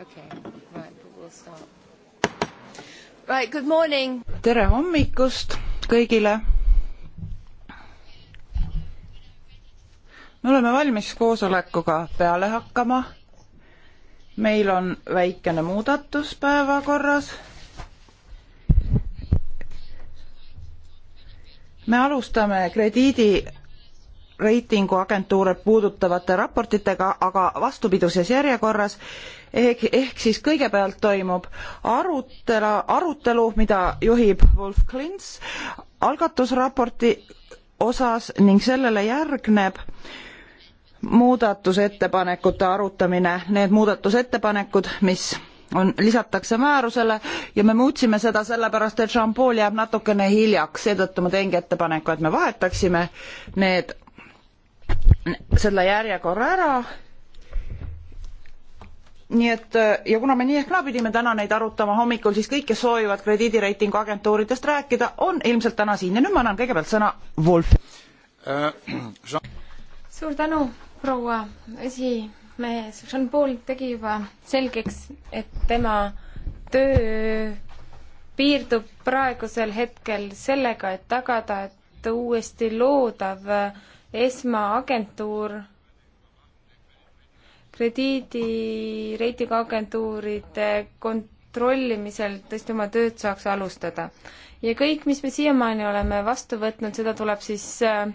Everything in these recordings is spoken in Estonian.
Okay. Right, but we'll start. Right, good morning. tere hommikust kõigile. me oleme valmis koosolekuga peale hakkama. meil on väikene muudatus päevakorras. me alustame krediidi reitinguagentuure puudutavate raportitega, aga vastupiduses järjekorras ehk, ehk siis kõigepealt toimub arutelu, arutelu, mida juhib Wolf Klints algatusraporti osas ning sellele järgneb muudatusettepanekute arutamine, need muudatusettepanekud, mis on, lisatakse määrusele ja me muutsime seda sellepärast, et šampool jääb natukene hiljaks, seetõttu ma teengi ettepaneku, et me vahetaksime need selle järjekorra ära. nii et ja kuna me nii ehk naa pidime täna neid arutama hommikul, siis kõik, kes soovivad krediidireitingu agentuuridest rääkida, on ilmselt täna siin ja nüüd ma annan kõigepealt sõna Wolf äh,. suur tänu, proua esimees, Jean-Paul tegi juba selgeks, et tema töö piirdub praegusel hetkel sellega, et tagada, et uuesti loodav esmaagentuur, krediidireitinguagentuuride kontrollimisel tõesti oma tööd saaks alustada. ja kõik, mis me siiamaani oleme vastu võtnud, seda tuleb siis äh,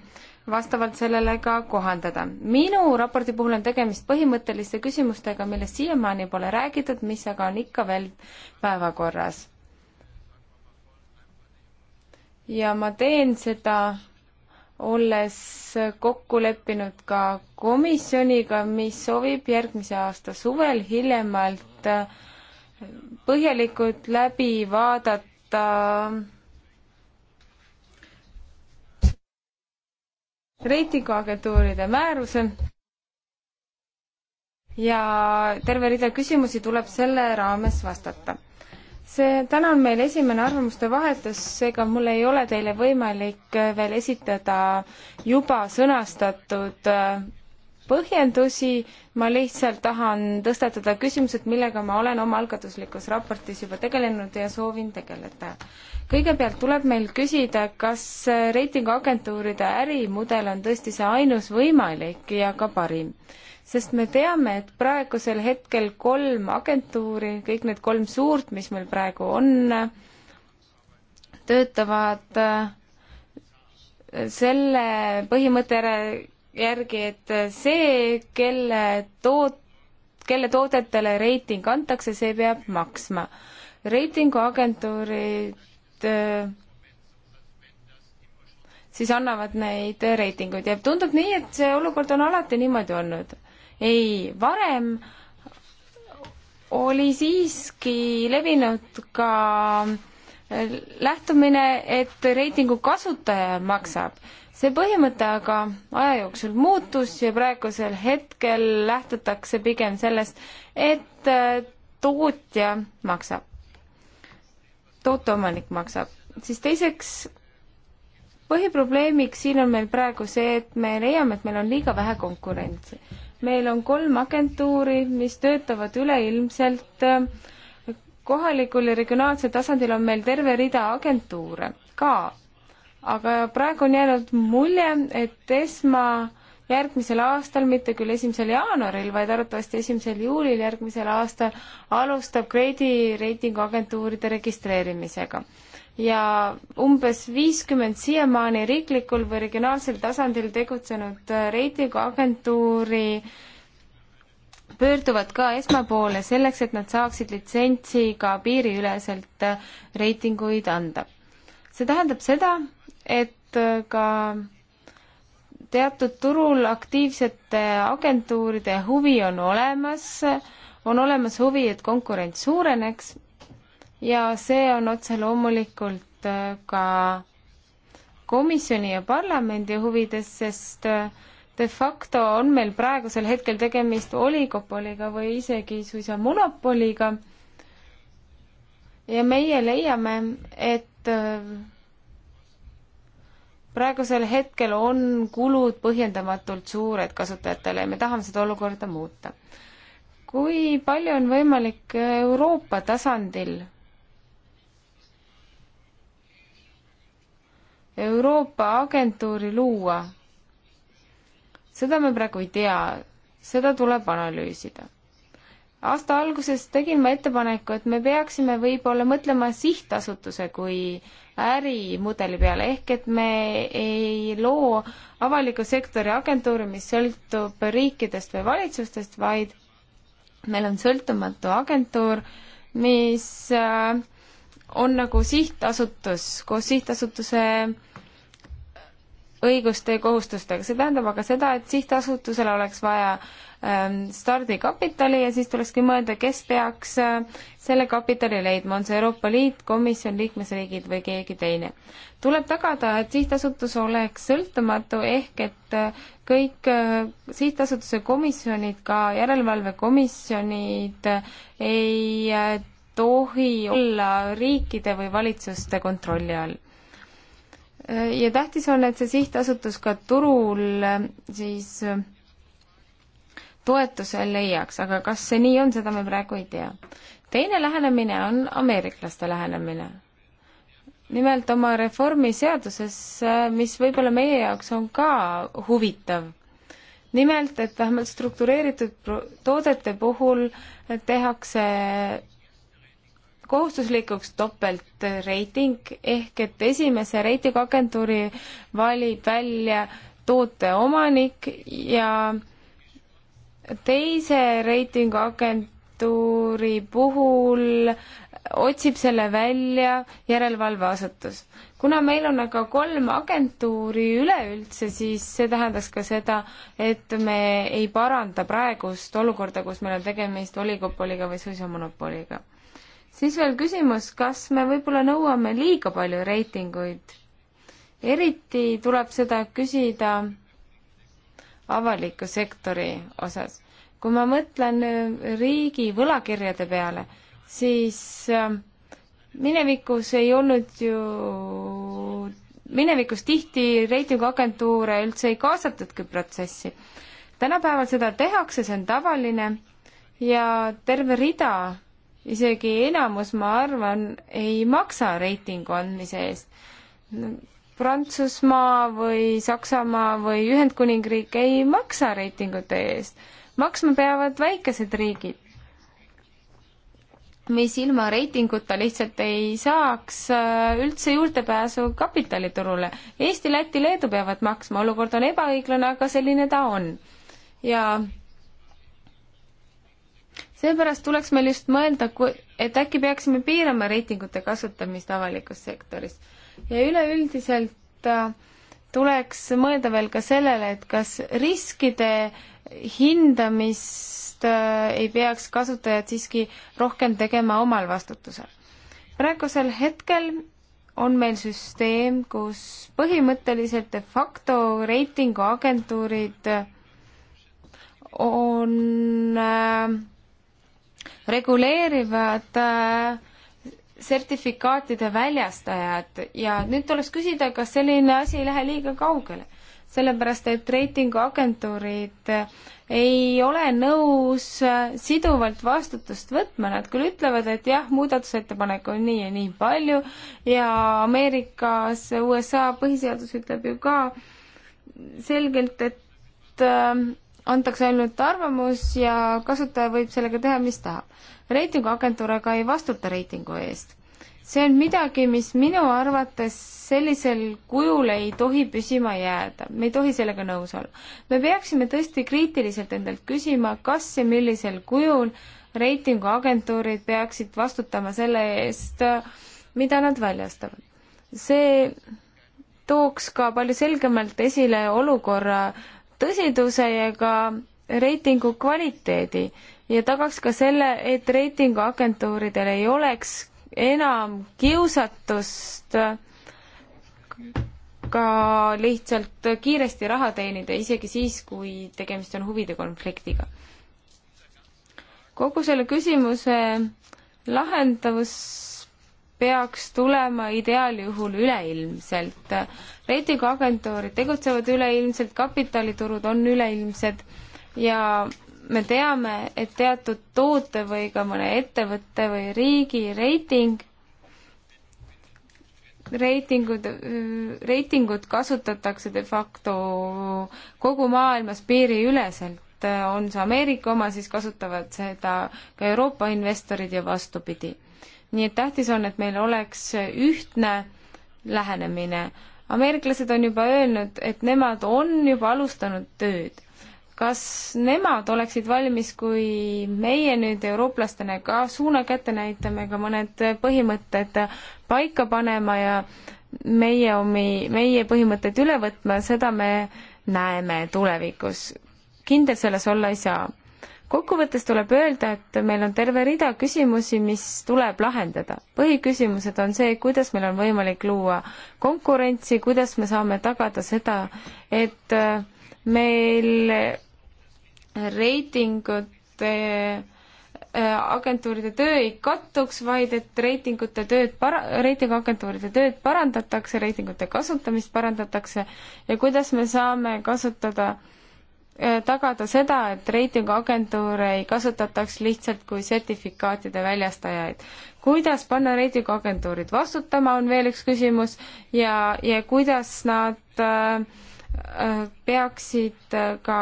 vastavalt sellele ka kohandada. minu raporti puhul on tegemist põhimõtteliste küsimustega, millest siiamaani pole räägitud, mis aga on ikka veel päevakorras. ja ma teen seda olles kokku leppinud ka komisjoniga, mis soovib järgmise aasta suvel hiljemalt põhjalikult läbi vaadata reitinguagentuuride määruse ja terve rida küsimusi tuleb selle raames vastata see, täna on meil esimene arvamuste vahetus, seega mul ei ole teile võimalik äh, veel esitada juba sõnastatud äh, põhjendusi, ma lihtsalt tahan tõstatada küsimused, millega ma olen omaalgatuslikus raportis juba tegelenud ja soovin tegeleda. kõigepealt tuleb meil küsida, kas äh, reitinguagentuuride ärimudel on tõesti see ainus võimalik ja ka parim sest me teame, et praegusel hetkel kolm agentuuri, kõik need kolm suurt, mis meil praegu on, töötavad äh, selle põhimõtte järgi, et see, kelle toot-, kelle toodetele reiting antakse, see peab maksma. reitinguagentuurid äh, siis annavad neid reitinguid ja tundub nii, et see olukord on alati niimoodi olnud ei varem, oli siiski levinud ka äh, lähtumine, et reitingu kasutaja maksab. see põhimõte aga aja jooksul muutus ja praegusel hetkel lähtutakse pigem sellest, et äh, tootja maksab, tooteomanik maksab. siis teiseks, põhiprobleemiks siin on meil praegu see, et me leiame, et meil on liiga vähe konkurentsi meil on kolm agentuuri, mis töötavad üleilmselt. kohalikul ja regionaalsel tasandil on meil terve rida agentuure ka. aga praegu on jäänud mulje, et ESMA järgmisel aastal, mitte küll esimesel jaanuaril, vaid arvatavasti esimesel juulil järgmisel aastal alustab krediireitinguagentuuride registreerimisega ja umbes viiskümmend siiamaani riiklikul või regionaalsel tasandil tegutsenud äh, reitinguagentuuri pöörduvad ka esmapoole selleks, et nad saaksid litsentsi ka piiriüleselt äh, reitinguid anda. see tähendab seda, et äh, ka teatud turul aktiivsete agentuuride huvi on olemas, on olemas huvi, et konkurents suureneks ja see on otse loomulikult äh, ka komisjoni ja parlamendi huvides, sest äh, de facto on meil praegusel hetkel tegemist oligopoliga või isegi suisa monopoliga. ja meie leiame, et äh, praegusel hetkel on kulud põhjendamatult suured kasutajatele ja me tahame seda olukorda muuta. kui palju on võimalik Euroopa tasandil Euroopa agentuuri luua, seda me praegu ei tea, seda tuleb analüüsida. aasta alguses tegin ma ettepaneku, et me peaksime võib-olla mõtlema sihtasutuse kui ärimudeli peale, ehk et me ei loo avaliku sektori agentuuri, mis sõltub riikidest või valitsustest, vaid meil on sõltumatu agentuur, mis äh, on nagu sihtasutus koos sihtasutuse õiguste ja kohustustega, see tähendab aga seda, et sihtasutusel oleks vaja ähm, stardikapitali ja siis tulekski mõelda, kes peaks äh, selle kapitali leidma, on see Euroopa Liit, komisjon, liikmesriigid või keegi teine. tuleb tagada, et sihtasutus oleks sõltumatu, ehk et äh, kõik äh, sihtasutuse komisjonid, ka järelevalvekomisjonid ei tohi olla riikide või valitsuste kontrolli all. ja tähtis on, et see sihtasutus ka turul siis toetuse leiaks, aga kas see nii on, seda me praegu ei tea. teine lähenemine on ameeriklaste lähenemine. nimelt oma reformiseaduses, mis võib-olla meie jaoks on ka huvitav nimelt, et vähemalt struktureeritud toodete puhul tehakse kohustuslikuks topeltreiting ehk et esimese reitinguagentuuri valib välja toote omanik ja teise reitinguagentuuri puhul otsib selle välja järelevalveasutus. kuna meil on aga kolm agentuuri üleüldse, siis see tähendaks ka seda, et me ei paranda praegust olukorda, kus meil on tegemist oligopoliga või suisa monopoliga siis veel küsimus, kas me võib-olla nõuame liiga palju reitinguid? eriti tuleb seda küsida avaliku sektori osas. kui ma mõtlen äh, riigi võlakirjade peale, siis äh, minevikus ei olnud ju, minevikus tihti reitinguagentuure üldse ei kaasatudki protsessi. tänapäeval seda tehakse, see on tavaline ja terve rida isegi enamus, ma arvan, ei maksa reitingu andmise eest. Prantsusmaa või Saksamaa või Ühendkuningriik ei maksa reitingute eest. maksma peavad väikesed riigid, mis ilma reitinguta lihtsalt ei saaks äh, üldse juurdepääsu kapitaliturule. Eesti, Läti, Leedu peavad maksma, olukord on ebaõiglane, aga selline ta on. ja seepärast tuleks meil just mõelda, et äkki peaksime piirama reitingute kasutamist avalikus sektoris. ja üleüldiselt äh, tuleks mõelda veel ka sellele, et kas riskide hindamist äh, ei peaks kasutajad siiski rohkem tegema omal vastutusel. praegusel hetkel on meil süsteem, kus põhimõtteliselt de facto reitinguagentuurid on äh, reguleerivad äh, sertifikaatide väljastajad ja nüüd tuleks küsida, kas selline asi ei lähe liiga kaugele. sellepärast, et reitinguagentuurid äh, ei ole nõus äh, siduvalt vastutust võtma, nad küll ütlevad, et jah, muudatusettepanek on nii ja nii palju ja Ameerikas USA põhiseadus ütleb ju ka selgelt, et antakse ainult arvamus ja kasutaja võib sellega teha, mis tahab. reitinguagentuur aga ei vastuta reitingu eest. see on midagi, mis minu arvates sellisel kujul ei tohi püsima jääda, me ei tohi sellega nõus olla. me peaksime tõesti kriitiliselt endalt küsima, kas ja millisel kujul reitinguagentuurid peaksid vastutama selle eest, mida nad väljastavad. see tooks ka palju selgemalt esile olukorra, tõsiduse ja ka reitingu kvaliteedi ja tagaks ka selle, et reitinguagentuuridel ei oleks enam kiusatust ka lihtsalt kiiresti raha teenida, isegi siis, kui tegemist on huvide konfliktiga. kogu selle küsimuse lahendavus peaks tulema ideaaljuhul üleilmselt. reitinguagentuurid tegutsevad üleilmselt, kapitaliturud on üleilmsed ja me teame, et teatud toote või ka mõne ettevõtte või riigi reiting, reitingud, reitingut kasutatakse de facto kogu maailmas piiriüleselt. on see Ameerika oma, siis kasutavad seda ka Euroopa investorid ja vastupidi nii et tähtis on, et meil oleks ühtne lähenemine. ameeriklased on juba öelnud, et nemad on juba alustanud tööd. kas nemad oleksid valmis, kui meie nüüd eurooplastena ka suuna kätte näitame, ka mõned põhimõtted paika panema ja meie omi, meie põhimõtteid üle võtma, seda me näeme tulevikus. kindel selles olla ei saa kokkuvõttes tuleb öelda, et meil on terve rida küsimusi, mis tuleb lahendada. põhiküsimused on see, kuidas meil on võimalik luua konkurentsi, kuidas me saame tagada seda, et äh, meil reitingute äh, agentuuride töö ei kattuks, vaid et reitingute tööd para-, reitinguagentuuride tööd parandatakse, reitingute kasutamist parandatakse ja kuidas me saame kasutada äh, Äh, tagada seda, et reitinguagentuure ei kasutataks lihtsalt kui sertifikaatide väljastajaid. kuidas panna reitinguagentuurid vastutama, on veel üks küsimus ja, ja kuidas nad äh, äh peaksid äh, ka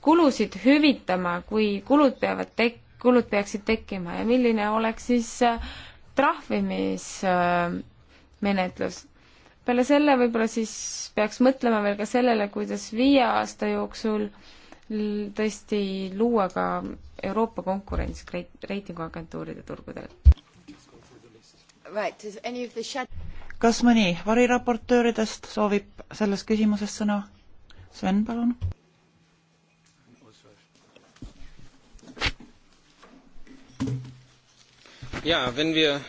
kulusid hüvitama, kui kulud peavad tek-, kulud peaksid tekkima ja milline oleks siis trahvimismenetlus äh, peale selle võib-olla siis peaks mõtlema veel ka sellele, kuidas viie aasta jooksul tõesti luua ka Euroopa konkurents reitinguagentuuride turgudel. kas mõni variraportööridest soovib selles küsimuses sõna? Sven, palun. ja, wenn wir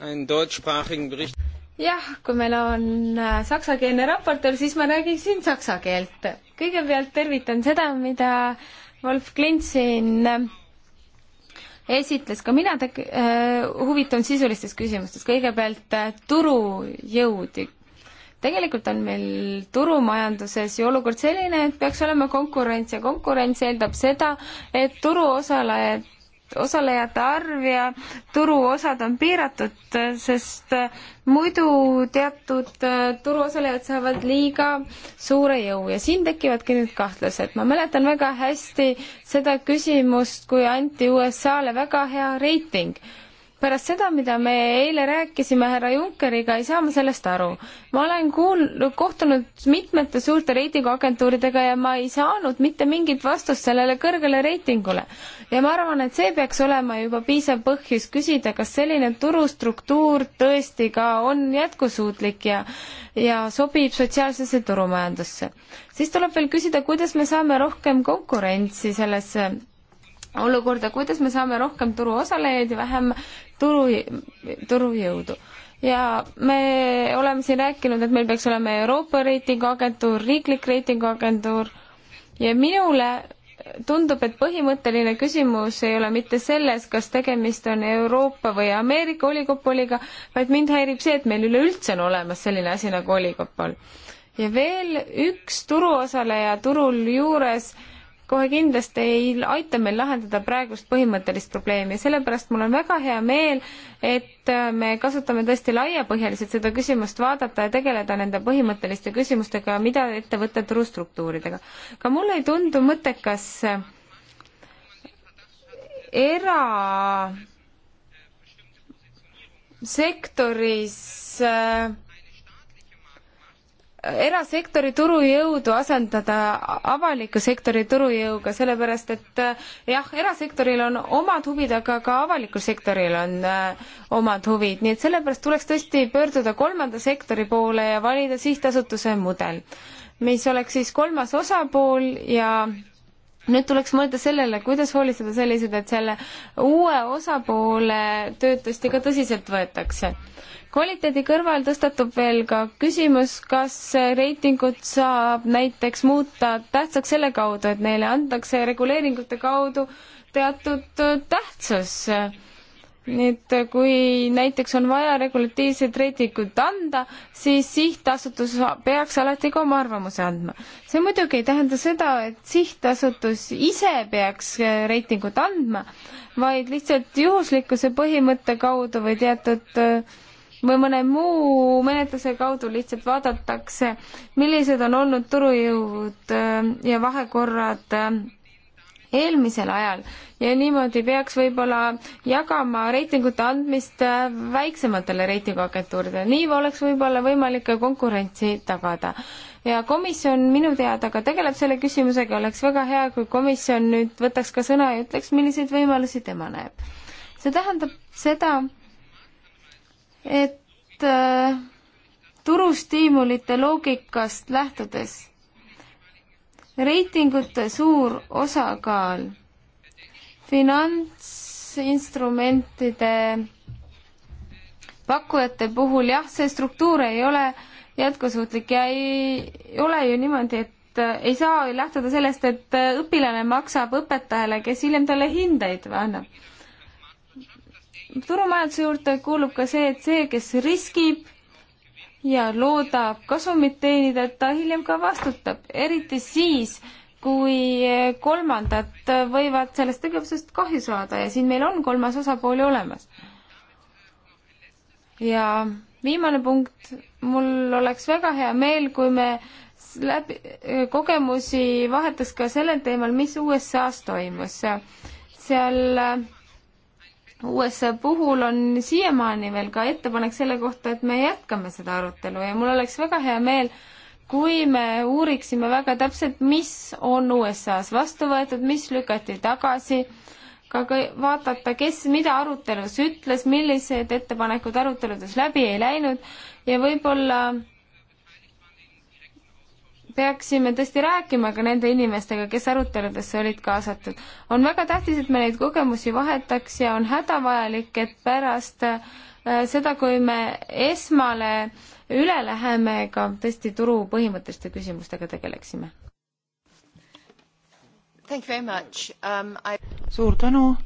einen deutschsprachigen Bericht jah, kui meil on äh, saksakeelne raportöör, siis ma räägiksin saksa keelt. kõigepealt tervitan seda, mida Wolf Klint siin äh, esitles, ka mina teg-, äh, huvitun sisulistes küsimustes, kõigepealt turujõud. tegelikult on meil turumajanduses ju olukord selline, et peaks olema konkurents ja konkurents eeldab seda, et turuosalejad osalejate arv ja turuosad on piiratud, sest muidu teatud äh, turuosalejad saavad liiga suure jõu ja siin tekivadki nüüd kahtlused. ma mäletan väga hästi seda küsimust, kui anti USA-le väga hea reiting pärast seda, mida me eile rääkisime härra Junckeriga, ei saa ma sellest aru. ma olen kuulnud, kohtunud mitmete suurte reitinguagentuuridega ja ma ei saanud mitte mingit vastust sellele kõrgele reitingule. ja ma arvan, et see peaks olema juba piisav põhjus küsida, kas selline turustruktuur tõesti ka on jätkusuutlik ja ja sobib sotsiaalsesse turumajandusse. siis tuleb veel küsida, kuidas me saame rohkem konkurentsi sellesse olukorda, kuidas me saame rohkem turuosalejaid ja vähem turu, turujõudu. ja me oleme siin rääkinud, et meil peaks olema Euroopa reitinguagentuur, riiklik reitinguagentuur ja minule tundub, et põhimõtteline küsimus ei ole mitte selles, kas tegemist on Euroopa või Ameerika oligopoliga, vaid mind häirib see, et meil üleüldse on olemas selline asi nagu oligopol. ja veel üks turuosaleja turul juures äh, kohe kindlasti ei aita meil lahendada praegust põhimõttelist probleemi ja sellepärast mul on väga hea meel, et äh, me kasutame tõesti laiapõhjaliselt seda küsimust vaadata ja tegeleda nende põhimõtteliste küsimustega, mida ette võtta turustruktuuridega. ka mulle ei tundu mõttekas äh, era sektoris äh, erasektori turujõudu asendada avaliku sektori turujõuga, sellepärast et eh, jah, erasektoril on omad huvid, aga ka avalikul sektoril on äh, omad huvid, nii et sellepärast tuleks tõesti pöörduda kolmanda sektori poole ja valida sihtasutuse mudel, mis oleks siis kolmas osapool ja nüüd tuleks mõelda sellele, kuidas hoolitseda sellised, et selle uue osapoole tööd tõesti ka tõsiselt võetakse. kvaliteedi kõrval tõstatub veel ka küsimus, kas reitingut saab näiteks muuta tähtsaks selle kaudu, et neile antakse reguleeringute kaudu teatud tähtsus nii et kui näiteks on vaja regulatiivset reitingut anda, siis sihtasutus peaks alati ka oma arvamuse andma. see muidugi ei tähenda seda, et sihtasutus ise peaks eh, reitingut andma, vaid lihtsalt juhuslikkuse põhimõtte kaudu või teatud eh, või mõne muu menetluse kaudu lihtsalt vaadatakse, millised on olnud turujõud eh, ja vahekorrad eelmisel ajal ja niimoodi peaks võib-olla jagama reitingute andmist äh, väiksematele reitinguagentuuridele, nii oleks võib-olla võimalik ka konkurentsi tagada. ja komisjon minu teada ka tegeleb selle küsimusega, oleks väga hea, kui komisjon nüüd võtaks ka sõna ja ütleks, milliseid võimalusi tema näeb. see tähendab seda, et äh, turustiimulite loogikast lähtudes reitingute suur osakaal finantsinstrumentide pakkujate puhul jah, see struktuur ei ole jätkusuutlik ja ei, ei ole ju niimoodi, et äh, ei saa lähtuda sellest, et äh, õpilane maksab õpetajale, kes hiljem talle hindeid annab. turumajanduse juurde kuulub ka see, et see, kes riskib, ja loodab kasumit teenida, et ta hiljem ka vastutab, eriti siis, kui kolmandad võivad sellest tegevusest kahju saada ja siin meil on kolmas osapool ju olemas. ja viimane punkt, mul oleks väga hea meel, kui me läbi, kogemusi vahetaks ka sellel teemal, mis USA-s toimus. seal USA puhul on siiamaani veel ka ettepanek selle kohta, et me jätkame seda arutelu ja mul oleks väga hea meel, kui me uuriksime väga täpselt, mis on USA-s vastu võetud, mis lükati tagasi, ka vaadata, kes mida arutelus ütles, millised ettepanekud aruteludes läbi ei läinud ja võib-olla peaksime tõesti rääkima ka nende inimestega, kes aruteludesse olid kaasatud. on väga tähtis, et me neid kogemusi vahetaks ja on hädavajalik, et pärast äh, seda, kui me esmale üle läheme, ka tõesti turu põhimõtteliste küsimustega tegeleksime. Um, I... suur tänu.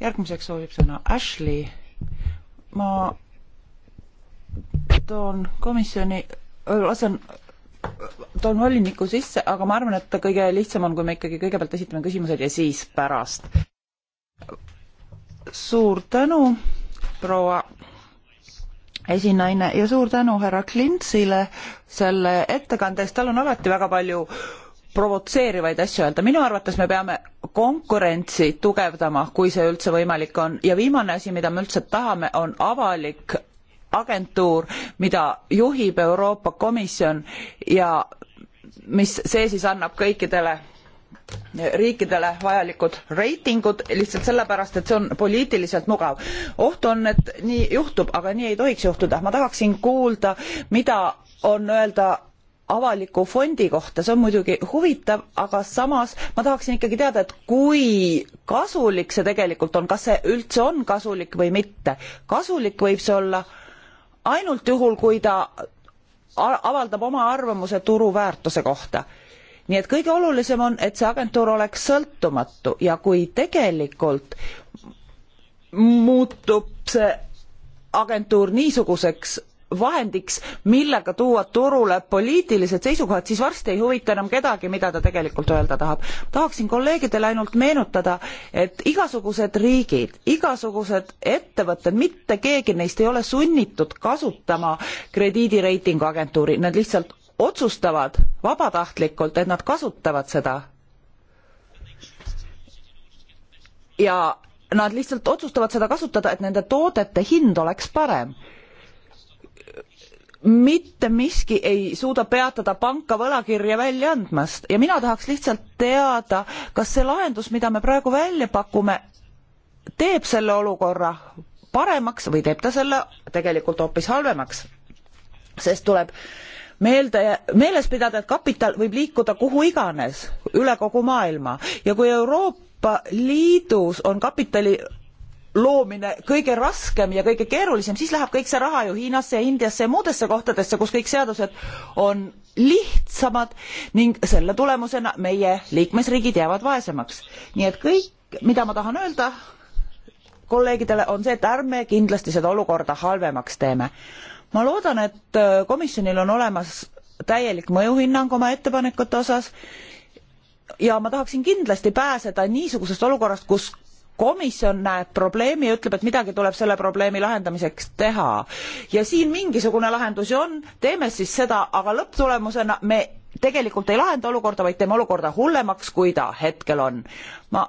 järgmiseks soovib sõna Ashley. ma toon komisjoni, äh, lasen toon voliniku sisse, aga ma arvan, et kõige lihtsam on, kui me ikkagi kõigepealt esitame küsimused ja siis pärast. suur tänu, proua esinaine ja suur tänu härra Klintsile selle ettekande eest, tal on alati väga palju provotseerivaid asju öelda, minu arvates me peame konkurentsi tugevdama, kui see üldse võimalik on ja viimane asi, mida me üldse tahame, on avalik agentuur, mida juhib Euroopa Komisjon ja mis see siis annab kõikidele riikidele vajalikud reitingud lihtsalt sellepärast et see on poliitiliselt mugav oht on et nii juhtub aga nii ei tohiks juhtuda ma tahaksin kuulda mida on öelda avaliku fondi kohta see on muidugi huvitav aga samas ma tahaksin ikkagi teada et kui kasulik see tegelikult on kas see üldse on kasulik või mitte kasulik võib see olla ainult juhul kui ta avaldab oma arvamuse turuväärtuse kohta nii et kõige olulisem on et see agentuur oleks sõltumatu ja kui tegelikult muutub see agentuur niisuguseks vahendiks millega tuua turule poliitilised seisukohad siis varsti ei huvita enam kedagi mida ta tegelikult öelda tahab tahaksin kolleegidele ainult meenutada et igasugused riigid igasugused ettevõtted mitte keegi neist ei ole sunnitud kasutama krediidireitingu agentuuri nad lihtsalt otsustavad vabatahtlikult et nad kasutavad seda ja nad lihtsalt otsustavad seda kasutada et nende toodete hind oleks parem mitte miski ei suuda peatada panka võlakirja välja andmast ja mina tahaks lihtsalt teada kas see lahendus mida me praegu välja pakume teeb selle olukorra paremaks või teeb ta selle tegelikult hoopis halvemaks sest tuleb meelde meeles pidada et kapital võib liikuda kuhu iganes üle kogu maailma ja kui euroopa liidus on kapitali loomine kõige raskem ja kõige keerulisem, siis läheb kõik see raha ju Hiinasse ja Indiasse ja muudesse kohtadesse, kus kõik seadused on lihtsamad ning selle tulemusena meie liikmesriigid jäävad vaesemaks. nii et kõik, mida ma tahan öelda kolleegidele, on see, et ärme kindlasti seda olukorda halvemaks teeme. ma loodan, et äh, komisjonil on olemas täielik mõjuhinnang oma ettepanekute osas ja ma tahaksin kindlasti pääseda niisugusest olukorrast kus komisjon näeb probleemi ja ütleb, et midagi tuleb selle probleemi lahendamiseks teha. ja siin mingisugune lahendus ju on, teeme siis seda, aga lõpptulemusena me tegelikult ei lahenda olukorda, vaid teeme olukorda hullemaks, kui ta hetkel on. ma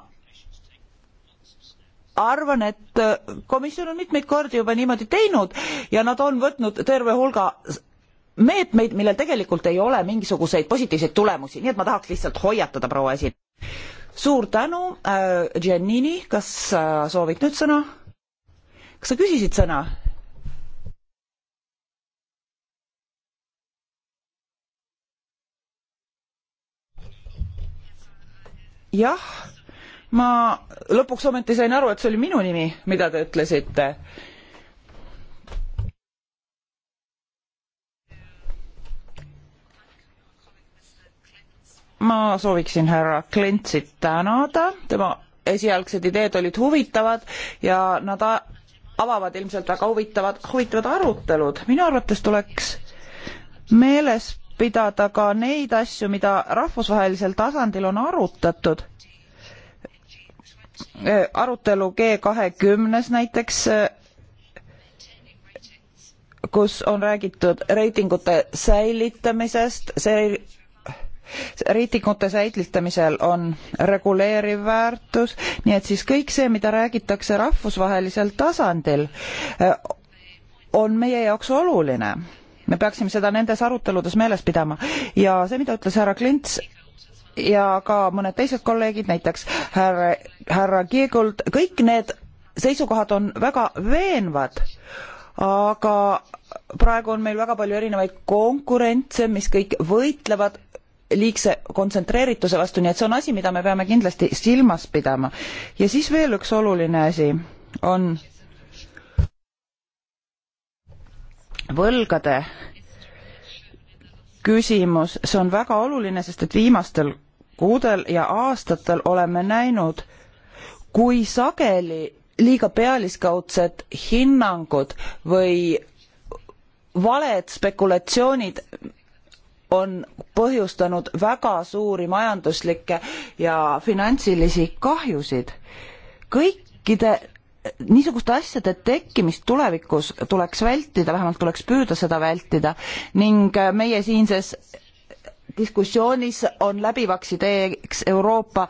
arvan, et komisjon on mitmeid kordi juba niimoodi teinud ja nad on võtnud terve hulga meetmeid, millel tegelikult ei ole mingisuguseid positiivseid tulemusi, nii et ma tahaks lihtsalt hoiatada, proua esi- suur tänu äh,, Giannini, kas sa äh, soovid nüüd sõna? kas sa küsisid sõna? jah, ma lõpuks ometi sain aru, et see oli minu nimi, mida te ütlesite ma sooviksin härra Klentsit tänada, tema esialgsed ideed olid huvitavad ja nad avavad ilmselt väga huvitavad, huvitavad arutelud. minu arvates tuleks meeles pidada ka neid asju, mida rahvusvahelisel tasandil on arutatud. Äh, arutelu G kahekümnes näiteks, äh, kus on räägitud reitingute säilitamisest, see reitingute säilitamisel on reguleeriv väärtus, nii et siis kõik see, mida räägitakse rahvusvahelisel tasandil, eh, on meie jaoks oluline. me peaksime seda nendes aruteludes meeles pidama ja see, mida ütles härra Klints, ja ka mõned teised kolleegid, näiteks härra, härra Kiigult, kõik need seisukohad on väga veenvad, aga praegu on meil väga palju erinevaid konkurentse, mis kõik võitlevad liigse kontsentreerituse vastu, nii et see on asi, mida me peame kindlasti silmas pidama. ja siis veel üks oluline asi on võlgade küsimus, see on väga oluline, sest et viimastel kuudel ja aastatel oleme näinud, kui sageli liiga pealiskaudsed hinnangud või valed spekulatsioonid on põhjustanud väga suuri majanduslikke ja finantsilisi kahjusid. kõikide niisuguste asjade tekkimist tulevikus tuleks vältida, vähemalt tuleks püüda seda vältida ning meie siinses diskussioonis on läbivaks ideeks Euroopa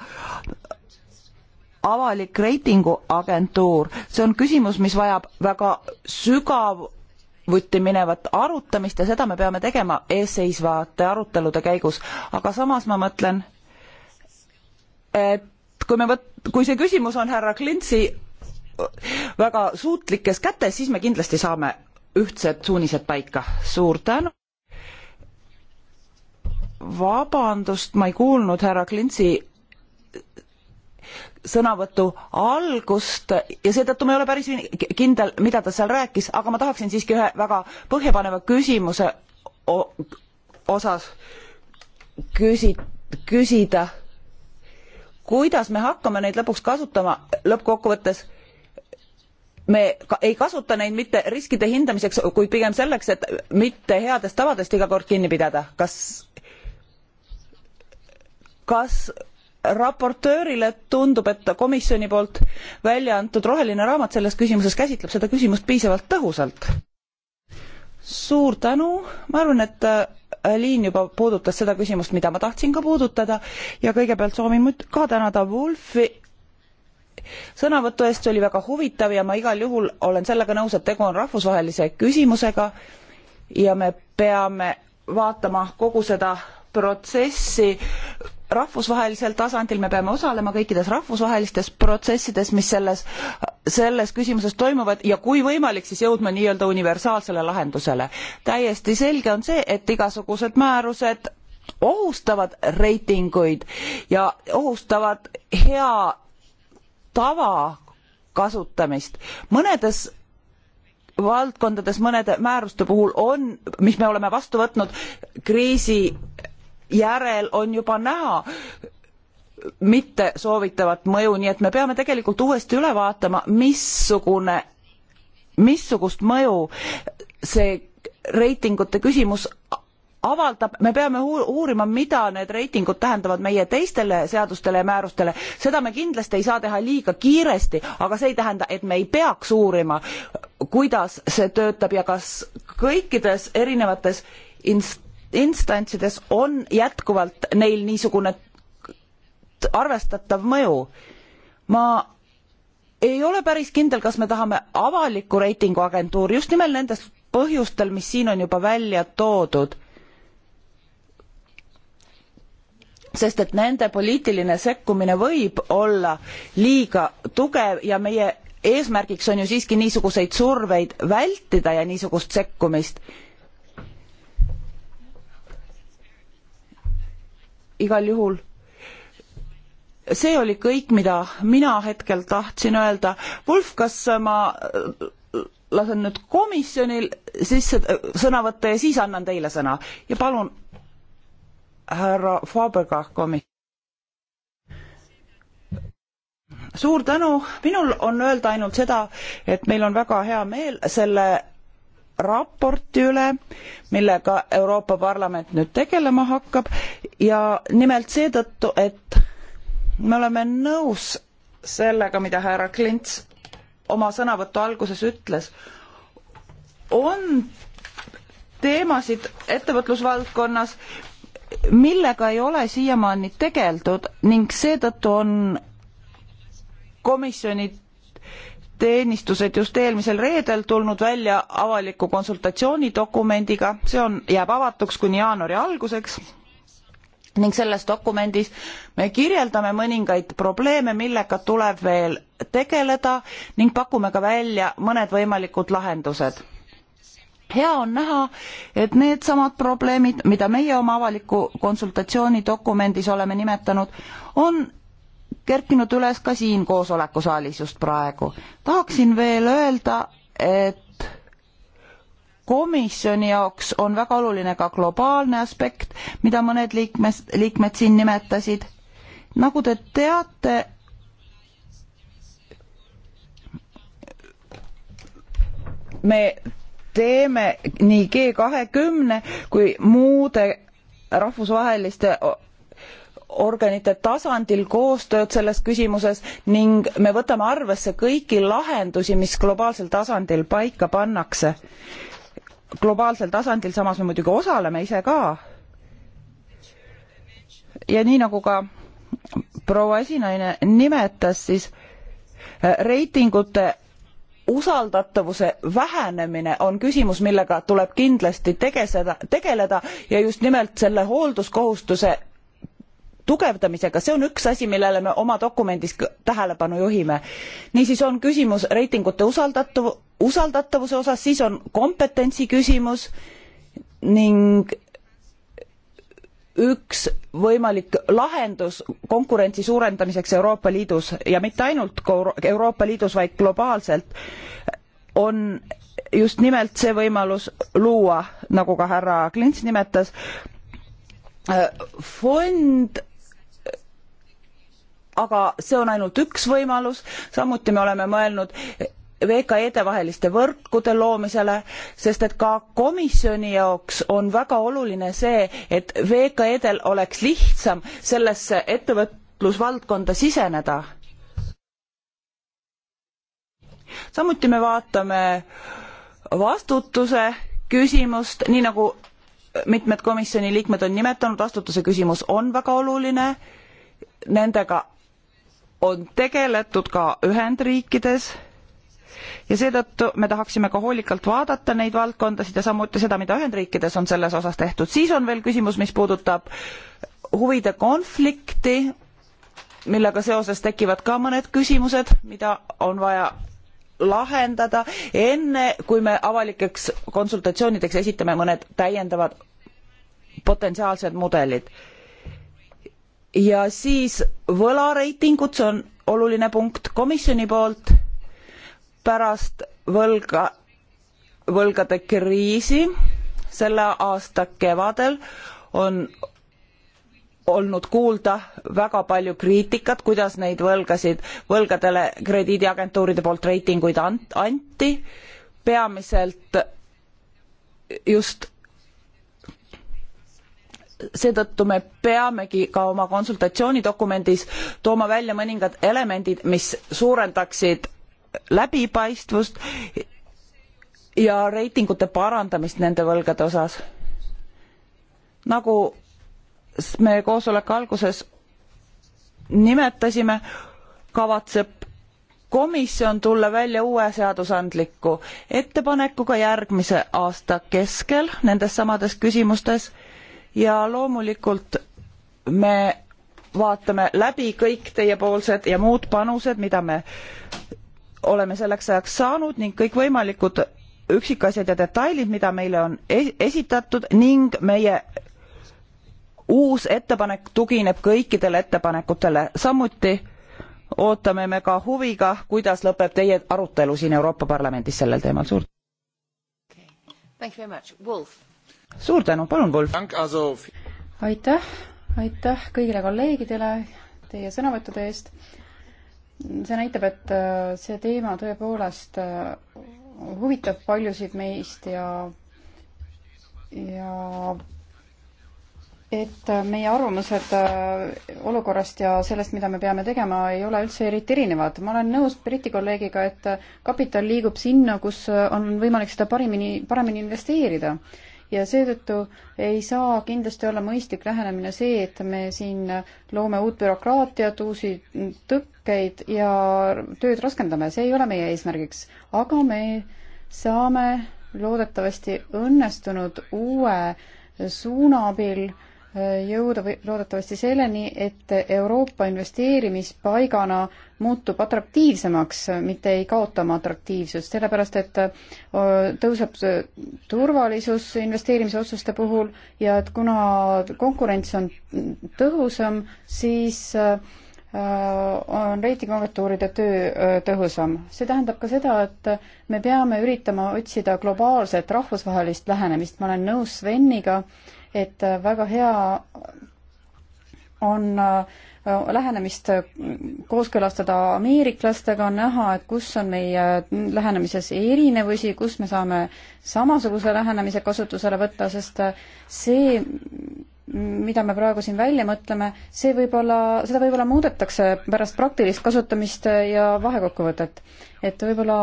avalik reitinguagentuur, see on küsimus, mis vajab väga sügav, võtti minevat arutamist ja seda me peame tegema eesseisvate arutelude käigus, aga samas ma mõtlen, et kui me võt-, kui see küsimus on härra Klintsi väga suutlikes kätes, siis me kindlasti saame ühtsed suunised paika. suur tänu. vabandust, ma ei kuulnud härra Klintsi sõnavõtu algust ja seetõttu ma ei ole päris kindel, mida ta seal rääkis, aga ma tahaksin siiski ühe väga põhjapaneva küsimuse osas küsi-, küsida, kuidas me hakkame neid lõpuks kasutama, lõppkokkuvõttes me ka ei kasuta neid mitte riskide hindamiseks, kuid pigem selleks, et mitte headest tavadest iga kord kinni pidada. kas, kas raportöörile tundub et komisjoni poolt välja antud roheline raamat selles küsimuses käsitleb seda küsimust piisavalt tõhusalt. suur tänu ma arvan et äh, liin juba puudutas seda küsimust mida ma tahtsin ka puudutada ja kõigepealt soovin ka tänada wolfi sõnavõtu eest see oli väga huvitav ja ma igal juhul olen sellega nõus et tegu on rahvusvahelise küsimusega ja me peame vaatama kogu seda protsessi rahvusvahelisel tasandil me peame osalema kõikides rahvusvahelistes protsessides mis selles selles küsimuses toimuvad ja kui võimalik siis jõudma nii-öelda universaalsele lahendusele täiesti selge on see et igasugused määrused ohustavad reitinguid ja ohustavad hea tava kasutamist mõnedes valdkondades mõnede määruste puhul on mis me oleme vastu võtnud kriisi järel on juba näha mitte soovitavat mõju, nii et me peame tegelikult uuesti üle vaatama, missugune, missugust mõju see reitingute küsimus avaldab, me peame uurima, mida need reitingud tähendavad meie teistele seadustele ja määrustele, seda me kindlasti ei saa teha liiga kiiresti, aga see ei tähenda, et me ei peaks uurima, kuidas see töötab ja kas kõikides erinevates inst-, instantsides on jätkuvalt neil niisugune arvestatav mõju. ma ei ole päris kindel, kas me tahame avalikku reitinguagentuuri just nimelt nendest põhjustel, mis siin on juba välja toodud. sest et nende poliitiline sekkumine võib olla liiga tugev ja meie eesmärgiks on ju siiski niisuguseid surveid vältida ja niisugust sekkumist igal juhul see oli kõik, mida mina hetkel tahtsin öelda. Wolf, kas ma äh, lasen nüüd komisjonil sisse äh, sõna võtta ja siis annan teile sõna ja palun härra Faberga komi-. suur tänu, minul on öelda ainult seda, et meil on väga hea meel selle raporti üle, millega Euroopa Parlament nüüd tegelema hakkab ja nimelt seetõttu, et me oleme nõus sellega, mida härra Klints oma sõnavõtu alguses ütles. on teemasid ettevõtlusvaldkonnas, millega ei ole siiamaani tegeldud ning seetõttu on komisjoni teenistused just eelmisel reedel tulnud välja avaliku konsultatsioonidokumendiga see on jääb avatuks kuni jaanuari alguseks ning selles dokumendis me kirjeldame mõningaid probleeme millega tuleb veel tegeleda ning pakume ka välja mõned võimalikud lahendused hea on näha et needsamad probleemid mida meie oma avaliku konsultatsioonidokumendis oleme nimetanud on kerkinud üles ka siin koosolekusaalis just praegu. tahaksin veel öelda, et komisjoni jaoks on väga oluline ka globaalne aspekt, mida mõned liikmes, liikmed siin nimetasid. nagu te teate, me teeme nii G kahekümne kui muude rahvusvaheliste organite tasandil koostööd selles küsimuses ning me võtame arvesse kõiki lahendusi mis globaalsel tasandil paika pannakse globaalsel tasandil samas me muidugi osaleme ise ka ja nii nagu ka proua esinaine nimetas siis äh, reitingute usaldatavuse vähenemine on küsimus millega tuleb kindlasti tegeseda, tegeleda ja just nimelt selle hoolduskohustuse tugevdamisega see on üks asi millele me oma dokumendis tähelepanu juhime niisiis on küsimus reitingute usaldatav- usaldatavuse osas siis on kompetentsi küsimus ning üks võimalik lahendus konkurentsi suurendamiseks euroopa liidus ja mitte ainult euroopa liidus vaid globaalselt on just nimelt see võimalus luua nagu ka härra klints nimetas äh, fond aga see on ainult üks võimalus, samuti me oleme mõelnud VKE-de vaheliste võrkude loomisele, sest et ka komisjoni jaoks on väga oluline see, et VKE-del oleks lihtsam sellesse ettevõtlusvaldkonda siseneda. samuti me vaatame vastutuse küsimust, nii nagu mitmed komisjoni liikmed on nimetanud, vastutuse küsimus on väga oluline nendega on tegeletud ka Ühendriikides ja seetõttu me tahaksime ka hoolikalt vaadata neid valdkondasid ja samuti seda, mida Ühendriikides on selles osas tehtud. siis on veel küsimus, mis puudutab huvide konflikti, millega seoses tekivad ka mõned küsimused, mida on vaja lahendada, enne kui me avalikeks konsultatsioonideks esitame mõned täiendavad potentsiaalsed mudelid ja siis võlareitingud, see on oluline punkt komisjoni poolt pärast võlga, võlgade kriisi selle aasta kevadel on olnud kuulda väga palju kriitikat, kuidas neid võlgasid, võlgadele krediidiagentuuride poolt reitinguid anti, peamiselt just seetõttu me peamegi ka oma konsultatsioonidokumendis tooma välja mõningad elemendid, mis suurendaksid läbipaistvust ja reitingute parandamist nende võlgade osas. nagu me koosoleku alguses nimetasime, kavatseb komisjon tulla välja uue seadusandliku ettepanekuga järgmise aasta keskel nendes samades küsimustes ja loomulikult me vaatame läbi kõik teiepoolsed ja muud panused, mida me oleme selleks ajaks saanud ning kõikvõimalikud üksikasjad ja detailid, mida meile on e-, esitatud ning meie uus ettepanek tugineb kõikidele ettepanekutele. samuti ootame me ka huviga, kuidas lõpeb teie arutelu siin Euroopa Parlamendis sellel teemal. suur okay suur tänu, palun, Wolf! aitäh, aitäh kõigile kolleegidele teie sõnavõttude eest. see näitab, et äh, see teema tõepoolest äh, huvitab paljusid meist ja, ja et äh, meie arvamused olukorrast ja sellest, mida me peame tegema, ei ole üldse eriti erinevad. ma olen nõus Briti kolleegiga, et kapital liigub sinna, kus on võimalik seda parimini, paremini investeerida ja seetõttu ei saa kindlasti olla mõistlik lähenemine see, et me siin loome uut bürokraatiat, uusi tõkkeid ja tööd raskendame, see ei ole meie eesmärgiks, aga me saame loodetavasti õnnestunud uue suuna abil äh, jõuda või loodetavasti selleni, et Euroopa investeerimispaigana muutub atraktiivsemaks, mitte ei kaota oma atraktiivsust, sellepärast et tõuseb turvalisus investeerimisotsuste puhul ja et kuna konkurents on tõhusam, siis on reitinguagentuuride töö tõhusam. see tähendab ka seda, et me peame üritama otsida globaalset rahvusvahelist lähenemist, ma olen nõus Sveniga, et äh, väga hea on äh, lähenemist äh, kooskõlastada ameeriklastega, on näha, et kus on meie lähenemises erinevusi, kus me saame samasuguse lähenemise kasutusele võtta, sest see, mida me praegu siin välja mõtleme, see võib-olla, seda võib-olla muudetakse pärast praktilist kasutamist ja vahekokkuvõtet. et võib-olla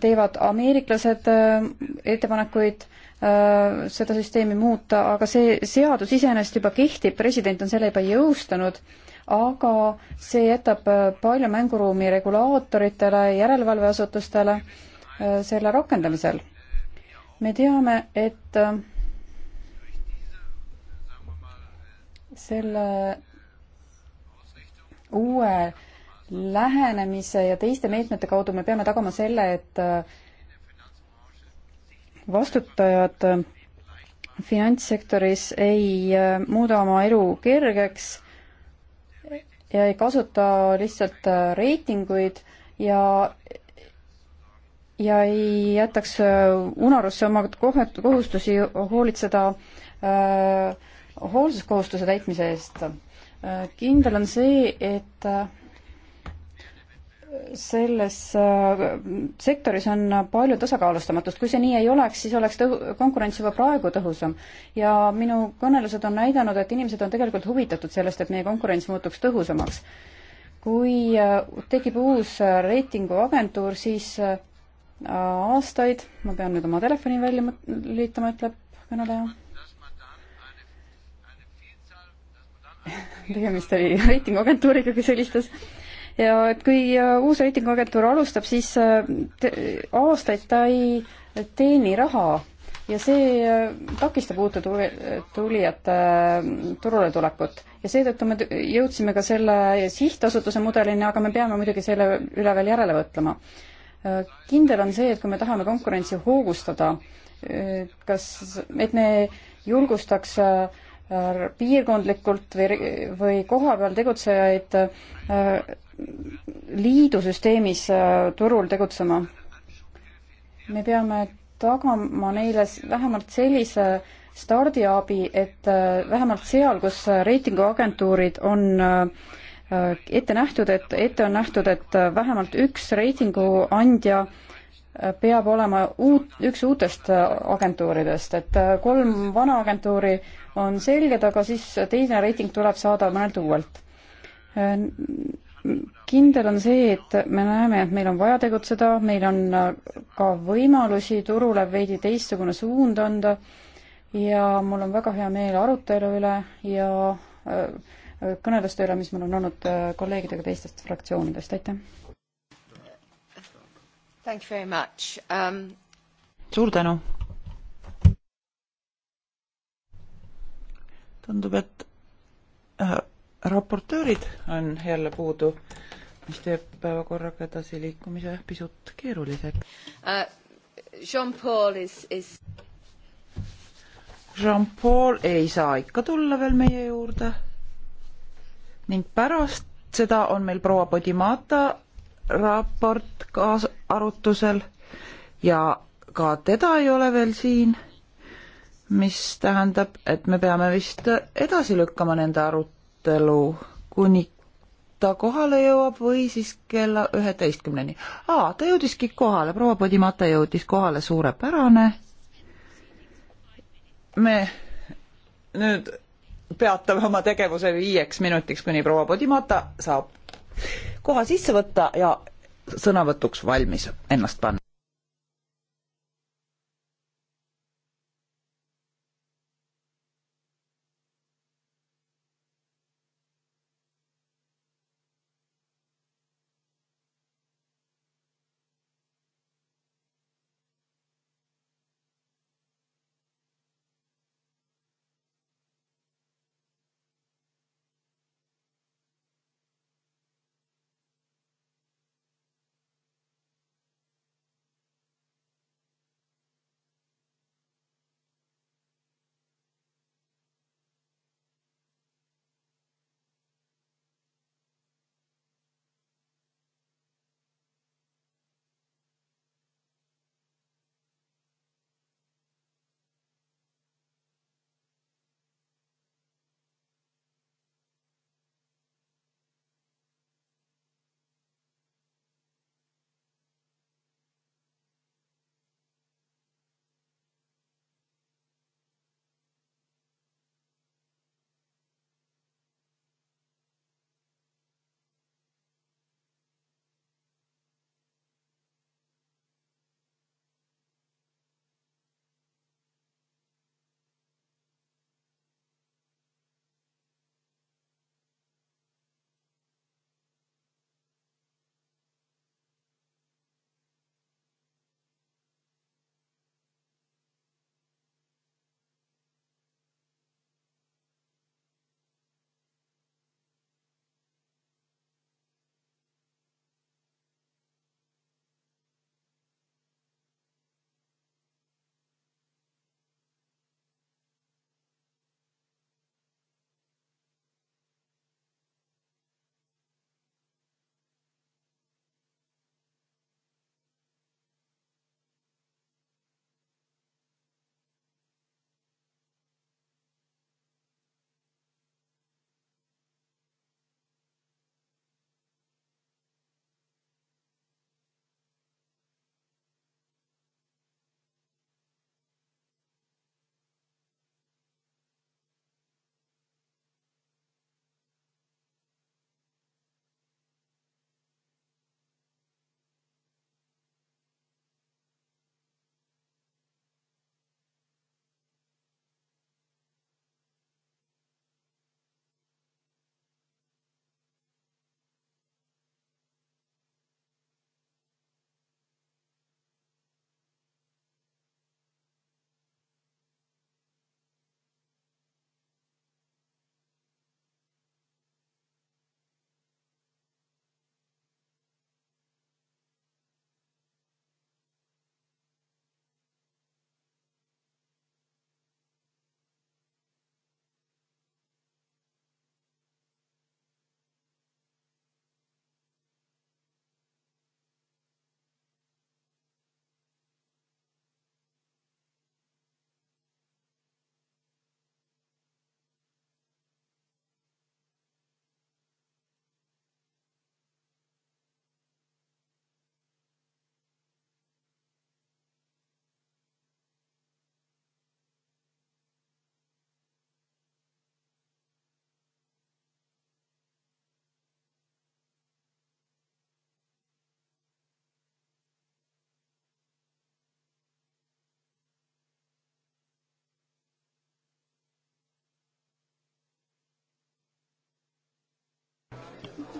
teevad ameeriklased ettepanekuid äh, Äh, seda süsteemi muuta, aga see seadus iseenesest juba kehtib, president on selle juba jõustanud, aga see jätab äh, palju mänguruumi regulaatoritele, järelevalveasutustele äh, selle rakendamisel. me teame, et selle uue lähenemise ja teiste meetmete kaudu me peame tagama selle, et vastutajad finantssektoris ei äh, muuda oma elu kergeks ja ei kasuta lihtsalt äh, reitinguid ja ja ei jätaks äh, unarusse oma kohustusi hoolitseda äh, hoolsuskohustuse täitmise eest. kindel on see, et äh, selles äh, sektoris on palju tasakaalustamatust, kui see nii ei oleks, siis oleks tõhu-, konkurents juba praegu tõhusam. ja minu kõnelused on näidanud, et inimesed on tegelikult huvitatud sellest, et meie konkurents muutuks tõhusamaks. kui äh, tekib uus äh, reitinguagentuur, siis aastaid, ma pean nüüd oma telefoni välja lülitama, ütleb kõneleja tegemist oli reitinguagentuuriga, kes helistas ja et kui äh, uus reitinguagentuur alustab, siis äh, aastaid ta ei teeni raha ja see äh, takistab uute tulijate turule tulekut ja seetõttu me jõudsime ka selle sihtasutuse mudelini, aga me peame muidugi selle üle veel järele mõtlema. kindel on see, et kui me tahame konkurentsi hoogustada, kas, et me julgustaks äh, Äh, piirkondlikult või, või kohapeal tegutsejaid äh, liidu süsteemis äh, turul tegutsema. me peame tagama neile vähemalt sellise stardiabi, et vähemalt seal, kus reitinguagentuurid on ette nähtud, et ette on nähtud, et vähemalt üks reitinguandja peab olema uut, üks uutest agentuuridest, et kolm vana agentuuri äh, on selged, aga siis teine reiting tuleb saada mõnelt uuelt. kindel on see, et me näeme, et meil on vaja tegutseda, meil on ka võimalusi turule veidi teistsugune suund anda ja mul on väga hea meel arutelu üle ja äh, kõneluste üle, mis mul on olnud äh, kolleegidega teistest fraktsioonidest, aitäh! Um... suur tänu! tundub, et äh, raportöörid on jälle puudu, mis teeb päevakorraga edasiliikumise pisut keeruliseks uh,. Jean-Paul is, is. Jean-Paul ei saa ikka tulla veel meie juurde. ning pärast seda on meil proua Podimata raport kaas-, arutusel ja ka teda ei ole veel siin mis tähendab, et me peame vist edasi lükkama nende arutelu, kuni ta kohale jõuab või siis kella üheteistkümneni. aa, ta jõudiski kohale, proua Podimata jõudis kohale, suurepärane. me nüüd peatame oma tegevuse viieks minutiks, kuni proua Podimata saab koha sisse võtta ja sõnavõtuks valmis ennast panna.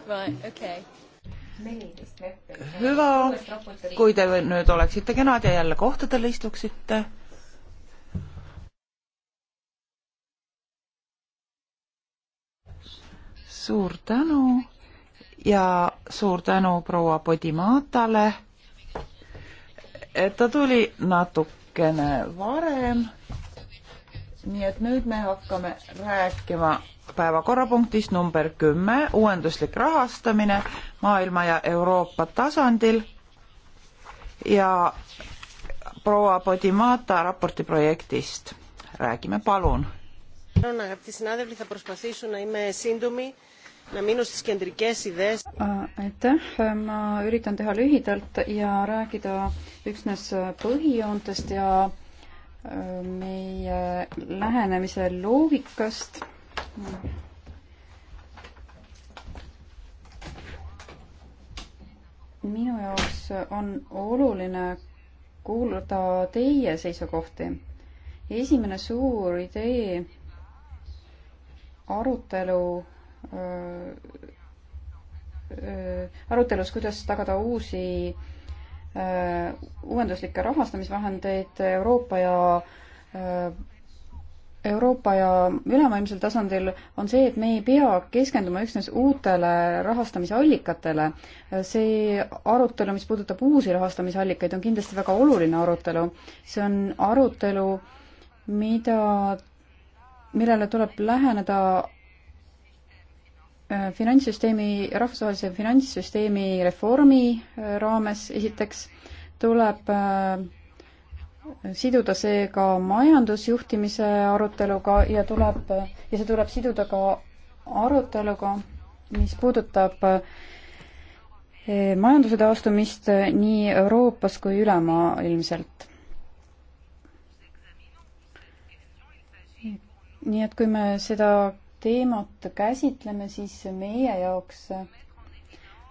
Right, okay. hüva, kui te nüüd oleksite kenad ja jälle kohtadele istuksite. suur tänu ja suur tänu proua Podimatale, et ta tuli natukene varem nii et nüüd me hakkame rääkima päevakorrapunktist number kümme, uuenduslik rahastamine maailma ja Euroopa tasandil ja proua Podimata raporti projektist. räägime, palun. aitäh, ma üritan teha lühidalt ja rääkida üksnes põhijoontest ja meie lähenemise loogikast. minu jaoks on oluline kuulda teie seisukohti. esimene suur idee arutelu äh, äh, arutelus, kuidas tagada uusi Äh, uuenduslikke rahastamisvahendeid Euroopa ja äh, Euroopa ja ülemaailmsel tasandil on see, et me ei pea keskenduma üksnes uutele rahastamisallikatele. see arutelu, mis puudutab uusi rahastamisallikaid, on kindlasti väga oluline arutelu. see on arutelu, mida, millele tuleb läheneda Äh, finantssüsteemi, rahvusvahelise finantssüsteemi reformi äh, raames esiteks tuleb äh, siduda see ka majandusjuhtimise aruteluga ja tuleb, ja see tuleb siduda ka aruteluga, mis puudutab majanduse taastumist nii Euroopas kui ülemaailmselt. nii et kui me seda teemat käsitleme, siis meie jaoks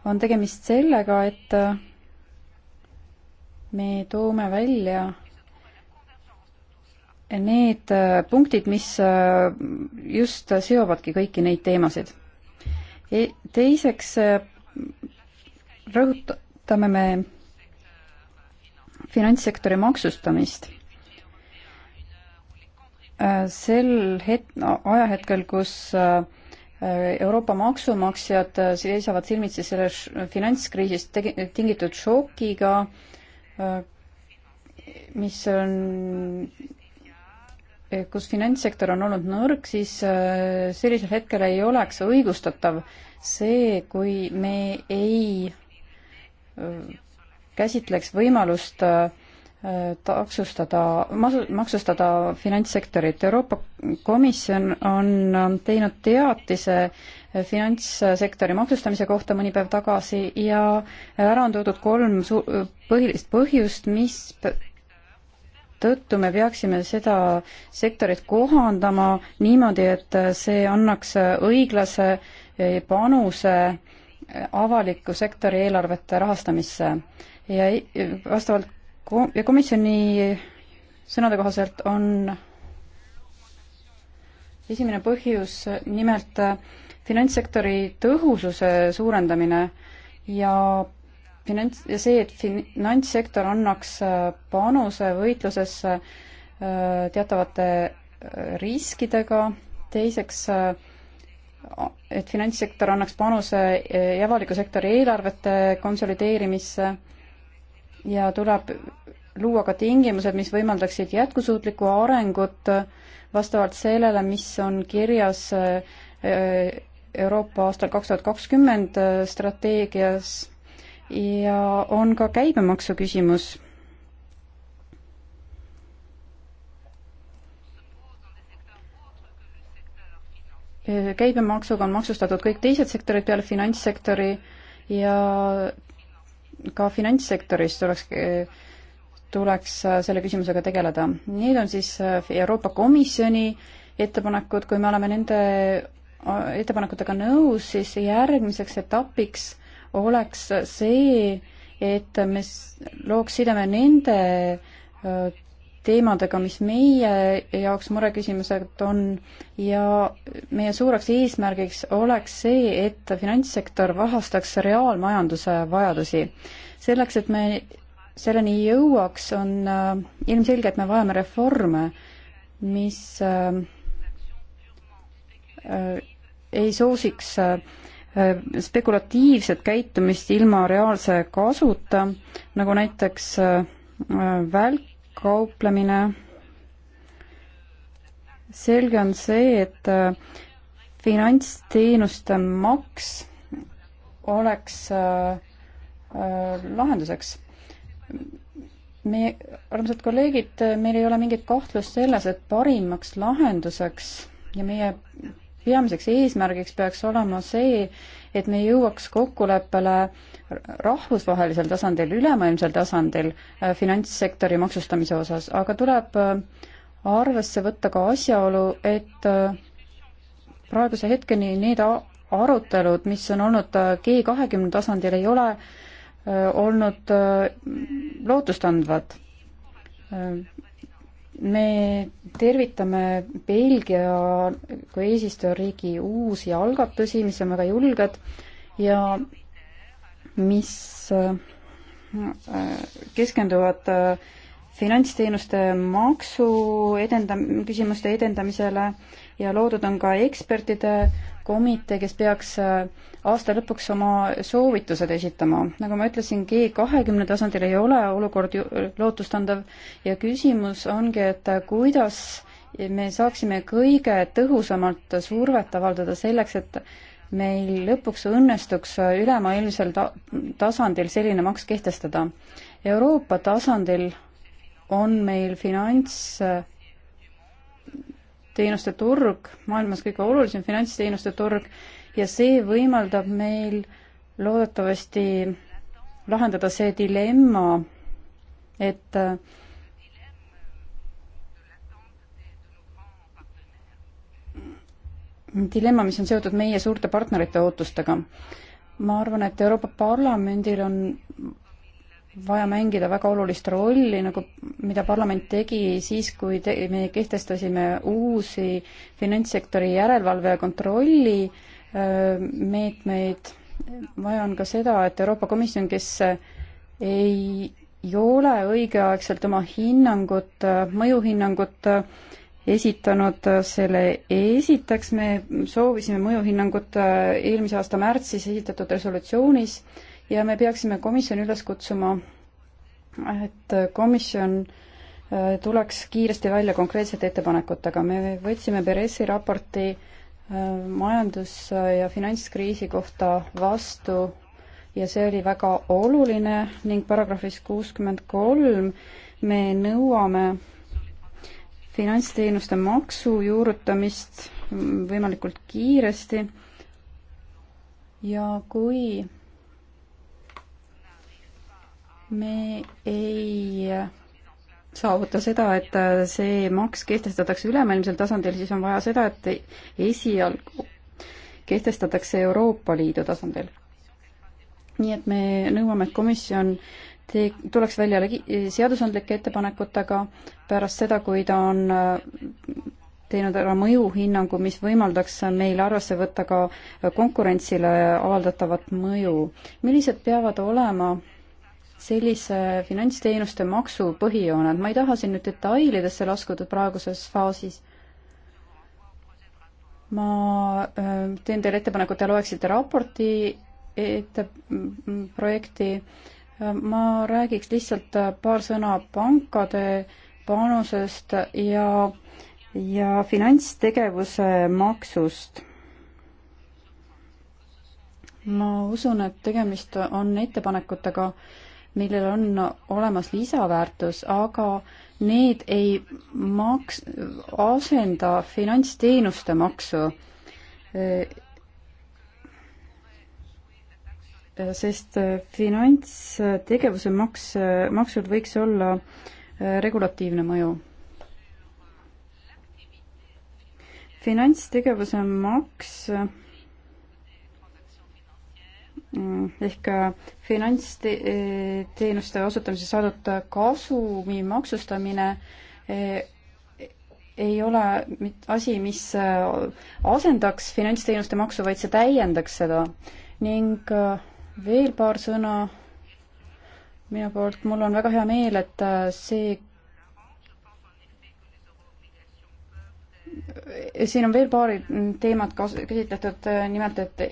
on tegemist sellega, et me toome välja need punktid, mis just seovadki kõiki neid teemasid e. teiseks rõhutame me finantssektori maksustamist Äh, sel het-, ajahetkel, kus äh, Euroopa maksumaksjad äh, seisavad silmitsi selle finantskriisist tingitud šokiga, mis on, eh, kus finantssektor on olnud nõrk, siis sellisel hetkel ei oleks õigustatav see, kui me ei käsitleks võimalust äh, Äh, taksustada, maksustada finantssektorit. Euroopa Komisjon on ähm, teinud teatise äh, finantssektori maksustamise kohta mõni päev tagasi ja äh, ära on toodud kolm põhilist põhjust, mis tõttu me peaksime seda sektorit kohandama niimoodi, et see annaks õiglase panuse avaliku sektori eelarvete rahastamisse ja vastavalt ja komisjoni sõnade kohaselt on esimene põhjus nimelt finantssektori tõhususe suurendamine ja finants, ja see, et finantssektor annaks panuse võitlusesse äh, teatavate äh, riskidega, teiseks äh, et finantssektor annaks panuse avaliku sektori eelarvete konsolideerimisse ja tuleb luua ka tingimused, mis võimaldaksid jätkusuutlikku arengut vastavalt sellele, mis on kirjas äh, Euroopa aastal kaks tuhat kakskümmend äh, strateegias ja on ka käibemaksu küsimus. Äh, käibemaksuga on maksustatud kõik teised sektorid peale finantssektori ja ka finantssektoris tuleks tuleks äh, selle küsimusega tegeleda. Need on siis äh, Euroopa Komisjoni ettepanekud, kui me oleme nende äh, ettepanekutega nõus, siis järgmiseks etapiks oleks see, et me looks sideme nende teemadega, mis meie jaoks mureküsimused on ja meie suureks eesmärgiks oleks see, et finantssektor vahastaks reaalmajanduse vajadusi. selleks, et me selleni jõuaks, on äh, ilmselge, et me vajame reforme, mis äh, äh, ei soosiks spekulatiivset käitumist ilma reaalse kasuta, nagu näiteks välkkauplemine. selge on see, et finantsteenuste maks oleks lahenduseks me, armsad kolleegid, meil ei ole mingit kahtlust selles, et parimaks lahenduseks ja meie peamiseks eesmärgiks peaks olema see, et me jõuaks kokkuleppele rahvusvahelisel tasandil, ülemaailmsel tasandil äh, finantssektori maksustamise osas, aga tuleb äh, arvesse võtta ka asjaolu, et äh, praeguse hetkeni need arutelud, mis on olnud G kahekümne tasandil, ei ole äh, olnud äh, lootustandvad. me tervitame Belgia kui eesistujariigi uusi algatusi, mis on väga julged ja mis äh, keskenduvad äh, finantsteenuste maksu edenda-, küsimuste edendamisele ja loodud on ka ekspertide komitee, kes peaks äh, aasta lõpuks oma soovitused esitama. nagu ma ütlesin, G kahekümne tasandil ei ole olukord lootustandev ja küsimus ongi, et äh, kuidas me saaksime kõige tõhusamalt survet avaldada selleks, et meil lõpuks õnnestuks äh, ülemaailmsel ta-, tasandil selline maks kehtestada. Euroopa tasandil on meil finants finantsteenuste turg, maailmas kõige olulisem finantsteenuste turg ja see võimaldab meil loodetavasti lahendada see dilemma, et äh, dilemma, mis on seotud meie suurte partnerite ootustega. ma arvan, et Euroopa Parlamendil on vaja mängida väga olulist rolli, nagu mida parlament tegi siis, kui te, me kehtestasime uusi finantssektori järelevalve ja kontrolli meetmeid. vaja on ka seda, et Euroopa Komisjon, kes ei, ei ole õigeaegselt oma hinnangut, mõjuhinnangut esitanud, selle esiteks me soovisime mõjuhinnangut eelmise aasta märtsis esitatud resolutsioonis ja me peaksime komisjoni üles kutsuma, et komisjon äh, tuleks kiiresti välja konkreetsete ettepanekutega. me võtsime Peresi raporti äh, majandus- ja finantskriisi kohta vastu ja see oli väga oluline ning paragrahvis kuuskümmend kolm me nõuame finantsteenuste maksu juurutamist võimalikult kiiresti ja kui me ei saavuta seda, et see maks kehtestatakse ülemaailmsel tasandil, siis on vaja seda, et esialgu kehtestatakse Euroopa Liidu tasandil. nii et me nõuame, et komisjon tee-, tuleks välja legi-, seadusandlike ettepanekutega pärast seda, kui ta on äh, teinud ära mõjuhinnangu, mis võimaldaks meil arvesse võtta ka konkurentsile avaldatavat mõju. millised peavad olema sellise finantsteenuste maksu põhijooned, ma ei taha siin nüüd detailidesse laskuda praeguses faasis. ma äh, teen teile ettepaneku, te loeksite raporti ette projekti. Äh, ma räägiks lihtsalt paar sõna pankade panusest ja, ja finantstegevuse maksust ma usun, et tegemist on ettepanekutega, millel on olemas lisaväärtus, aga need ei maks-, asenda finantsteenuste maksu sest finantstegevuse maks, maksul võiks olla regulatiivne mõju. finantstegevuse maks Mm, ehk äh, finantsteenuste äh, osutamise saadud kasumi maksustamine äh, ei ole asi, mis asendaks finantsteenuste maksu, vaid see täiendaks seda. ning veel paar sõna minu poolt, mul on väga hea meel, et see siin on veel paari teemat kas-, käsitletud, nimelt et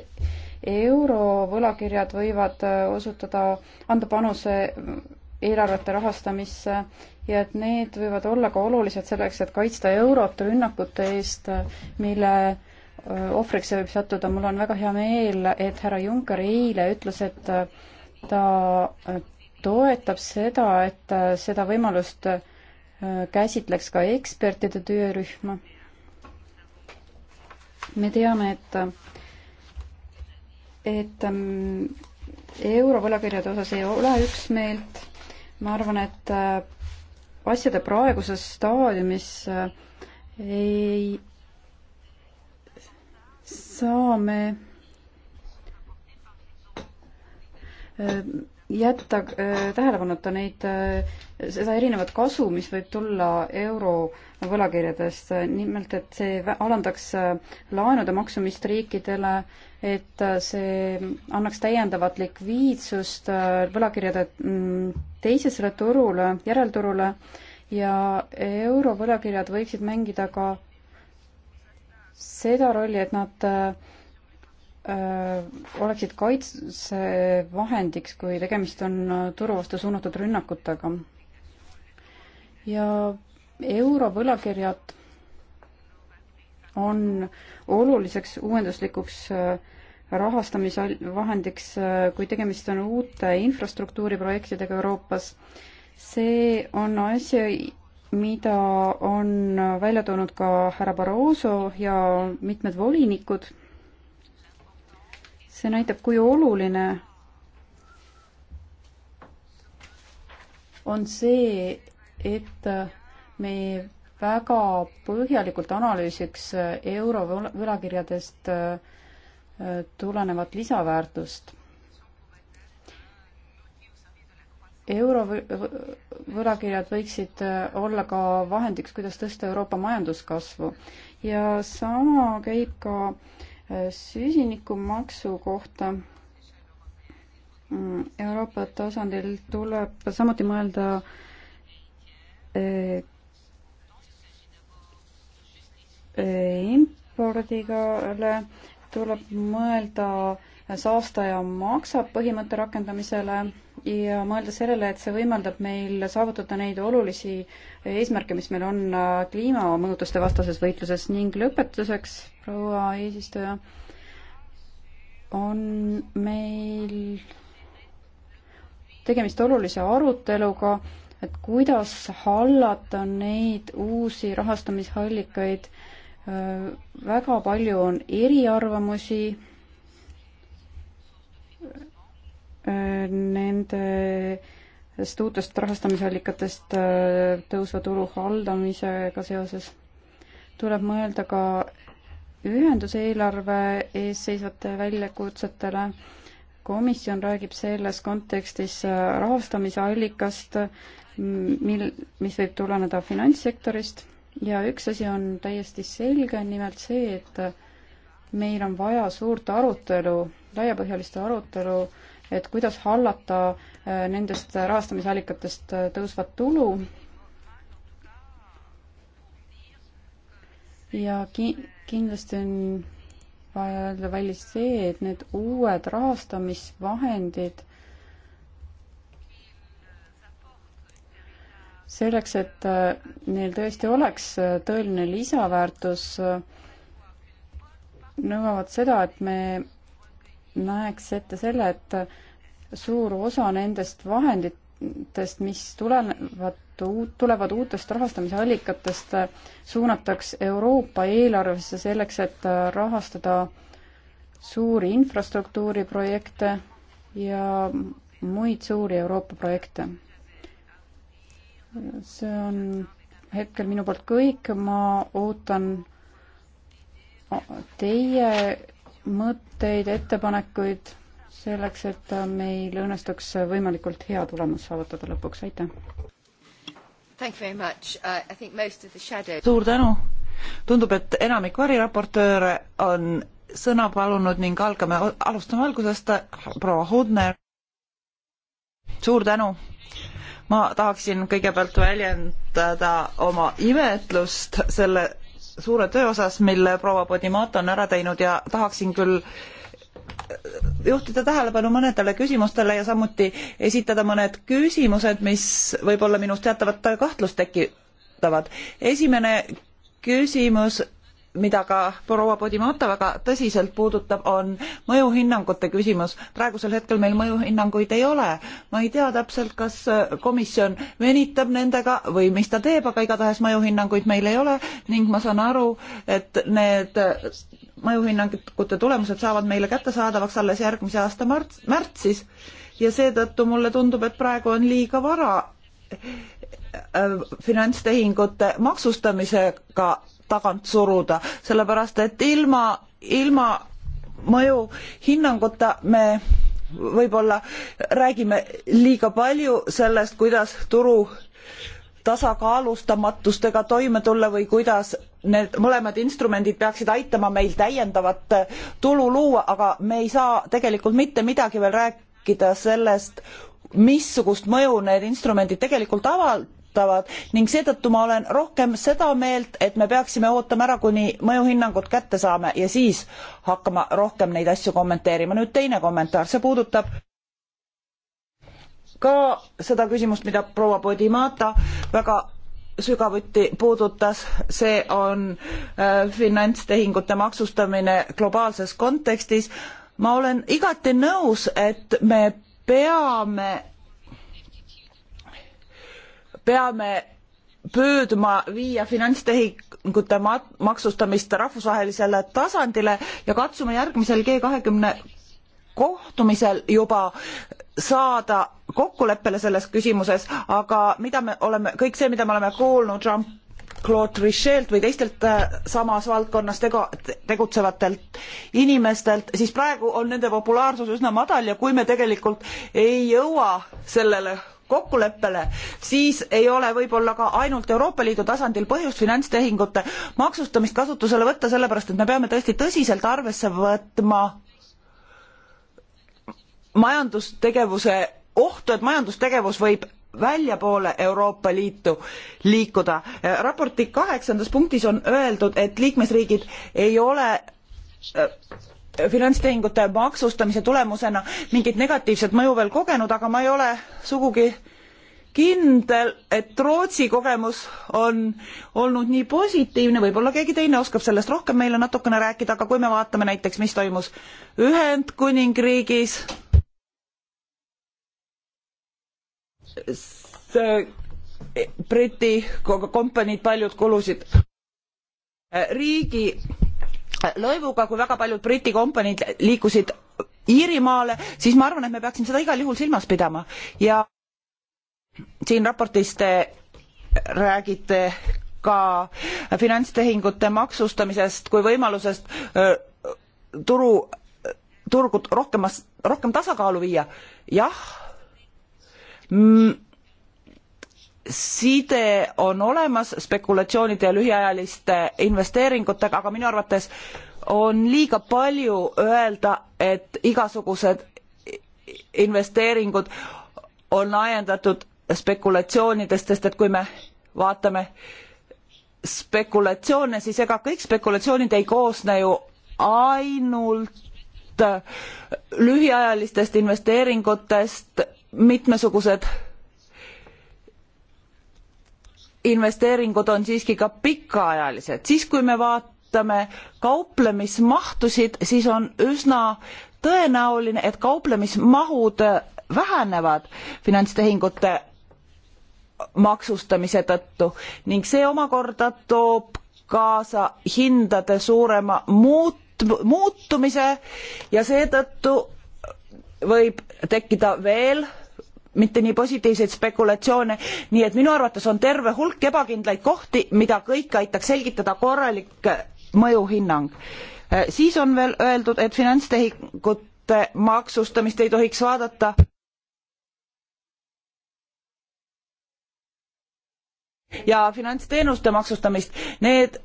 eurovõlakirjad võivad äh, osutuda, anda panuse äh, eelarvete rahastamisse ja et need võivad olla ka olulised selleks, et kaitsta eurot rünnakute eest, äh, mille ohvriks see võib sattuda. mul on väga hea meel, et härra Juncker eile ütles, et ta toetab seda, et seda võimalust käsitleks ka ekspertide töörühm. me teame, et et ähm, eurovõlakirjade osas ei ole üksmeelt. ma arvan, et äh, asjade praeguses staadiumis äh, ei saa me äh, jätta äh, tähelepanuta neid, äh, seda erinevat kasu, mis võib tulla euro võlakirjadest, nimelt et see alandaks äh, laenude maksumist riikidele, et see annaks täiendavat likviidsust võlakirjade mm, teisesele turule, järelturule ja eurovõlakirjad võiksid mängida ka seda rolli, et nad äh, Äh, oleksid kaitsevahendiks, kui tegemist on äh, turu vastu suunatud rünnakutega. ja eurovõlakirjad on oluliseks uuenduslikuks äh, rahastamisvahendiks, kui tegemist on uute infrastruktuuriprojektidega Euroopas. see on asi, mida on välja toonud ka härra Barroso ja mitmed volinikud see näitab, kui oluline on see, et me väga põhjalikult analüüsiks euro võlakirjadest äh, tulenevat lisaväärtust. euro võlakirjad võiksid äh, olla ka vahendiks, kuidas tõsta Euroopa majanduskasvu ja sama käib ka äh, süsinikumaksu kohta Euroopa tasandil tuleb samuti mõelda eh, impordigale, tuleb mõelda saastaja maksab põhimõtte rakendamisele ja mõeldes sellele, et see võimaldab meil saavutada neid olulisi eesmärke, mis meil on äh, kliimamõjutuste vastases võitluses ning lõpetuseks, proua eesistuja, on meil tegemist olulise aruteluga, et kuidas hallata neid uusi rahastamisallikaid. Äh, väga palju on eriarvamusi Äh, nendest uutest rahastamisallikatest äh, tõusva tulu haldamisega seoses. tuleb mõelda ka ühenduse eelarve ees seisvate väljakutsetele. komisjon räägib selles kontekstis äh, rahastamise allikast, mil, mis võib tuleneda finantssektorist ja üks asi on täiesti selge, nimelt see, et meil on vaja suurt arutelu, laiapõhjalist arutelu äh, et kuidas hallata äh, nendest rahastamisallikatest äh, tõusvat tulu ja ki-, kindlasti on vaja öelda välja see, et need uued rahastamisvahendid selleks, et äh, neil tõesti oleks tõeline lisaväärtus, nõuavad seda, et me näeks ette selle, et suur osa nendest vahenditest, mis tulenevad uut, tulevad uutest rahastamisallikatest, suunataks Euroopa eelarvesse selleks, et rahastada suuri infrastruktuuriprojekte ja muid suuri Euroopa projekte. see on hetkel minu poolt kõik, ma ootan teie mõtteid, ettepanekuid selleks, et meil õnnestuks võimalikult hea tulemus saavutada lõpuks, aitäh! Uh, suur tänu! tundub, et enamik variraportööre on sõna palunud ning algame, alustame algusest, proua Hudner. suur tänu! ma tahaksin kõigepealt väljendada oma imetlust selle suure töö osas, mille proua Podimata on ära teinud ja tahaksin küll juhtida tähelepanu mõnedele küsimustele ja samuti esitada mõned küsimused, mis võib-olla minus teatavat kahtlust tekitavad. esimene küsimus mida ka proua Podimata väga tõsiselt puudutab, on mõjuhinnangute küsimus. praegusel hetkel meil mõjuhinnanguid ei ole. ma ei tea täpselt, kas komisjon venitab nendega või mis ta teeb, aga igatahes mõjuhinnanguid meil ei ole ning ma saan aru, et need mõjuhinnangute tulemused saavad meile kättesaadavaks alles järgmise aasta märts, märtsis ja seetõttu mulle tundub, et praegu on liiga vara äh, finantstehingute maksustamisega tagant suruda, sellepärast et ilma, ilma mõjuhinnanguta me võib-olla räägime liiga palju sellest, kuidas turu tasakaalustamatustega toime tulla või kuidas need mõlemad instrumendid peaksid aitama meil täiendavat tulu luua, aga me ei saa tegelikult mitte midagi veel rääkida sellest, missugust mõju need instrumendid tegelikult avaldavad mõjutavad ning seetõttu ma olen rohkem seda meelt, et me peaksime ootama ära, kuni mõjuhinnangud kätte saame ja siis hakkama rohkem neid asju kommenteerima. nüüd teine kommentaar, see puudutab ka seda küsimust, mida proua Podimata väga sügavuti puudutas, see on äh, finantstehingute maksustamine globaalses kontekstis. ma olen igati nõus, et me peame peame pöörduma viia finantstehingute maksustamist rahvusvahelisele tasandile ja katsuma järgmisel G kahekümne kohtumisel juba saada kokkuleppele selles küsimuses, aga mida me oleme, kõik see, mida me oleme kuulnud Jean-Claude Trichet'lt või teistelt äh, samas valdkonnas tegu, tegutsevatelt inimestelt, siis praegu on nende populaarsus üsna madal ja kui me tegelikult ei jõua sellele kokkuleppele, siis ei ole võib-olla ka ainult Euroopa Liidu tasandil põhjust finantstehingute maksustamist kasutusele võtta, sellepärast et me peame tõesti tõsiselt arvesse võtma majandustegevuse ohtu, et majandustegevus võib väljapoole Euroopa Liitu liikuda. raporti kaheksandas punktis on öeldud, et liikmesriigid ei ole finantstehingute maksustamise tulemusena mingit negatiivset mõju veel kogenud, aga ma ei ole sugugi kindel, et Rootsi kogemus on olnud nii positiivne, võib-olla keegi teine oskab sellest rohkem meile natukene rääkida, aga kui me vaatame näiteks, mis toimus Ühendkuningriigis, Briti kompaniid paljud kulusid riigi lõivuga kui väga paljud briti kompaniid liikusid iirimaale siis ma arvan et me peaksime seda igal juhul silmas pidama ja siin raportis te räägite ka finantstehingute maksustamisest kui võimalusest turu turgu rohkem rohkem tasakaalu viia jah side on olemas spekulatsioonide ja lühiajaliste investeeringutega aga minu arvates on liiga palju öelda et igasugused investeeringud on ajendatud spekulatsioonidest sest et kui me vaatame spekulatsioone siis ega kõik spekulatsioonid ei koosne ju ainult lühiajalistest investeeringutest mitmesugused investeeringud on siiski ka pikaajalised, siis kui me vaatame kauplemismahtusid, siis on üsna tõenäoline, et kauplemismahud vähenevad finantstehingute maksustamise tõttu ning see omakorda toob kaasa hindade suurema muut-, muutumise ja seetõttu võib tekkida veel mitte nii positiivseid spekulatsioone nii et minu arvates on terve hulk ebakindlaid kohti mida kõike aitaks selgitada korralik äh, mõjuhinnang äh, siis on veel öeldud et finantstehingute maksustamist ei tohiks vaadata ja finantsteenuste maksustamist need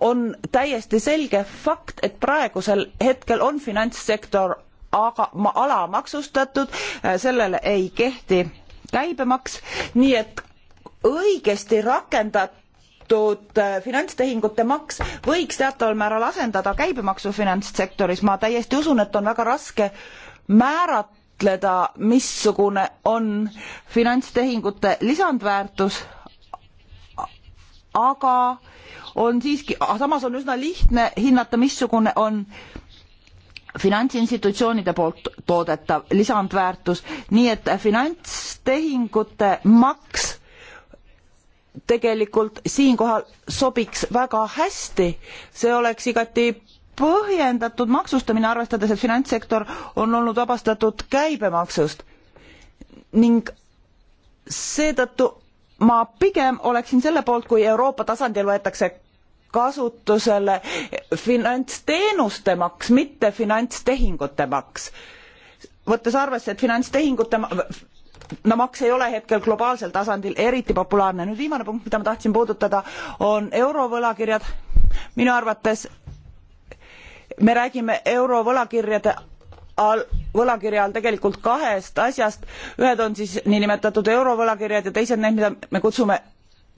on täiesti selge fakt et praegusel hetkel on finantssektor aga alamaksustatud, äh, sellele ei kehti käibemaks, nii et õigesti rakendatud äh, finantstehingute maks võiks teataval määral asendada käibemaksu finantssektoris, ma täiesti usun, et on väga raske määratleda, missugune on finantstehingute lisandväärtus, aga on siiski, samas on üsna lihtne hinnata, missugune on äh, finantsinstitutsioonide poolt toodetav lisandväärtus, nii et finantstehingute maks tegelikult siinkohal sobiks väga hästi, see oleks igati põhjendatud maksustamine, arvestades, et finantssektor on olnud vabastatud käibemaksust ning seetõttu ma pigem oleksin selle poolt, kui Euroopa tasandil võetakse kasutusele finantsteenuste maks, mitte finantstehingute maks. võttes arvesse, et finantstehingute no maks ei ole hetkel globaalsel tasandil eriti populaarne. nüüd viimane punkt, mida ma tahtsin puudutada, on eurovõlakirjad. minu arvates me räägime eurovõlakirjade all võlakirja all tegelikult kahest asjast ühed on siis niinimetatud eurovõlakirjad ja teised need mida me kutsume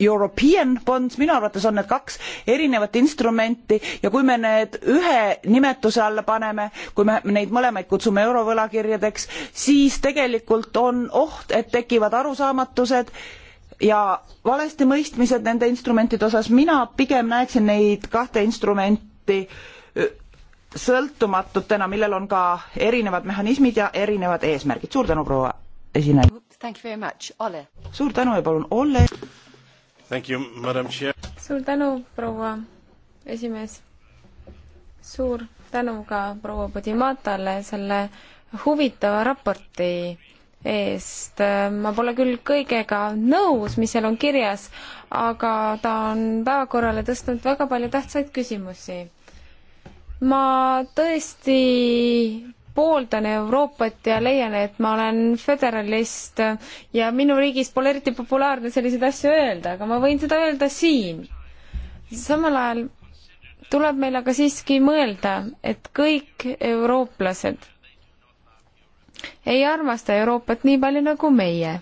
European Bonds, minu arvates on need kaks erinevat instrumenti ja kui me need ühe nimetuse alla paneme, kui me neid mõlemaid kutsume eurovõlakirjadeks, siis tegelikult on oht, et tekivad arusaamatused ja valesti mõistmised nende instrumentide osas. mina pigem näeksin neid kahte instrumenti sõltumatutena, millel on ka erinevad mehhanismid ja erinevad eesmärgid. suur tänu, proua esineja! suur tänu ja palun, Olle! suur tänu, proua esimees. suur tänu ka proua Podimatale selle huvitava raporti eest. ma pole küll kõigega nõus, mis seal on kirjas, aga ta on päevakorrale tõstnud väga palju tähtsaid küsimusi. ma tõesti pooldan Euroopat ja leian, et ma olen föderalist ja minu riigis pole eriti populaarne selliseid asju öelda, aga ma võin seda öelda siin. samal ajal tuleb meil aga siiski mõelda, et kõik eurooplased ei armasta Euroopat nii palju nagu meie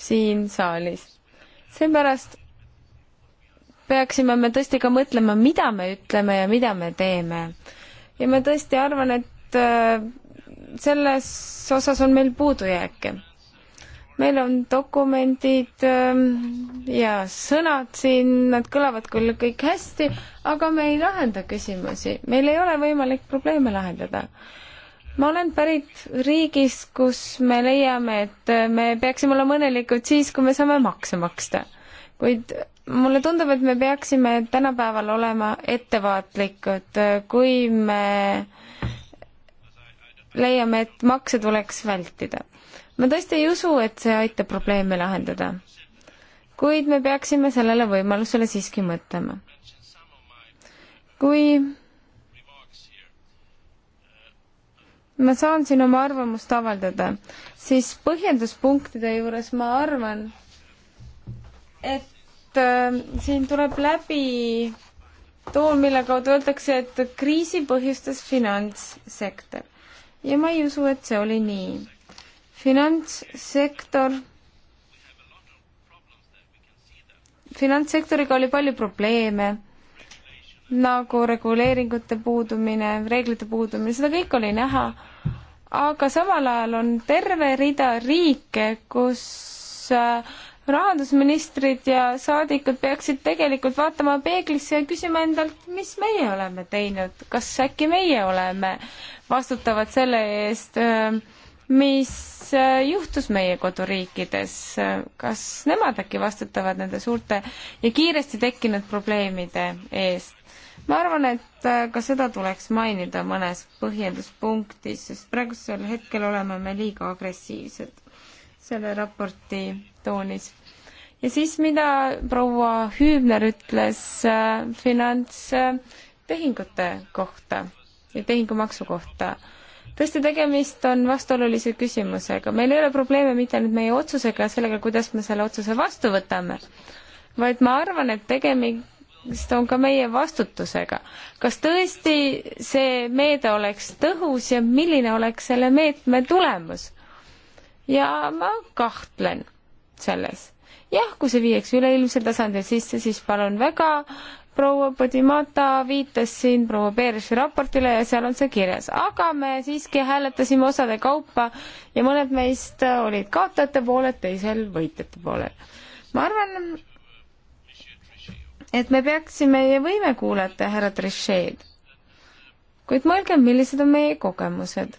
siin saalis. seepärast peaksime me tõesti ka mõtlema, mida me ütleme ja mida me teeme. ja ma tõesti arvan, et et äh, selles osas on meil puudujääke. meil on dokumendid ähm, ja sõnad siin, nad kõlavad küll kõik hästi, aga me ei lahenda küsimusi, meil ei ole võimalik probleeme lahendada ma olen pärit riigist, kus me leiame, et äh, me peaksime olema õnnelikud siis, kui me saame makse maksta. kuid mulle tundub, et me peaksime tänapäeval olema ettevaatlikud, äh, kui me äh, leiame, et makse tuleks vältida. ma tõesti ei usu, et see aitab probleeme lahendada. kuid me peaksime sellele võimalusele siiski mõtlema. kui ma saan siin oma arvamust avaldada, siis põhjenduspunktide juures ma arvan, et äh, siin tuleb läbi toon, mille kaudu öeldakse, et kriisi põhjustas finantssektor ja ma ei usu, et see oli nii. finantssektor, finantssektoriga oli palju probleeme, nagu reguleeringute puudumine, reeglite puudumine, seda kõike oli näha, aga samal ajal on terve rida riike, kus äh, rahandusministrid ja saadikud peaksid tegelikult vaatama peeglisse ja küsima endalt, mis meie oleme teinud, kas äkki meie oleme vastutavad selle eest, äh, mis äh, juhtus meie koduriikides, kas nemad äkki vastutavad nende suurte ja kiiresti tekkinud probleemide eest? ma arvan, et äh, ka seda tuleks mainida mõnes põhjenduspunktis, sest praegusel hetkel oleme me liiga agressiivsed selle raporti toonis. ja siis, mida proua Hüübner ütles äh, finantstehingute äh, kohta ja tehingumaksu kohta tõesti, tegemist on vastuolulise küsimusega. meil ei ole probleeme mitte ainult meie otsusega, sellega, kuidas me selle otsuse vastu võtame, vaid ma arvan, et tegemist on ka meie vastutusega. kas tõesti see meede oleks tõhus ja milline oleks selle meetme tulemus? ja ma kahtlen selles. jah, kui see viiakse üleilmsel tasandil sisse, siis palun väga, proua Podimata viitas siin proua Peersi raportile ja seal on see kirjas, aga me siiski hääletasime osade kaupa ja mõned meist olid kaotajate poolel, teisel võitjate poolel. ma arvan, et me peaksime ja võime kuulata härra Trichet, kuid mõelgem, millised on meie kogemused.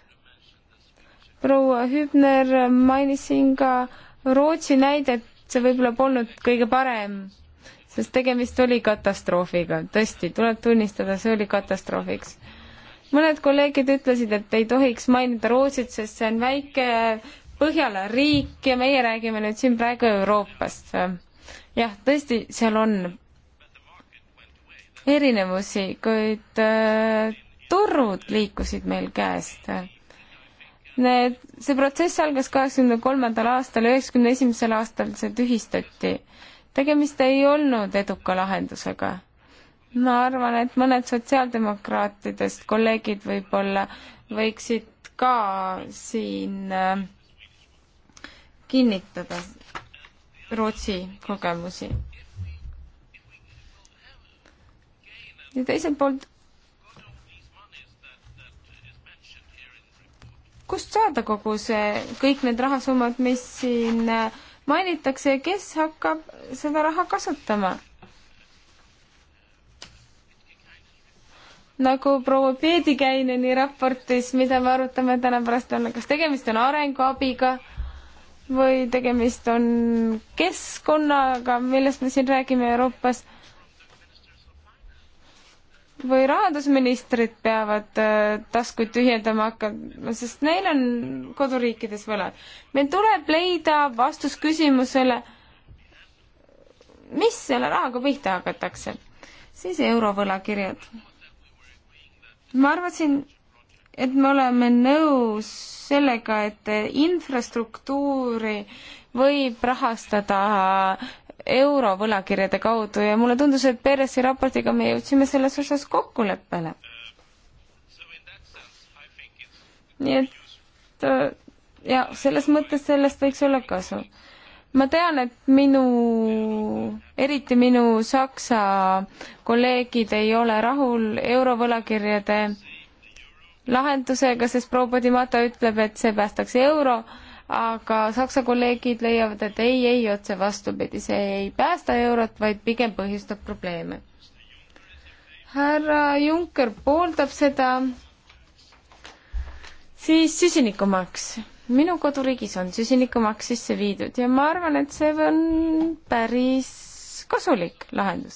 proua Hübner mainis siin ka äh, Rootsi näidet see võib-olla polnud kõige parem, sest tegemist oli katastroofiga, tõesti, tuleb tunnistada, see oli katastroofiks. mõned kolleegid ütlesid, et ei tohiks mainida Rootsit, sest see on väike Põhjala riik ja meie räägime nüüd siin praegu Euroopast. jah, tõesti, seal on erinevusi, kuid äh, turud liikusid meil käest äh, Need, see protsess algas kaheksakümne kolmandal aastal, üheksakümne esimesel aastal see tühistati. tegemist ei olnud eduka lahendusega. ma arvan, et mõned sotsiaaldemokraatidest kolleegid võib-olla võiksid ka siin äh, kinnitada Rootsi kogemusi. ja teiselt poolt kust saada kogu see, kõik need rahasummad, mis siin mainitakse ja kes hakkab seda raha kasutama? nagu proua Peedikäineni raportis, mida me arutame täna pärast, on, kas tegemist on arenguabiga või tegemist on keskkonnaga, millest me siin räägime Euroopas või rahandusministrid peavad äh, taskuid tühjendama hakkama, sest neil on koduriikides võlad. meil tuleb leida vastus küsimusele, mis selle rahaga pihta hakatakse. siis eurovõlakirjad. ma arvasin, et me oleme nõus sellega, et infrastruktuuri võib rahastada euro võlakirjade kaudu ja mulle tundus, et Peresi raportiga me jõudsime selles osas kokkuleppele. nii et äh, ja selles mõttes sellest võiks olla kasu. ma tean, et minu, eriti minu Saksa kolleegid ei ole rahul eurovõlakirjade lahendusega, sest proua Podimata ütleb, et see päästaks euro aga Saksa kolleegid leiavad, et ei, ei, otse vastupidi, see ei päästa eurot, vaid pigem põhjustab probleeme. härra Juncker pooldab seda, siis süsinikumaks. minu koduriigis on süsinikumaks sisse viidud ja ma arvan, et see on päris kasulik lahendus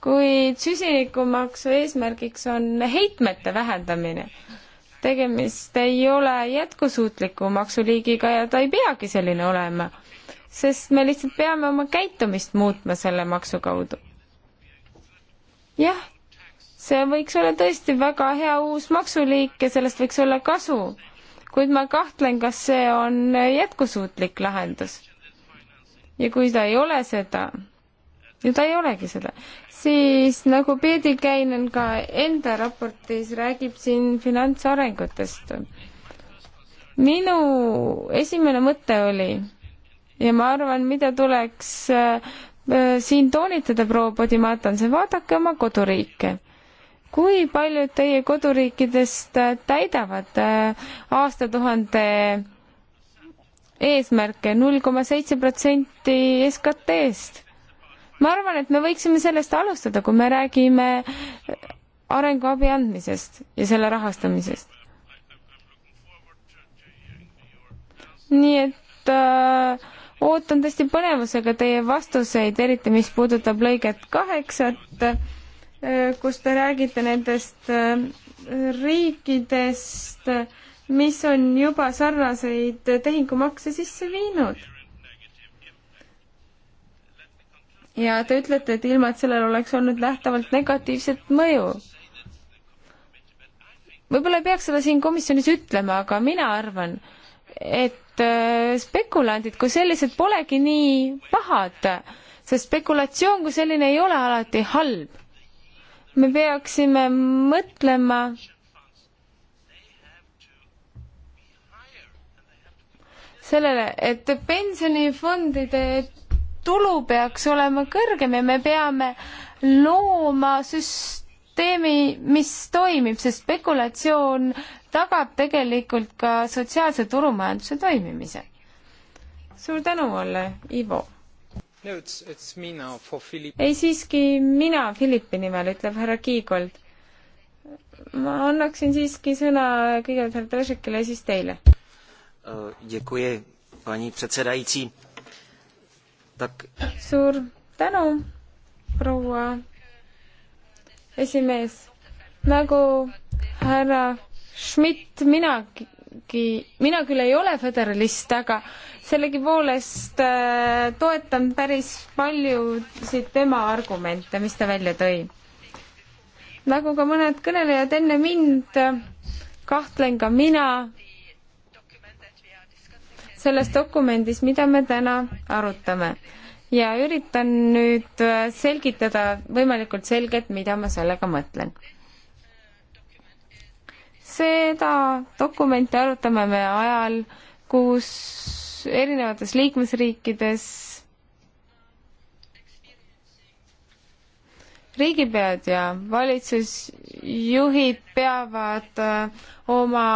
kuid süsinikumaksu eesmärgiks on heitmete vähendamine tegemist ei ole jätkusuutliku maksuliigiga ja ta ei peagi selline olema, sest me lihtsalt peame oma käitumist muutma selle maksu kaudu. jah, see võiks olla tõesti väga hea uus maksuliik ja sellest võiks olla kasu, kuid ma kahtlen, kas see on jätkusuutlik lahendus. ja kui ta ei ole seda, ja ta ei olegi seda. siis nagu Peedi Käinen ka enda raportis räägib siin finantsarengutest. minu esimene mõte oli ja ma arvan, mida tuleks äh, siin toonitada, proua Podimatan, see vaadake oma koduriike kui paljud teie koduriikidest äh, täidavad äh, aastatuhande eesmärke, null koma seitse protsenti SKT-st? ma arvan, et me võiksime sellest alustada, kui me räägime arenguabi andmisest ja selle rahastamisest. nii et äh, ootan tõesti põnevusega teie vastuseid, eriti mis puudutab lõiget kaheksat äh,, kus te räägite nendest äh, riikidest, mis on juba sarnaseid tehingumakse sisse viinud ja te ütlete, et ilma, et sellel oleks olnud lähtavalt negatiivset mõju. võib-olla ei peaks seda siin komisjonis ütlema, aga mina arvan, et äh, spekulandid kui sellised polegi nii pahad, sest spekulatsioon kui selline ei ole alati halb. me peaksime mõtlema sellele, et pensionifondide tulu peaks olema kõrgem ja me peame looma süsteemi, mis toimib, sest spekulatsioon tagab tegelikult ka sotsiaalse turumajanduse toimimise. suur tänu, Olle, Ivo no,! ei, siiski mina Philippi nimel, ütleb härra Kiigold. ma annaksin siiski sõna kõigepealt härra Tõšekile ja siis teile uh,. Děkuji, paní předsedající suur tänu, proua esimees. nagu härra Schmidt, minagi, mina küll ei ole föderalist, aga sellegipoolest äh, toetan päris paljusid tema argumente, mis ta välja tõi. nagu ka mõned kõnelejad enne mind, äh, kahtlen ka mina selles dokumendis, mida me täna arutame. ja üritan nüüd äh, selgitada võimalikult selgelt, mida ma sellega mõtlen. seda dokumenti arutame me ajal, kus erinevates liikmesriikides riigipead ja valitsusjuhid peavad äh, oma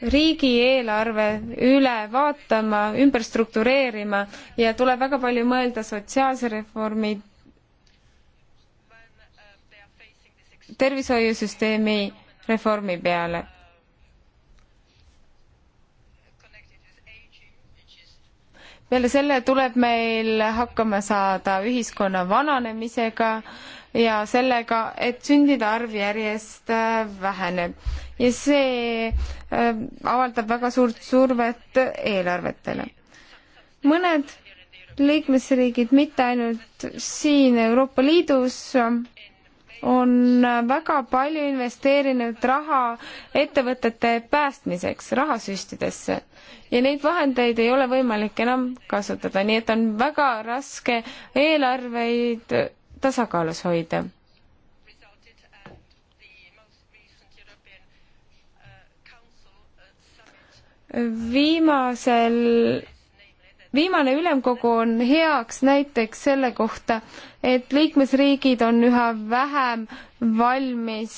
riigieelarve üle vaatama, ümber struktureerima ja tuleb väga palju mõelda sotsiaalse reformi, tervishoiusüsteemi reformi peale. peale selle tuleb meil hakkama saada ühiskonna vananemisega äh,, ja sellega, et sündide arv järjest äh, väheneb ja see äh, avaldab väga suurt survet eelarvetele. mõned liikmesriigid mitte ainult siin Euroopa Liidus on väga palju investeerinud raha ettevõtete päästmiseks, rahasüstidesse. ja neid vahendeid ei ole võimalik enam kasutada, nii et on väga raske eelarveid tasakaalus hoida. viimasel, viimane ülemkogu on heaks näiteks selle kohta, et liikmesriigid on üha vähem valmis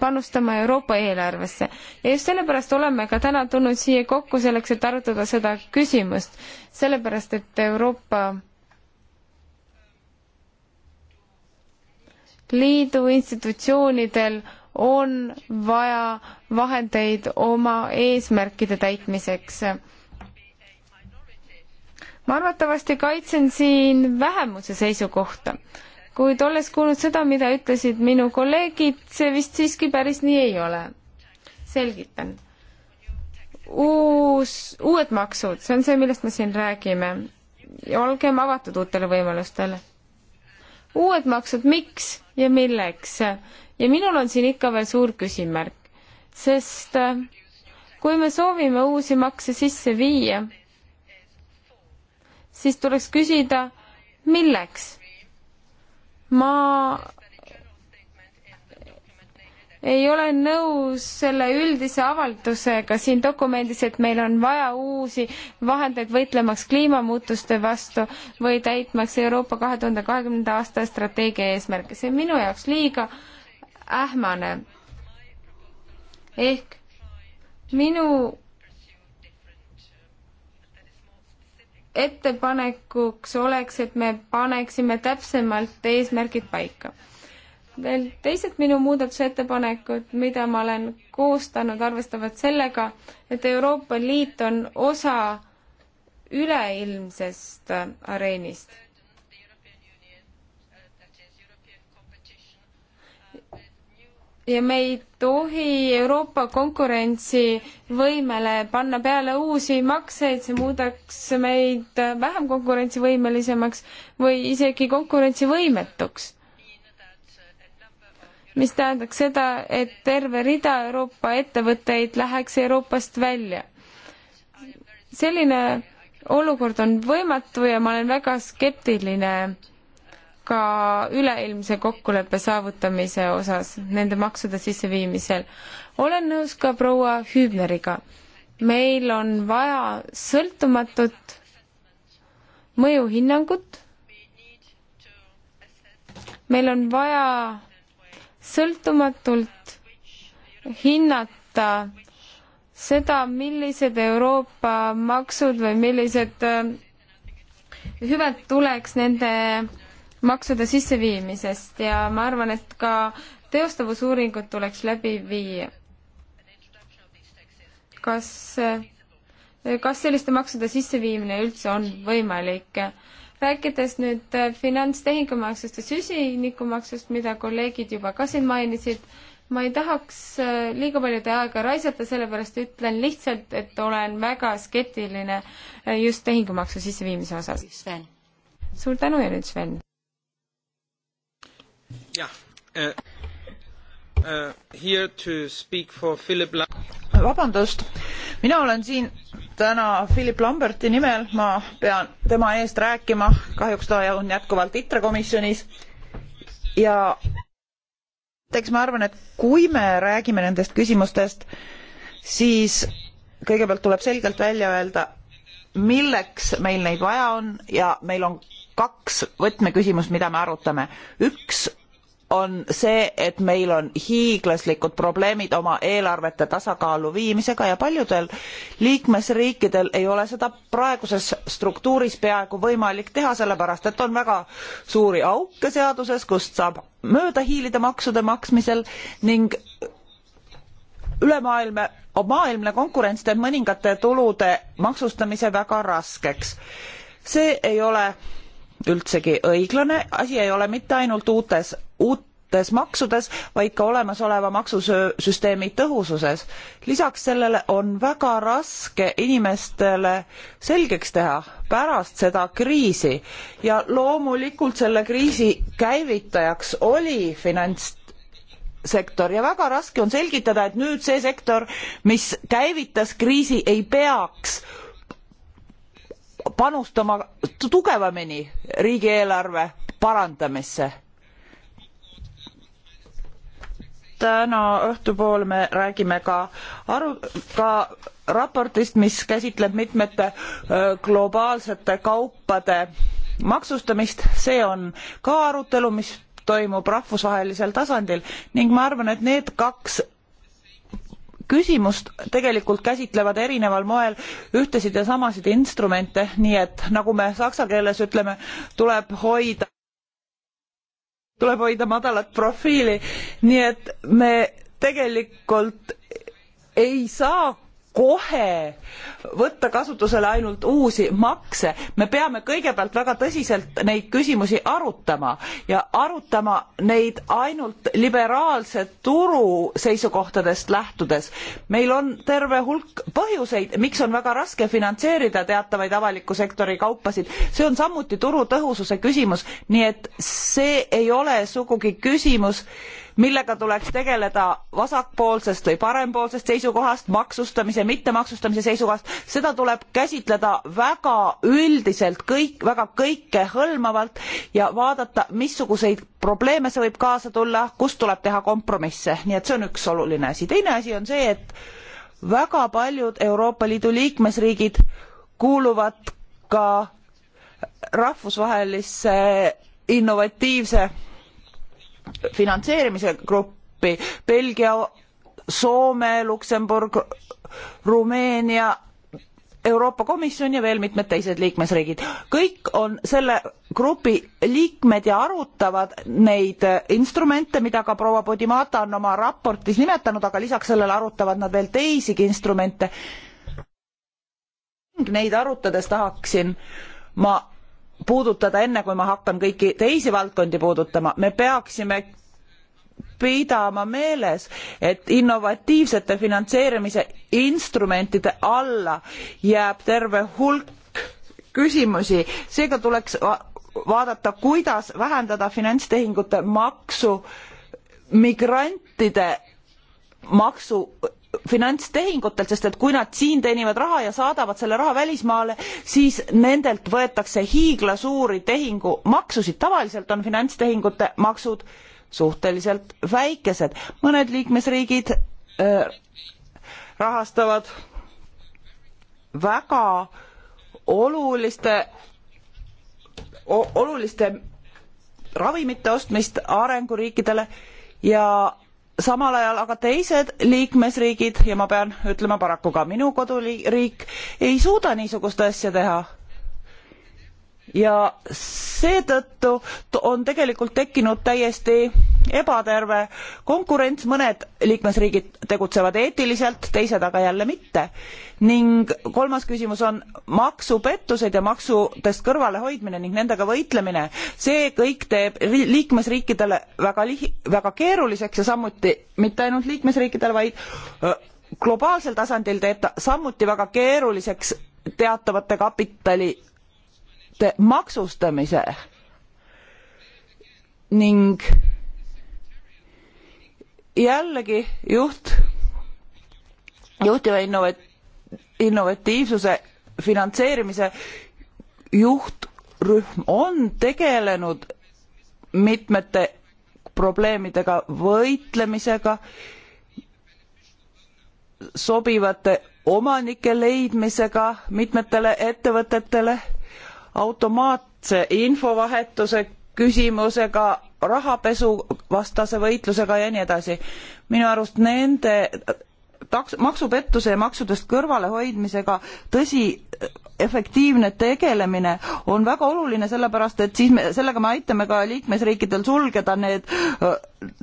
panustama Euroopa eelarvesse. ja just sellepärast oleme ka täna tulnud siia kokku selleks, et arutada seda küsimust, sellepärast et Euroopa Liidu institutsioonidel on vaja vahendeid oma eesmärkide täitmiseks. ma arvatavasti kaitsen siin vähemuse seisukohta, kuid olles kuulnud seda, mida ütlesid minu kolleegid, see vist siiski päris nii ei ole. selgitan. uus, uued maksud, see on see, millest me siin räägime. ja olgem avatud uutele võimalustele. uued maksud, miks? ja milleks. ja minul on siin ikka veel suur küsimärk, sest äh, kui me soovime uusi makse sisse viia, siis tuleks küsida, milleks? ma ei ole nõus selle üldise avaldusega siin dokumendis, et meil on vaja uusi vahendeid võitlemaks kliimamuutuste vastu või täitmaks Euroopa kahe tuhande kahekümnenda aasta strateegia eesmärke. see on minu jaoks liiga ähmane. ehk minu ettepanekuks oleks, et me paneksime täpsemalt eesmärgid paika veel teised minu muudatusettepanekud, mida ma olen koostanud, arvestavad sellega, et Euroopa Liit on osa üleilmsest areenist. ja me ei tohi Euroopa konkurentsivõimele panna peale uusi makseid, see muudaks meid vähem konkurentsivõimelisemaks või isegi konkurentsivõimetuks mis tähendaks seda, et terve rida Euroopa ettevõtteid läheks Euroopast välja. selline olukord on võimatu ja ma olen väga skeptiline ka üleilmse kokkuleppe saavutamise osas nende maksude sisseviimisel. olen nõus ka proua Hübneriga. meil on vaja sõltumatut mõjuhinnangut. meil on vaja sõltumatult hinnata seda, millised Euroopa maksud või millised äh, hüved tuleks nende maksude sisseviimisest ja ma arvan, et ka teostavusuuringud tuleks läbi viia. kas, äh, kas selliste maksude sisseviimine üldse on võimalik? rääkides nüüd äh, finantstehingumaksust ja süsinikumaksust, mida kolleegid juba ka siin mainisid, ma ei tahaks äh, liiga palju teie aega raisata, sellepärast ütlen lihtsalt, et olen väga skeptiline äh, just tehingumaksu sisseviimise osas. suur tänu ja nüüd Sven. jah äh Uh, vabandust, mina olen siin täna Philip Lamberti nimel, ma pean tema eest rääkima, kahjuks ta on jätkuvalt ITRE komisjonis ja eks ma arvan, et kui me räägime nendest küsimustest, siis kõigepealt tuleb selgelt välja öelda, milleks meil neid vaja on ja meil on kaks võtmeküsimust, mida me arutame. üks on see et meil on hiiglaslikud probleemid oma eelarvete tasakaalu viimisega ja paljudel liikmesriikidel ei ole seda praeguses struktuuris peaaegu võimalik teha sellepärast et on väga suuri auke seaduses kust saab mööda hiilida maksude maksmisel ning ülemaailmne maailmne konkurents teeb mõningate tulude maksustamise väga raskeks. see ei ole üldsegi õiglane asi ei ole mitte ainult uutes uutes maksudes vaid ka olemasoleva maksusüsteemi tõhususes lisaks sellele on väga raske inimestele selgeks teha pärast seda kriisi ja loomulikult selle kriisi käivitajaks oli finants sektor ja väga raske on selgitada et nüüd see sektor mis käivitas kriisi ei peaks panustama tugevamini riigieelarve parandamisse täna õhtupool me räägime ka aru- ka raportist mis käsitleb mitmete globaalsete kaupade maksustamist see on ka arutelu mis toimub rahvusvahelisel tasandil ning ma arvan et need kaks küsimust tegelikult käsitlevad erineval moel ühtesid ja samasid instrumente nii et nagu me saksa keeles ütleme tuleb hoida tuleb hoida madalat profiili nii et me tegelikult ei saa kohe võtta kasutusele ainult uusi makse me peame kõigepealt väga tõsiselt neid küsimusi arutama ja arutama neid ainult liberaalse turu seisukohtadest lähtudes meil on terve hulk põhjuseid miks on väga raske finantseerida teatavaid avaliku sektori kaupasid see on samuti turu tõhususe küsimus nii et see ei ole sugugi küsimus äh, millega tuleks tegeleda vasakpoolsest või parempoolsest seisukohast maksustamise mittemaksustamise seisukohast seda tuleb käsitleda väga üldiselt kõik väga kõikehõlmavalt ja vaadata missuguseid probleeme see võib kaasa tulla kust tuleb teha kompromisse nii et see on üks oluline asi teine asi on see et väga paljud euroopa liidu liikmesriigid kuuluvad ka rahvusvahelisse innovatiivse finantseerimise gruppi Belgia, Soome, Luksemburg, Rumeenia, Euroopa Komisjon ja veel mitmed teised liikmesriigid. kõik on selle grupi liikmed ja arutavad neid instrumente, mida ka proua Podimata on oma raportis nimetanud, aga lisaks sellele arutavad nad veel teisigi instrumente. Neid arutades tahaksin ma puudutada enne kui ma hakkan kõiki teisi valdkondi puudutama me peaksime pidama meeles et innovatiivsete finantseerimise instrumentide alla jääb terve hulk küsimusi seega tuleks vaadata kuidas vähendada finantstehingute maksu migrantide maksu finantstehingutelt sest et kui nad siin teenivad raha ja saadavad selle raha välismaale siis nendelt võetakse hiiglasuuri tehingumaksusid tavaliselt on finantstehingute maksud suhteliselt väikesed mõned liikmesriigid äh, rahastavad väga oluliste oluliste ravimite ostmist arenguriikidele ja samal ajal aga teised liikmesriigid ja ma pean ütlema paraku ka minu koduriik ei suuda niisugust asja teha ja seetõttu on tegelikult tekkinud täiesti ebaterve konkurents mõned liikmesriigid tegutsevad eetiliselt teised aga jälle mitte ning kolmas küsimus on maksupettused ja maksudest kõrvalehoidmine ning nendega võitlemine see kõik teeb liikmesriikidele väga lihi- väga keeruliseks ja samuti mitte ainult liikmesriikidel vaid globaalsel tasandil teeb ta samuti väga keeruliseks teatavate kapitalide maksustamise ning jällegi juht, juhtiva innovat-, innovatiivsuse finantseerimise juhtrühm on tegelenud mitmete probleemidega võitlemisega sobivate omanike leidmisega mitmetele ettevõtetele automaatse infovahetuse küsimusega, rahapesuvastase võitlusega ja nii edasi. minu arust nende taks-, maksupettuse ja maksudest kõrvalehoidmisega tõsi, efektiivne tegelemine on väga oluline, sellepärast et siis me, sellega me aitame ka liikmesriikidel sulgeda need,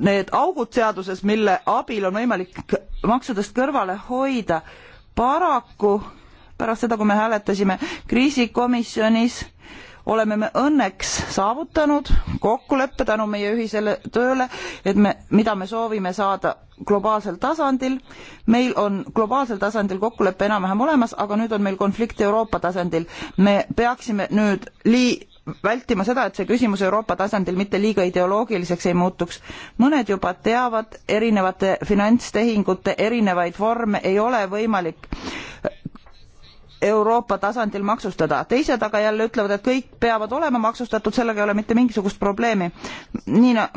need augud seaduses, mille abil on võimalik maksudest kõrvale hoida. paraku pärast seda, kui me hääletasime kriisikomisjonis oleme me õnneks saavutanud kokkuleppe tänu meie ühisele tööle, et me, mida me soovime saada globaalsel tasandil. meil on globaalsel tasandil kokkulepe enam-vähem olemas, aga nüüd on meil konflikt Euroopa tasandil. me peaksime nüüd lii-, vältima seda, et see küsimus Euroopa tasandil mitte liiga ideoloogiliseks ei muutuks. mõned juba teavad, erinevate finantstehingute erinevaid vorme ei ole võimalik Euroopa tasandil maksustada. teised aga jälle ütlevad, et kõik peavad olema maksustatud, sellega ei ole mitte mingisugust probleemi. Niina,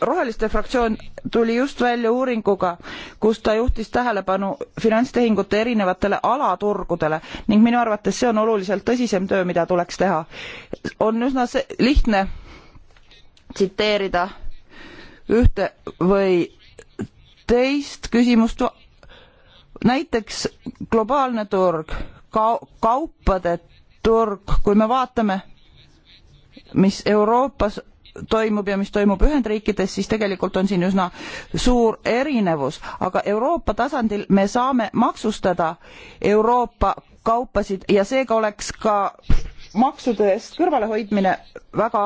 Roheliste fraktsioon tuli just välja uuringuga, kus ta juhtis tähelepanu finantstehingute erinevatele alaturgudele ning minu arvates see on oluliselt tõsisem töö, mida tuleks teha. on üsna lihtne tsiteerida ühte või teist küsimust näiteks globaalne turg ka-, kaupade turg, kui me vaatame, mis Euroopas toimub ja mis toimub Ühendriikides, siis tegelikult on siin üsna suur erinevus, aga Euroopa tasandil me saame maksustada Euroopa kaupasid ja seega oleks ka maksude eest kõrvalehoidmine väga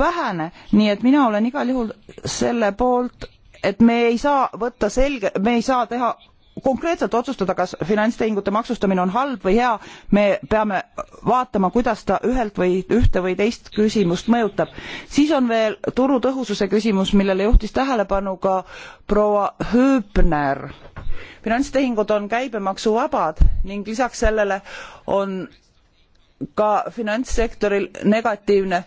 vähene, nii et mina olen igal juhul selle poolt, et me ei saa võtta selge, me ei saa teha konkreetselt otsustada kas finantstehingute maksustamine on halb või hea me peame vaatama kuidas ta ühelt või ühte või teist küsimust mõjutab siis on veel turu tõhususe küsimus millele juhtis tähelepanu ka proua hübner finantstehingud on käibemaksuvabad ning lisaks sellele on ka finantssektoril negatiivne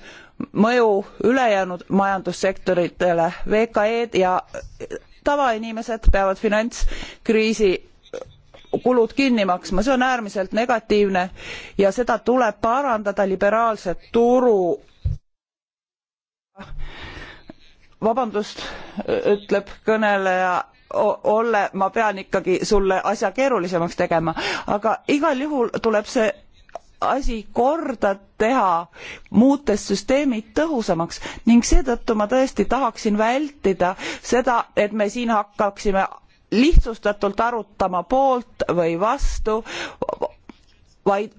mõju ülejäänud majandussektoritele VKE-d ja tavainimesed peavad finantskriisi kulud kinni maksma see on äärmiselt negatiivne ja seda tuleb parandada liberaalse turu vabandust ütleb kõneleja olle ma pean ikkagi sulle asja keerulisemaks tegema aga igal juhul tuleb see asi korda teha, muutes süsteemid tõhusamaks ning seetõttu ma tõesti tahaksin vältida seda, et me siin hakkaksime lihtsustatult arutama poolt või vastu, vaid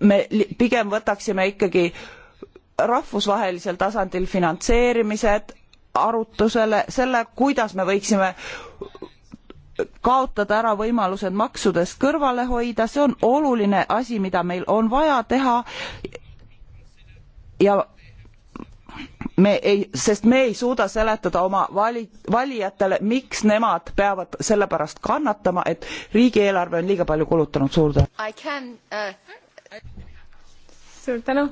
me pigem võtaksime ikkagi rahvusvahelisel tasandil finantseerimised arutusele, selle, kuidas me võiksime kaotada ära võimalused maksudest kõrvale hoida, see on oluline asi, mida meil on vaja teha ja me ei, sest me ei suuda seletada oma vali-, valijatele, miks nemad peavad selle pärast kannatama, et riigieelarve on liiga palju kulutanud, suur tänu. Uh, suur tänu.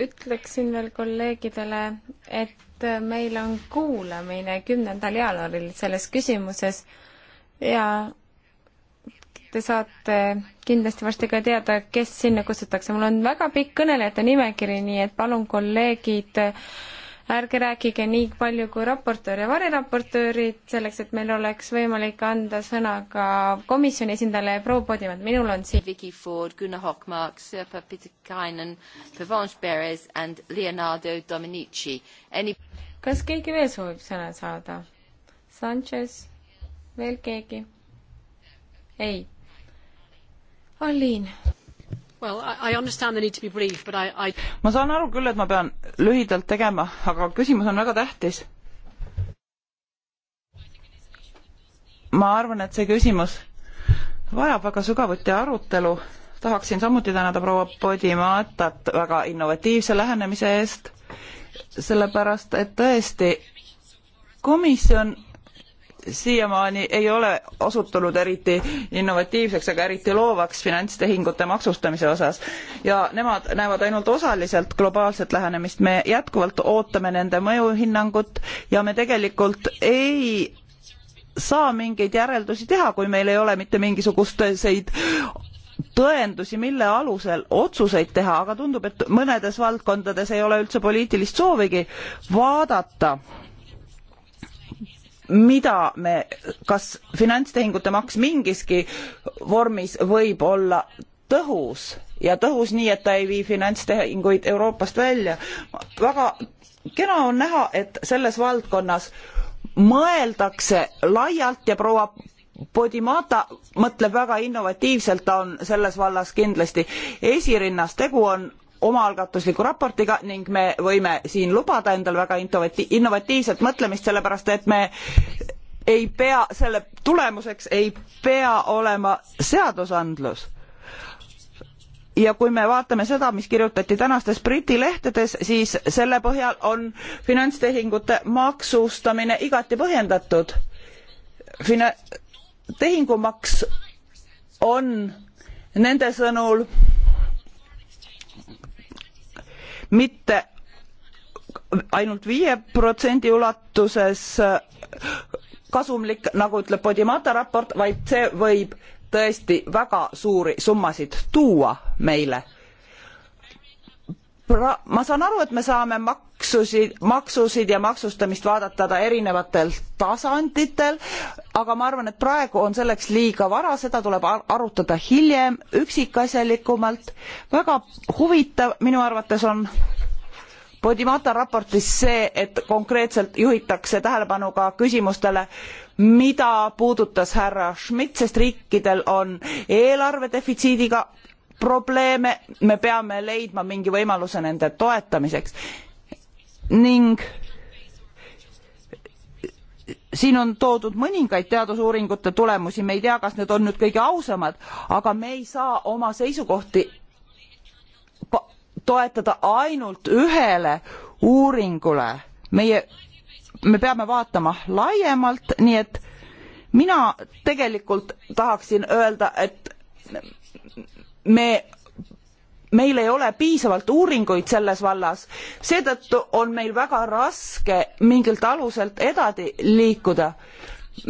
ütleksin veel kolleegidele, et et meil on kuulamine kümnendal jaanuaril selles küsimuses ja te saate kindlasti varsti ka teada, kes sinna kutsutakse. mul on väga pikk kõnelejate nimekiri, nii et palun, kolleegid, ärge rääkige nii palju kui raportöör ja variraportöörid, selleks et meil oleks võimalik anda sõna ka komisjoni esindajale proua Podimäe. minul on siin Vicky Ford, Gunnar Hockmark, Sirpa Pitikainen, Provence Perez and Leonardo Dominici Any kas keegi veel soovib sõna saada? Sanchez, veel keegi? ei. Aliin. Well, I understand the need to be brief, but I, I ma saan aru küll, et ma pean lühidalt tegema, aga küsimus on väga tähtis. ma arvan, et see küsimus vajab väga sügavuti arutelu. tahaksin samuti tänada proua Podimatat väga innovatiivse lähenemise eest sellepärast et tõesti komisjon siiamaani ei ole osutunud eriti innovatiivseks ega eriti loovaks finantstehingute maksustamise osas ja nemad näevad ainult osaliselt globaalset lähenemist me jätkuvalt ootame nende mõjuhinnangut ja me tegelikult ei saa mingeid järeldusi teha kui meil ei ole mitte mingisuguseid tõendusi mille alusel otsuseid teha aga tundub et mõnedes valdkondades ei ole üldse poliitilist soovigi vaadata mida me kas finantstehingute maks mingiski vormis võib olla tõhus ja tõhus nii et ta ei vii finantstehinguid euroopast välja väga kena on näha et selles valdkonnas mõeldakse laialt ja proua Podimata mõtleb väga innovatiivselt, ta on selles vallas kindlasti esirinnas, tegu on omaalgatusliku raportiga ning me võime siin lubada endale väga innovati innovatiivset mõtlemist, sellepärast et me ei pea, selle tulemuseks ei pea olema seadusandlus ja kui me vaatame seda mis kirjutati tänastes briti lehtedes siis selle põhjal on finantstehingute maksustamine igati põhjendatud Fina tehingumaks on nende sõnul mitte ainult viie protsendi ulatuses kasumlik nagu ütleb podimata raport vaid see võib tõesti väga suuri summasid tuua meile pra-, ma saan aru, et me saame maksusid, maksusid ja maksustamist vaadatada erinevatel tasanditel, aga ma arvan, et praegu on selleks liiga vara, seda tuleb arutada hiljem üksikasjalikumalt. väga huvitav minu arvates on Podimata raportis see, et konkreetselt juhitakse tähelepanu ka küsimustele, mida puudutas härra Schmidt, sest riikidel on eelarvedefitsiidiga probleeme, me peame leidma mingi võimaluse nende toetamiseks. ning siin on toodud mõningaid teadusuuringute tulemusi, me ei tea, kas need on nüüd kõige ausamad, aga me ei saa oma seisukohti toetada ainult ühele uuringule. meie, me peame vaatama laiemalt, nii et mina tegelikult tahaksin öelda, et me meil ei ole piisavalt uuringuid selles vallas seetõttu on meil väga raske mingilt aluselt edasi liikuda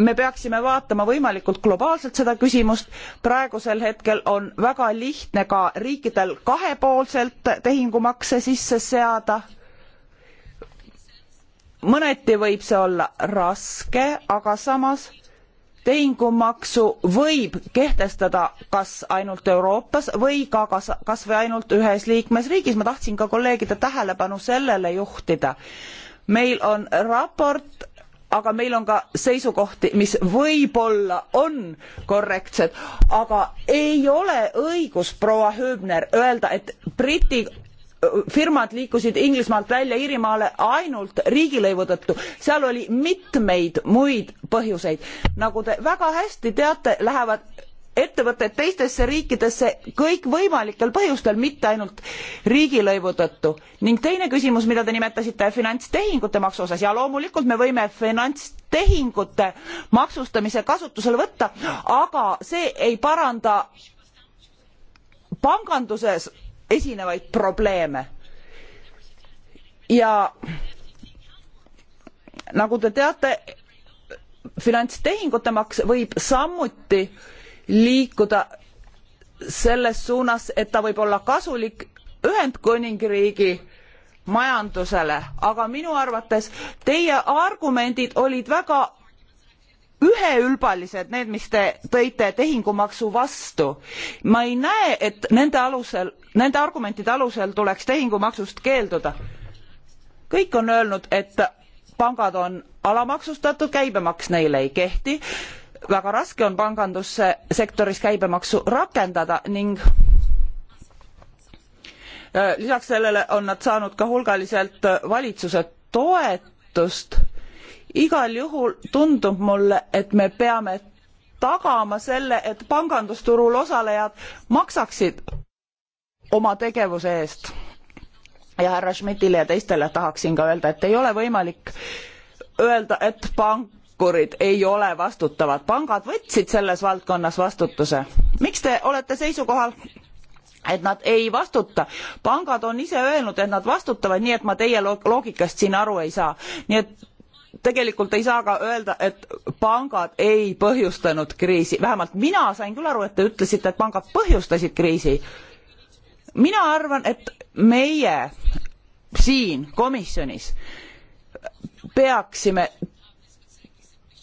me peaksime vaatama võimalikult globaalselt seda küsimust praegusel hetkel on väga lihtne ka riikidel kahepoolselt tehingumakse sisse seada mõneti võib see olla raske aga samas tehingumaksu võib kehtestada kas ainult euroopas või ka kas kas või ainult ühes liikmesriigis ma tahtsin ka kolleegide tähelepanu sellele juhtida meil on raport aga meil on ka seisukohti mis võibolla on korrektsed aga ei ole õigus proua hübner öelda et briti firmad liikusid Inglismaalt välja Iirimaale ainult riigilõivu tõttu. seal oli mitmeid muid põhjuseid. nagu te väga hästi teate, lähevad ettevõtted teistesse riikidesse kõikvõimalikel põhjustel, mitte ainult riigilõivu tõttu. ning teine küsimus, mida te nimetasite finantstehingute maksu osas ja loomulikult me võime finantstehingute maksustamise kasutusele võtta, aga see ei paranda panganduses esinevaid probleeme ja nagu te teate finantstehingute maks võib samuti liikuda selles suunas et ta võib olla kasulik ühendkuningriigi majandusele aga minu arvates teie argumendid olid väga üheülbalised need mis te tõite tehingumaksu vastu ma ei näe et nende alusel nende argumentide alusel tuleks tehingumaksust keelduda kõik on öelnud et pangad on alamaksustatud käibemaks neile ei kehti väga raske on pangandussektoris käibemaksu rakendada ning äh, lisaks sellele on nad saanud ka hulgaliselt valitsuse toetust igal juhul tundub mulle, et me peame tagama selle, et pangandusturul osalejad maksaksid oma tegevuse eest. ja härra Schmidtile ja teistele tahaksin ka öelda, et ei ole võimalik öelda, et pankurid ei ole vastutavad, pangad võtsid selles valdkonnas vastutuse. miks te olete seisukohal, et nad ei vastuta. pangad on ise öelnud, et nad vastutavad, nii et ma teie loogikast siin aru ei saa. nii et tegelikult ei saa ka öelda, et pangad ei põhjustanud kriisi, vähemalt mina sain küll aru, et te ütlesite, et pangad põhjustasid kriisi. mina arvan, et meie siin komisjonis peaksime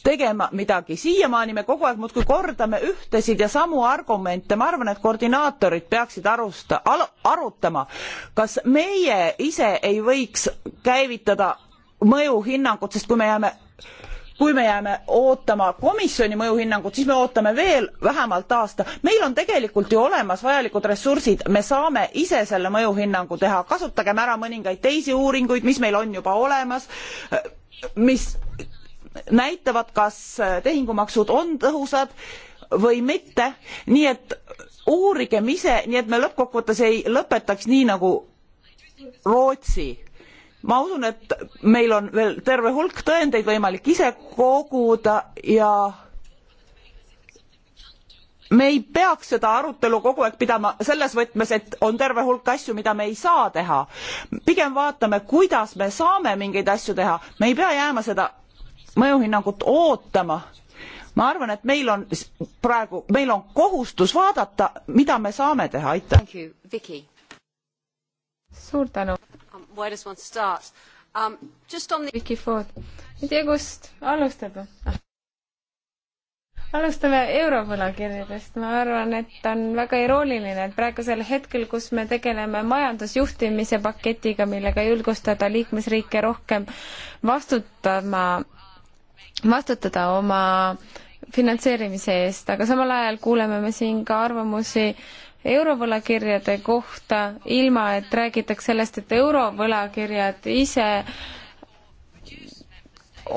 tegema midagi siiamaani me kogu aeg muudkui kordame ühtesid ja samu argumente ma arvan et koordinaatorid peaksid arusta, al, arutama kas meie ise ei võiks käivitada mõjuhinnangut, sest kui me jääme kui me jääme ootama komisjoni mõjuhinnangut siis me ootame veel vähemalt aasta meil on tegelikult ju olemas vajalikud ressursid me saame ise selle mõjuhinnangu teha kasutagem ära mõningaid teisi uuringuid mis meil on juba olemas mis näitavad kas tehingumaksud on tõhusad või mitte nii et uurigem ise nii et me lõppkokkuvõttes ei lõpetaks nii nagu rootsi ma usun, et meil on veel terve hulk tõendeid võimalik ise koguda ja me ei peaks seda arutelu kogu aeg pidama selles võtmes, et on terve hulk asju, mida me ei saa teha. pigem vaatame, kuidas me saame mingeid asju teha, me ei pea jääma seda mõjuhinnangut ootama. ma arvan, et meil on praegu, meil on kohustus vaadata, mida me saame teha, aitäh. suur tänu where does one start? Um, just on the... Vicky Ford. ei tea, kust alustada. alustame eurovõlakirjadest. ma arvan, et on väga irooniline, et praegusel hetkel, kus me tegeleme majandusjuhtimise paketiga, millega julgustada liikmesriike rohkem vastutama, vastutada oma finantseerimise eest, aga samal ajal kuuleme me siin ka arvamusi äh, eurovõlakirjade kohta, ilma et räägitaks sellest, et eurovõlakirjad ise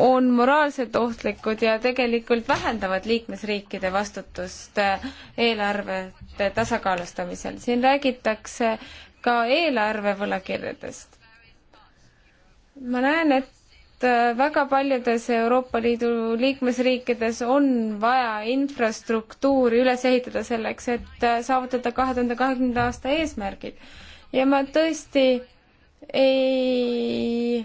on moraalselt ohtlikud ja tegelikult vähendavad liikmesriikide vastutust äh, eelarvete tasakaalustamisel. siin räägitakse ka eelarvevõlakirjadest. ma näen, et Äh, väga paljudes Euroopa Liidu liikmesriikides on vaja infrastruktuuri üles ehitada selleks, et äh, saavutada kahe tuhande kahekümnenda aasta eesmärgid. ja ma tõesti ei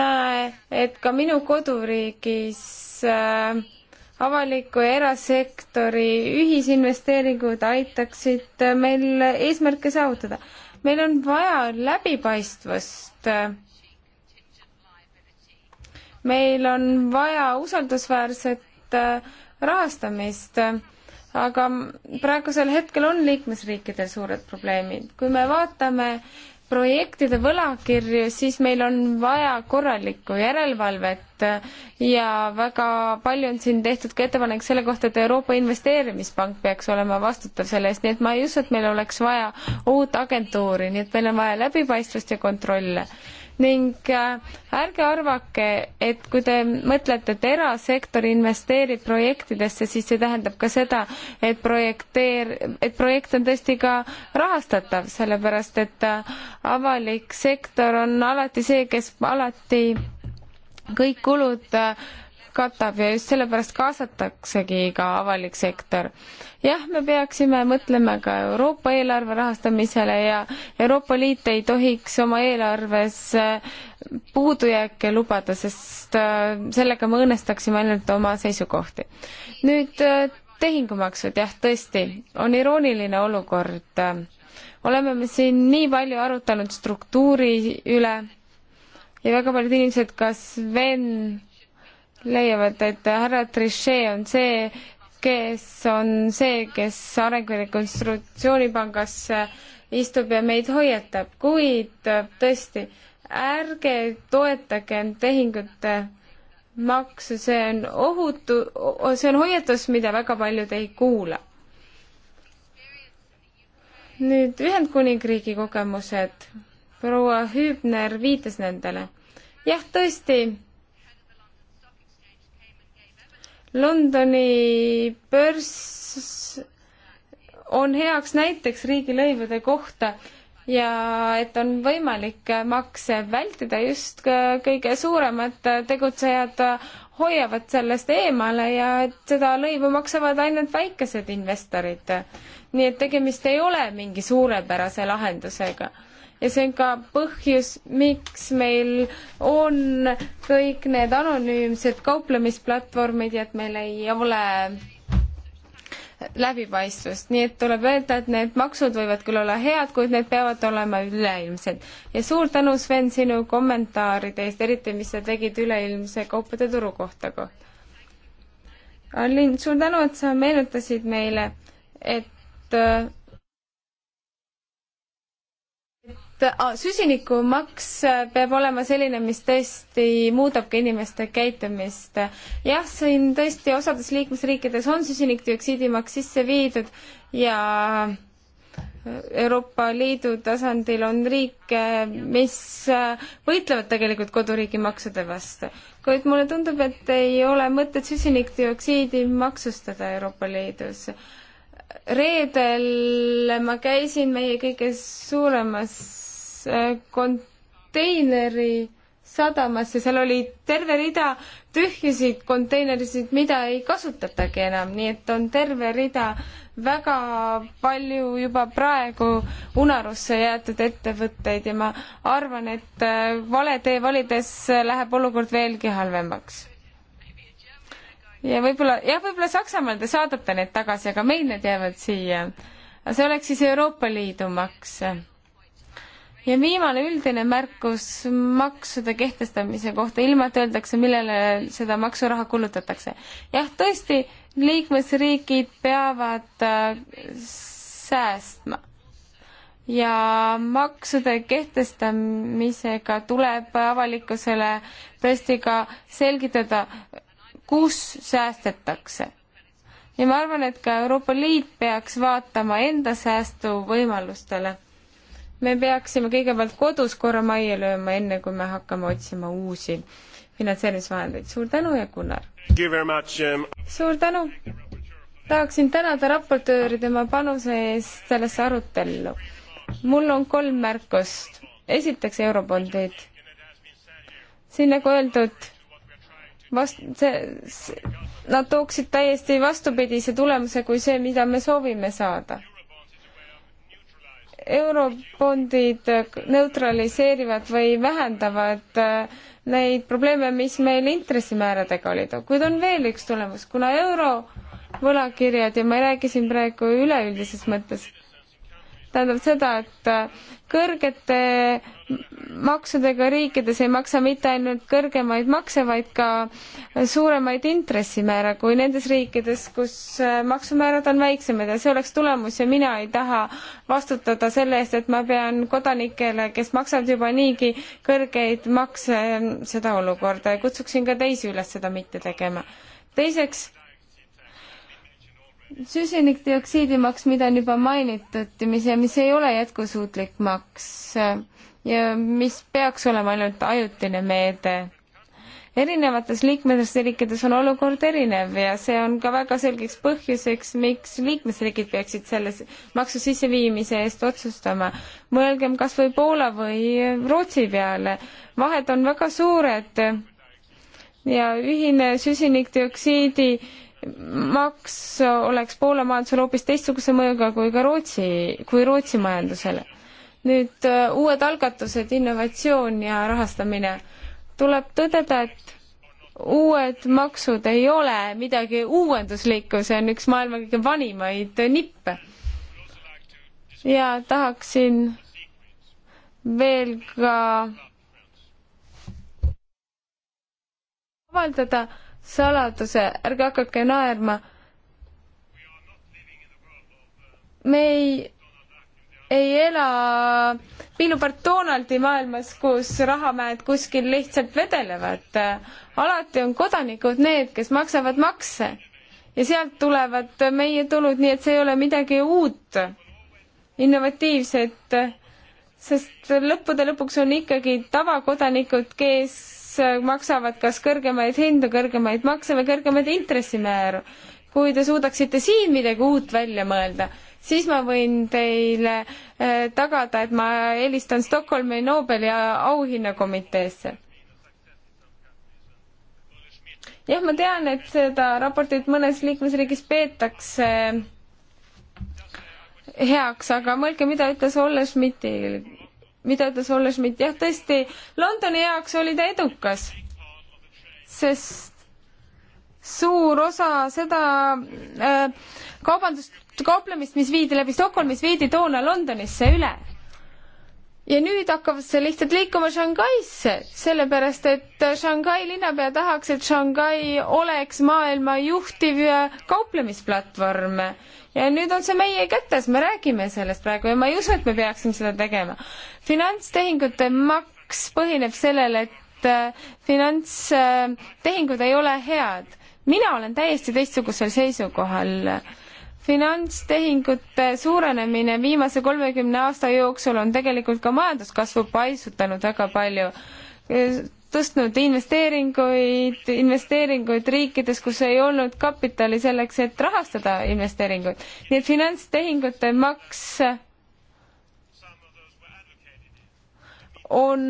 näe, et ka minu koduriigis äh, avaliku ja erasektori ühisinvesteeringud aitaksid meil eesmärke saavutada. meil on vaja läbipaistvust meil on vaja usaldusväärset äh, rahastamist, aga praegusel hetkel on liikmesriikidel suured probleemid. kui me vaatame projektide võlakirju, siis meil on vaja korralikku järelevalvet äh, ja väga palju on siin tehtud ka ettepanek selle kohta, et Euroopa Investeerimispank peaks olema vastutav selle eest, nii et ma ei usu, et meil oleks vaja uut agentuuri, nii et meil on vaja läbipaistvust ja kontrolle ning äh, ärge arvake, et kui te mõtlete, et erasektor investeerib projektidesse, siis see tähendab ka seda, et projekteer, et projekt on tõesti ka rahastatav, sellepärast et äh, avalik sektor on alati see, kes alati kõik kulud äh, katab ja just sellepärast kaasataksegi ka avalik sektor. jah, me peaksime mõtlema ka Euroopa eelarve rahastamisele ja Euroopa Liit ei tohiks oma eelarves äh, puudujääke lubada, sest äh, sellega me õõnestaksime ainult oma seisukohti. nüüd äh, tehingumaksud, jah, tõesti, on irooniline olukord. oleme me siin nii palju arutanud struktuuri üle ja väga paljud inimesed, kas Sven leiavad, et härra Trichet on see, kes on see, kes Arengu Rekonstruktsioonipangas istub ja meid hoiatab, kuid tõesti, ärge toetagem tehingute maksu, see on ohutu, see on hoiatus, mida väga paljud ei kuula. nüüd Ühendkuningriigi kogemused. proua Hüübner viitas nendele. jah, tõesti Londoni börs on heaks näiteks riigilõivude kohta ja et on võimalik makse vältida just kõige suuremad tegutsejad hoiavad sellest eemale ja et seda lõivu maksavad ainult väikesed investorid. nii et tegemist ei ole mingi suurepärase lahendusega ja see on ka põhjus, miks meil on kõik need anonüümsed kauplemisplatvormid ja et meil ei ole läbipaistvust, nii et tuleb öelda, et need maksud võivad küll olla head, kuid need peavad olema üleilmsed. ja suur tänu, Sven, sinu kommentaaride eest, eriti mis sa tegid üleilmse kaupade turu kohta. Alin, suur tänu, et sa meenutasid meile, et äh, et süsinikumaks peab olema selline, mis tõesti muudab ka inimeste käitumist. jah, siin tõesti osades liikmesriikides on süsinikdioksiidimaks sisse viidud ja Euroopa Liidu tasandil on riike, mis võitlevad tegelikult koduriigi maksude vastu. kuid mulle tundub, et ei ole mõtet süsinikdioksiidi maksustada Euroopa Liidus. reedel ma käisin meie kõige suuremas Äh, konteineri sadamasse, seal oli terve rida tühjasid konteinerisid, mida ei kasutatagi enam, nii et on terve rida väga palju juba praegu unarusse jäetud ettevõtteid ja ma arvan, et äh, vale tee valides läheb olukord veelgi halvemaks. ja võib-olla, jah, võib-olla Saksamaal te saadate need tagasi, aga meil need jäävad siia. see oleks siis Euroopa Liidu maks ja viimane üldine märkus maksude kehtestamise kohta, ilma et öeldakse, millele seda maksuraha kulutatakse. jah, tõesti, liikmesriigid peavad äh, säästma ja maksude kehtestamisega tuleb avalikkusele tõesti ka selgitada, kus säästetakse. ja ma arvan, et ka Euroopa Liit peaks vaatama enda säästuvõimalustele me peaksime kõigepealt kodus korra majja lööma, enne kui me hakkame otsima uusi finantseerimisvahendeid. suur tänu ja Gunnar! Um, suur tänu! tahaksin tänada raportööri tema panuse eest sellesse arutellu. mul on kolm märkust. esiteks eurobondid. siin nagu öeldud, vast-, see, nad tooksid täiesti vastupidise tulemuse kui see, mida me soovime saada eurobondid neutraliseerivad või vähendavad äh, neid probleeme, mis meil intressimääradega olid, kuid on veel üks tulemus, kuna euro võlakirjad ja ma rääkisin praegu üleüldises mõttes tähendab seda, et äh, kõrgete maksudega riikides ei maksa mitte ainult kõrgemaid makse, vaid ka suuremaid intressimäära kui nendes riikides, kus äh, maksumäärad on väiksemad ja see oleks tulemus ja mina ei taha vastutada selle eest, et ma pean kodanikele, kes maksavad juba niigi kõrgeid makse, seda olukorda ja kutsuksin ka teisi üles seda mitte tegema. teiseks süsinikdioksiidi maks, mida on juba mainitud, mis, mis ei ole jätkusuutlik maks ja mis peaks olema ainult ajutine meede. erinevates liikmesriikides on olukord erinev ja see on ka väga selgeks põhjuseks, miks liikmesriigid peaksid selles maksu sisseviimise eest otsustama. mõelgem kas või Poola või Rootsi peale, vahed on väga suured ja ühine süsinikdioksiidi maks oleks Poola majandusele hoopis teistsuguse mõjuga kui ka Rootsi, kui Rootsi majandusele. nüüd äh, uued algatused, innovatsioon ja rahastamine. tuleb tõdeda, et uued maksud ei ole midagi uuenduslikku, see on üks maailma kõige vanimaid nippe. ja tahaksin veel ka avaldada saladuse, ärge hakake naerma. me ei, ei ela piinupart Donaldi maailmas, kus rahamäed kuskil lihtsalt vedelevad. alati on kodanikud need, kes maksavad makse ja sealt tulevad meie tulud, nii et see ei ole midagi uut, innovatiivset, sest lõppude lõpuks on ikkagi tavakodanikud, kes maksavad kas kõrgemaid hindu, kõrgemaid makse või kõrgemaid intressimääru. kui te suudaksite siin midagi uut välja mõelda, siis ma võin teile eh, tagada, et ma helistan Stockholmi Nobeli auhinnakomiteesse jah, ma tean, et seda raportit mõnes liikmesriigis peetakse eh, heaks, aga mõelge, mida ütles Olle Schmidtil mida ütles Olle Schmidt, jah, tõesti, Londoni jaoks oli ta edukas, sest suur osa seda äh, kaubandust, kauplemist, mis viidi läbi Stockholmis, viidi toona Londonisse üle. ja nüüd hakkab see lihtsalt liikuma Shanghai'sse, sellepärast et Shanghai linnapea tahaks, et Shanghai oleks maailma juhtiv äh, kauplemisplatvorm ja nüüd on see meie kätes, me räägime sellest praegu ja ma ei usu, et me peaksime seda tegema. finantstehingute maks põhineb sellel, et äh, finantstehingud ei ole head. mina olen täiesti teistsugusel seisukohal finantstehingute suurenemine viimase kolmekümne aasta jooksul on tegelikult ka majanduskasvu paisutanud väga palju tõstnud investeeringuid, investeeringuid riikides, kus ei olnud kapitali selleks, et rahastada investeeringuid. nii et finantstehingute maks on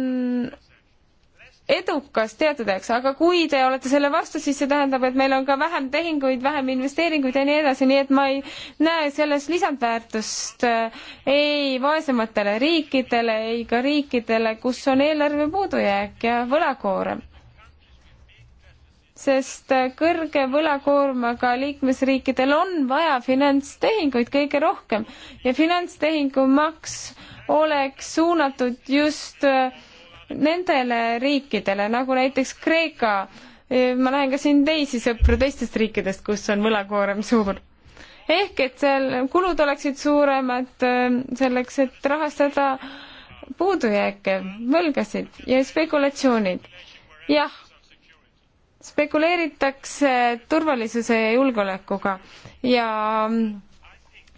edukas teatud ajaks, aga kui te olete selle vastu, siis see tähendab, et meil on ka vähem tehinguid, vähem investeeringuid ja nii edasi, nii et ma ei näe selles lisandväärtust äh, ei vaesematele riikidele, ei ka riikidele, kus on eelarve puudujääk ja võlakoorem. sest äh, kõrge võlakoormaga liikmesriikidel on vaja finantstehinguid kõige rohkem ja finantstehingumaks oleks suunatud just äh, nendele riikidele, nagu näiteks Kreeka, ma näen ka siin teisi sõpru teistest riikidest, kus on võlakoorem suur. ehk et seal kulud oleksid suuremad ähm, selleks, et rahastada puudujääke, võlgasid ja spekulatsioonid. jah, spekuleeritakse turvalisuse ja julgeolekuga ja ähm,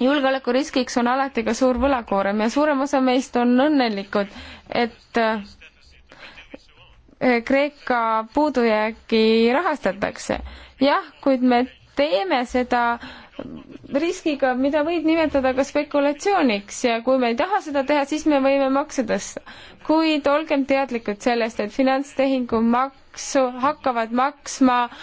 julgeolekuriskiks on alati ka suur võlakoorem ja suurem osa meist on õnnelikud, et äh, Eh, Kreeka puudujääki rahastatakse. jah, kuid me teeme seda riskiga, mida võib nimetada ka spekulatsiooniks ja kui me ei taha seda teha, siis me võime makse tõsta. kuid olgem teadlikud sellest, et finantstehingu maksu hakkavad maksma äh,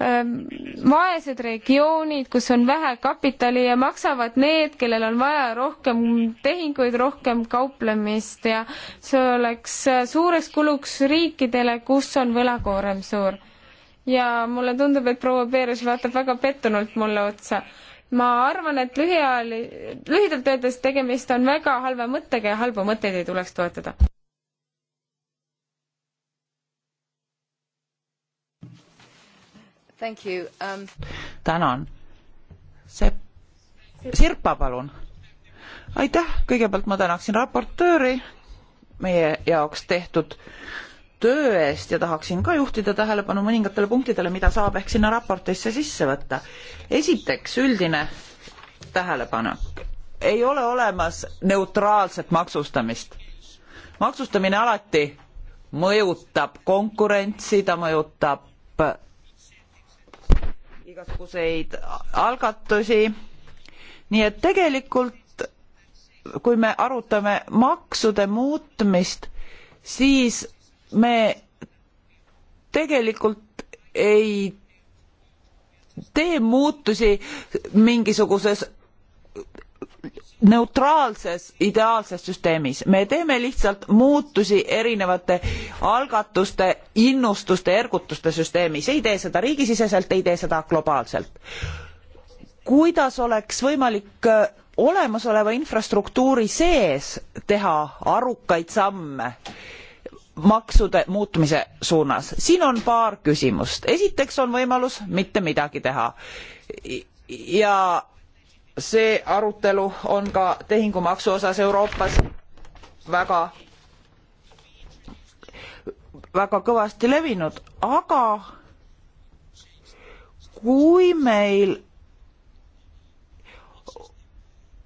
Ähm, vaesed regioonid, kus on vähe kapitali ja maksavad need, kellel on vaja rohkem tehinguid, rohkem kauplemist ja see oleks äh, suureks kuluks riikidele, kus on võlakoorem suur. ja mulle tundub, et proua Peeres vaatab väga pettunult mulle otsa ma arvan, et lühiajali, lühidalt öeldes tegemist on väga halva mõttega ja halbu mõtteid ei tuleks toetada. Um... tänan. see, Sirpa, palun. aitäh, kõigepealt ma tänaksin raportööri meie jaoks tehtud töö eest ja tahaksin ka juhtida tähelepanu mõningatele punktidele, mida saab ehk sinna raportisse sisse võtta. esiteks üldine tähelepanek. ei ole olemas neutraalset maksustamist. maksustamine alati mõjutab konkurentsi, ta mõjutab igasuguseid algatusi. nii et tegelikult, kui me arutame maksude muutmist, siis me tegelikult ei tee muutusi mingisuguses neutraalses ideaalses süsteemis me teeme lihtsalt muutusi erinevate algatuste innustuste ergutuste süsteemis ei tee seda riigisiseselt ei tee seda globaalselt kuidas oleks võimalik äh, olemasoleva infrastruktuuri sees teha arukaid samme maksude muutmise suunas siin on paar küsimust esiteks on võimalus mitte midagi teha ja see arutelu on ka tehingumaksu osas Euroopas väga väga kõvasti levinud, aga kui meil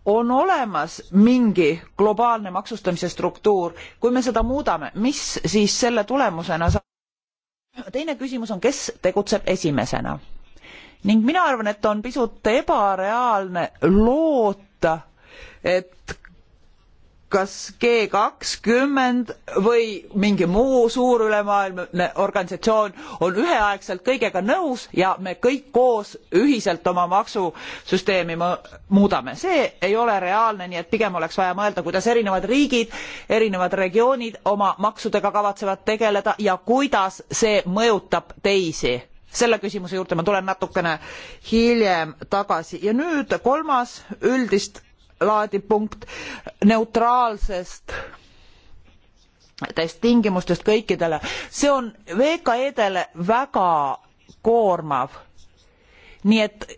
on olemas mingi globaalne maksustamise struktuur, kui me seda muudame, mis siis selle tulemusena saab? teine küsimus on, kes tegutseb esimesena ning mina arvan, et on pisut ebareaalne loota, et kas G kakskümmend või mingi muu suur ülemaailmne organisatsioon on üheaegselt kõigega nõus ja me kõik koos ühiselt oma maksusüsteemi muudame. see ei ole reaalne, nii et pigem oleks vaja mõelda, kuidas erinevad riigid, erinevad regioonid oma maksudega kavatsevad tegeleda ja kuidas see mõjutab teisi selle küsimuse juurde ma tulen natukene hiljem tagasi ja nüüd kolmas üldist laadi punkt neutraalsest täist tingimustest kõikidele see on VKE-dele väga koormav nii et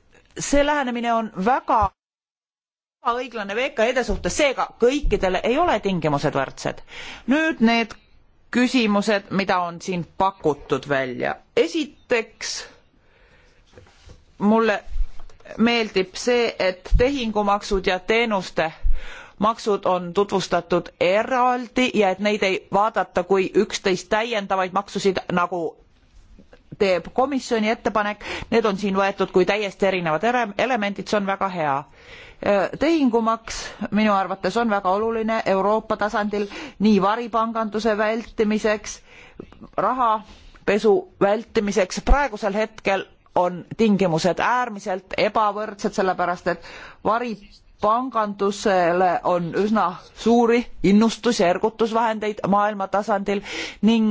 see lähenemine on väga ebaõiglane VKE-de suhtes seega kõikidele ei ole tingimused võrdsed nüüd need küsimused mida on siin pakutud välja esit- esiteks mulle meeldib see et tehingumaksud ja teenuste maksud on tutvustatud eraldi ja et neid ei vaadata kui üksteist täiendavaid maksusid nagu teeb komisjoni ettepanek need on siin võetud kui täiesti erinevad elemendid see on väga hea äh, tehingumaks minu arvates on väga oluline euroopa tasandil nii varipanganduse vältimiseks raha rahapesu vältimiseks praegusel hetkel on tingimused äärmiselt ebavõrdsed sellepärast et varipangandusele on üsna suuri innustus ja ergutusvahendeid maailma tasandil ning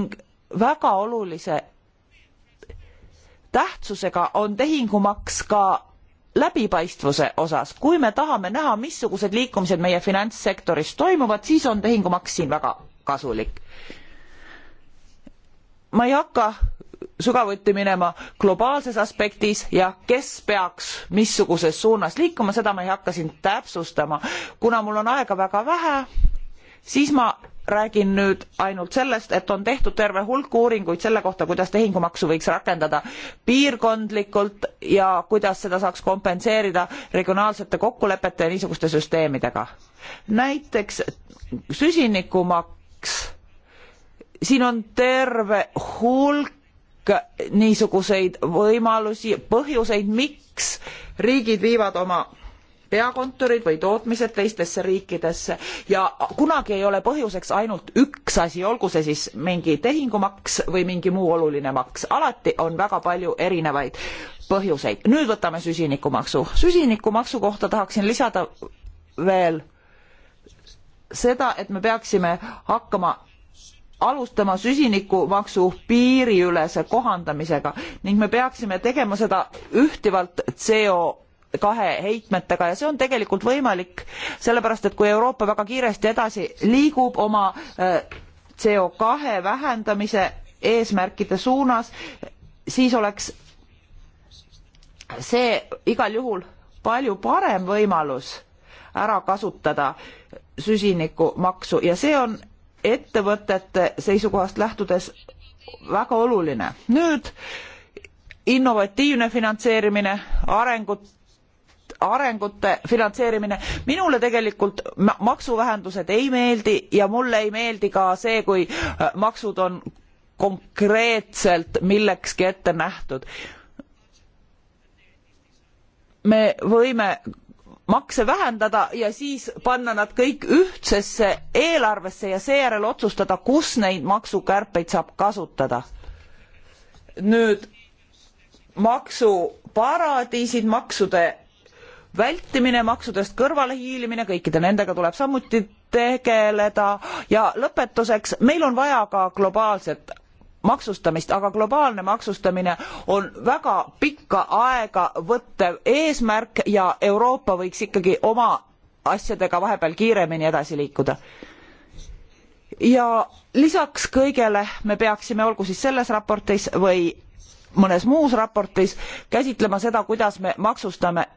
väga olulise tähtsusega on tehingumaks ka läbipaistvuse osas kui me tahame näha missugused liikumised meie finantssektoris toimuvad siis on tehingumaks siin väga kasulik ma ei hakka sügavuti minema globaalses aspektis ja kes peaks missuguses suunas liikuma seda ma ei hakka siin täpsustama kuna mul on aega väga vähe siis ma räägin nüüd ainult sellest et on tehtud terve hulk uuringuid selle kohta kuidas tehingumaksu võiks rakendada piirkondlikult ja kuidas seda saaks kompenseerida regionaalsete kokkulepete ja niisuguste süsteemidega näiteks süsinikumaks siin on terve hulk niisuguseid võimalusi, põhjuseid, miks riigid viivad oma peakontorid või tootmised teistesse riikidesse ja kunagi ei ole põhjuseks ainult üks asi, olgu see siis mingi tehingumaks või mingi muu oluline maks, alati on väga palju erinevaid põhjuseid. nüüd võtame süsinikumaksu. süsinikumaksu kohta tahaksin lisada veel seda, et me peaksime hakkama alustama süsinikumaksu piiriülese kohandamisega ning me peaksime tegema seda ühtivalt CO kahe heitmetega ja see on tegelikult võimalik sellepärast et kui euroopa väga kiiresti edasi liigub oma äh, co kahe vähendamise eesmärkide suunas siis oleks see igal juhul palju parem võimalus ära kasutada süsinikumaksu ja see on ettevõtete seisukohast lähtudes väga oluline. nüüd innovatiivne finantseerimine, arengut, arengute finantseerimine. minule tegelikult maksuvähendused ei meeldi ja mulle ei meeldi ka see, kui äh, maksud on konkreetselt millekski ette nähtud. me võime makse vähendada ja siis panna nad kõik ühtsesse eelarvesse ja seejärel otsustada kus neid maksukärpeid saab kasutada nüüd maksuparadiisid maksude vältimine maksudest kõrvalehiilimine kõikide nendega tuleb samuti tegeleda ja lõpetuseks meil on vaja ka globaalset maksustamist aga globaalne maksustamine on väga pikka aega võttev eesmärk ja euroopa võiks ikkagi oma asjadega vahepeal kiiremini edasi liikuda ja lisaks kõigele me peaksime olgu siis selles raportis või mõnes muus raportis käsitlema seda kuidas me maksustame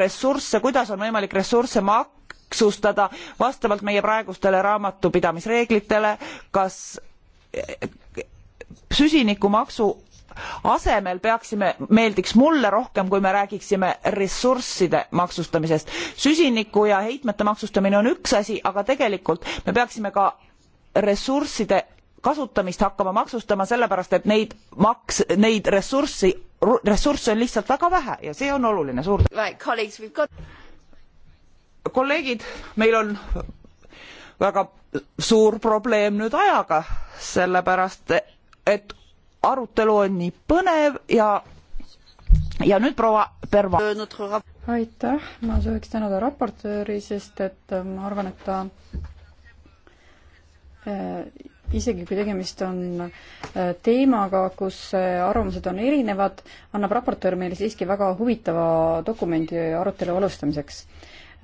ressursse kuidas on võimalik ressursse maksustada vastavalt meie praegustele raamatupidamisreeglitele kas süsinikumaksu asemel peaksime meeldiks mulle rohkem kui me räägiksime ressursside maksustamisest süsiniku ja heitmete maksustamine on üks asi aga tegelikult me peaksime ka ressursside kasutamist hakkama maksustama sellepärast et neid maks- neid ressurssi ressursse on lihtsalt väga vähe ja see on oluline suur right, got... kolleegid meil on väga suur probleem nüüd ajaga sellepärast et arutelu on nii põnev ja ja nüüd proua Perva. aitäh, ma sooviks tänada raportööri, sest et ma arvan, et ta äh, isegi kui tegemist on äh, teemaga, kus äh, arvamused on erinevad, annab raportöör meile siiski väga huvitava dokumendi arutelu alustamiseks.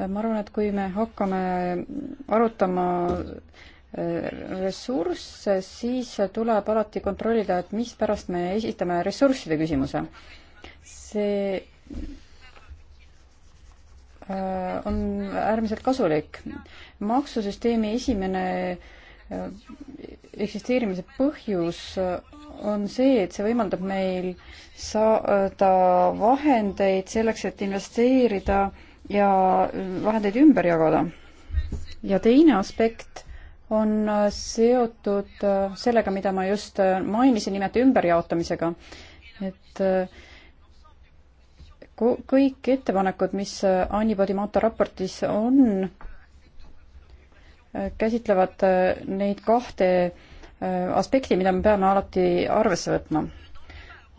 ma arvan, et kui me hakkame arutama ressursse, siis tuleb alati kontrollida, et mispärast me esitame ressursside küsimuse. see äh, on äärmiselt kasulik. maksusüsteemi esimene äh, eksisteerimise põhjus on see, et see võimaldab meil saada vahendeid selleks, et investeerida ja vahendeid ümber jagada. ja teine aspekt on äh, seotud äh, sellega, mida ma just äh, mainisin, nimelt ümberjaotamisega. et kõik ettepanekud, mis Anni Padimata raportis on, käsitlevad neid kahte aspekti, mida me peame alati arvesse võtma.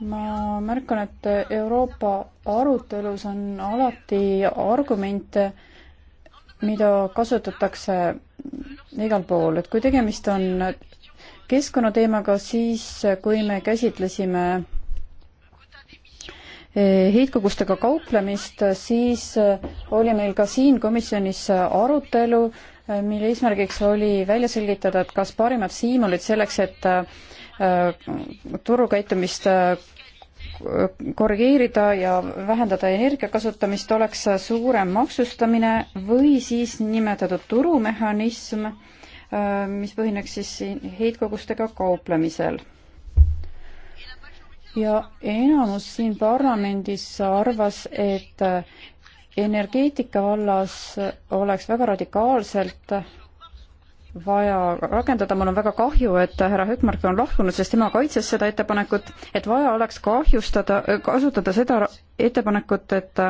ma märkan, et Euroopa arutelus on alati argumente, mida kasutatakse igal pool, et kui tegemist on keskkonnateemaga, siis kui me käsitlesime eh, heitkogustega kauplemist, siis eh, oli meil ka siin komisjonis arutelu, eh, mille eesmärgiks oli välja selgitada, et kas parimad siimulid selleks, et turukäitumist korrigeerida ja vähendada energia kasutamist, oleks suurem maksustamine või siis nimetatud turumehhanism, äh, mis põhineks siis heitkogustega kauplemisel. ja enamus siin parlamendis arvas, et energeetika vallas oleks väga radikaalselt vaja rakendada, mul on väga kahju, et härra Hökmark on lahkunud, sest tema kaitses seda ettepanekut, et vaja oleks kahjustada, kasutada seda ettepanekut, et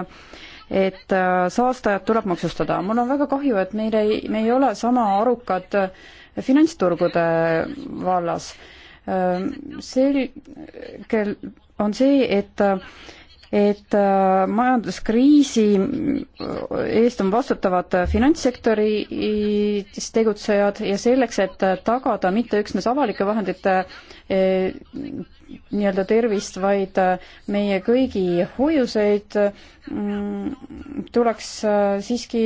et äh, saastajad tuleb maksustada. mul on väga kahju, et meil ei, me ei ole sama arukad äh, finantsturgude vallas. Äh, Selge on see, et et äh, majanduskriisi äh, eest on vastutavad äh, finantssektoris tegutsejad ja selleks, et tagada mitte üksnes avalike vahendite äh, Eh, nii-öelda tervist, vaid eh, meie kõigi hoiuseid mm, tuleks eh, siiski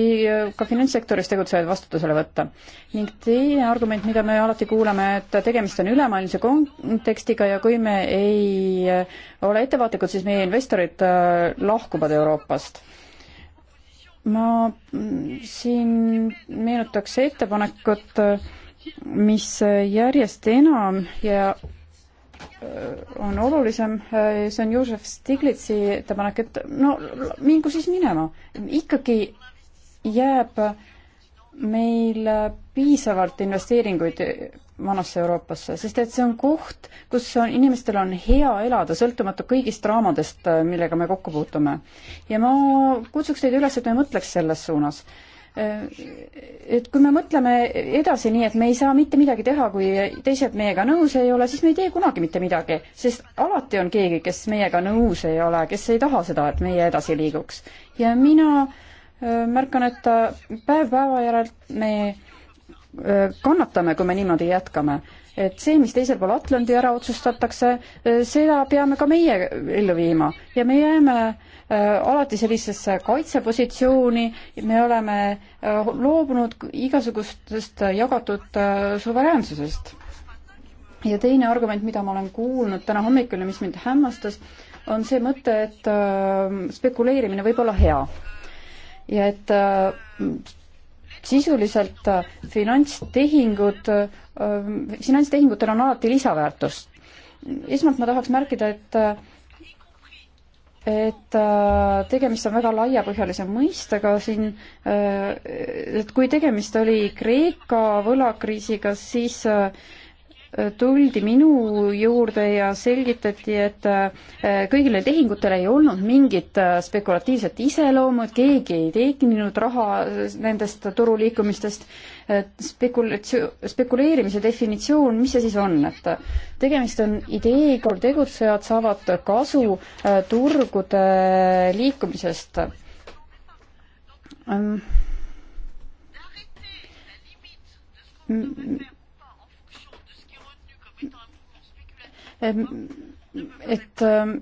ka finantssektoris tegutsejaid vastutusele võtta. ning teine argument, mida me alati kuuleme, et tegemist on ülemaailmse kontekstiga ja kui me ei ole ettevaatlikud, siis meie investorid lahkuvad Euroopast. ma mm, siin meenutaks ettepanekut, mis järjest enam ja äh, on olulisem, äh, see on Jožef Stiglitsi ettepanek, et no mingu siis minema. ikkagi jääb meil piisavalt investeeringuid vanasse Euroopasse, sest et see on koht, kus on, inimestel on hea elada, sõltumata kõigist draamadest, äh, millega me kokku puutume. ja ma kutsuks teid üles, et me mõtleks selles suunas Äh, et kui me mõtleme edasi nii, et me ei saa mitte midagi teha, kui teised meiega nõus ei ole, siis me ei tee kunagi mitte midagi, sest alati on keegi, kes meiega nõus ei ole, kes ei taha seda, et meie edasi liiguks. ja mina äh, märkan, et äh, päev päeva järel me kannatame, kui me niimoodi jätkame. et see, mis teisel pool Atlandi ära otsustatakse, seda peame ka meie ellu viima ja me jääme äh, Äh, alati sellisesse kaitsepositsiooni, me oleme äh, loobunud igasugustest jagatud äh, suveräänsusest. ja teine argument, mida ma olen kuulnud täna hommikul ja mis mind hämmastas, on see mõte, et spekuleerimine võib olla hea. ja et sisuliselt finantstehingud, finantstehingutel on alati lisaväärtust. esmalt ma tahaks märkida, et et äh, tegemist on väga laiapõhjalise mõistega siin, äh, et kui tegemist oli Kreeka võlakriisiga, siis äh, tuldi minu juurde ja selgitati, et kõigile tehingutele ei olnud mingit spekulatiivset iseloomu, et keegi ei teeninud raha nendest turuliikumistest spekulatsioon, spekuleerimise definitsioon, mis see siis on, et tegemist on ideega, tegutsejad saavad kasu äh, turgude äh, liikumisest ähm.. et ähm,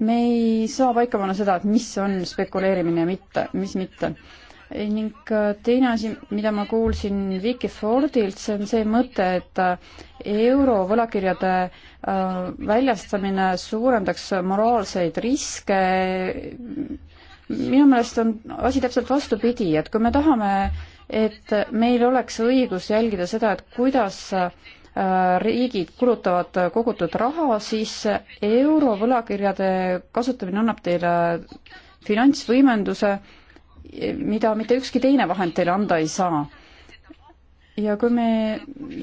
me ei saa paika panna seda, et mis on spekuleerimine ja mitte, mis mitte ning äh, teine asi, mida ma kuulsin Vicky Fordilt, see on see mõte, et äh, euro võlakirjade äh, väljastamine suurendaks moraalseid riske. minu meelest on asi täpselt vastupidi, et kui me tahame, et meil oleks õigus jälgida seda, et kuidas riigid kulutavad kogutud raha, siis eurovõlakirjade kasutamine annab teile finantsvõimenduse äh, mida mitte ükski teine vahend teile anda ei saa. ja kui me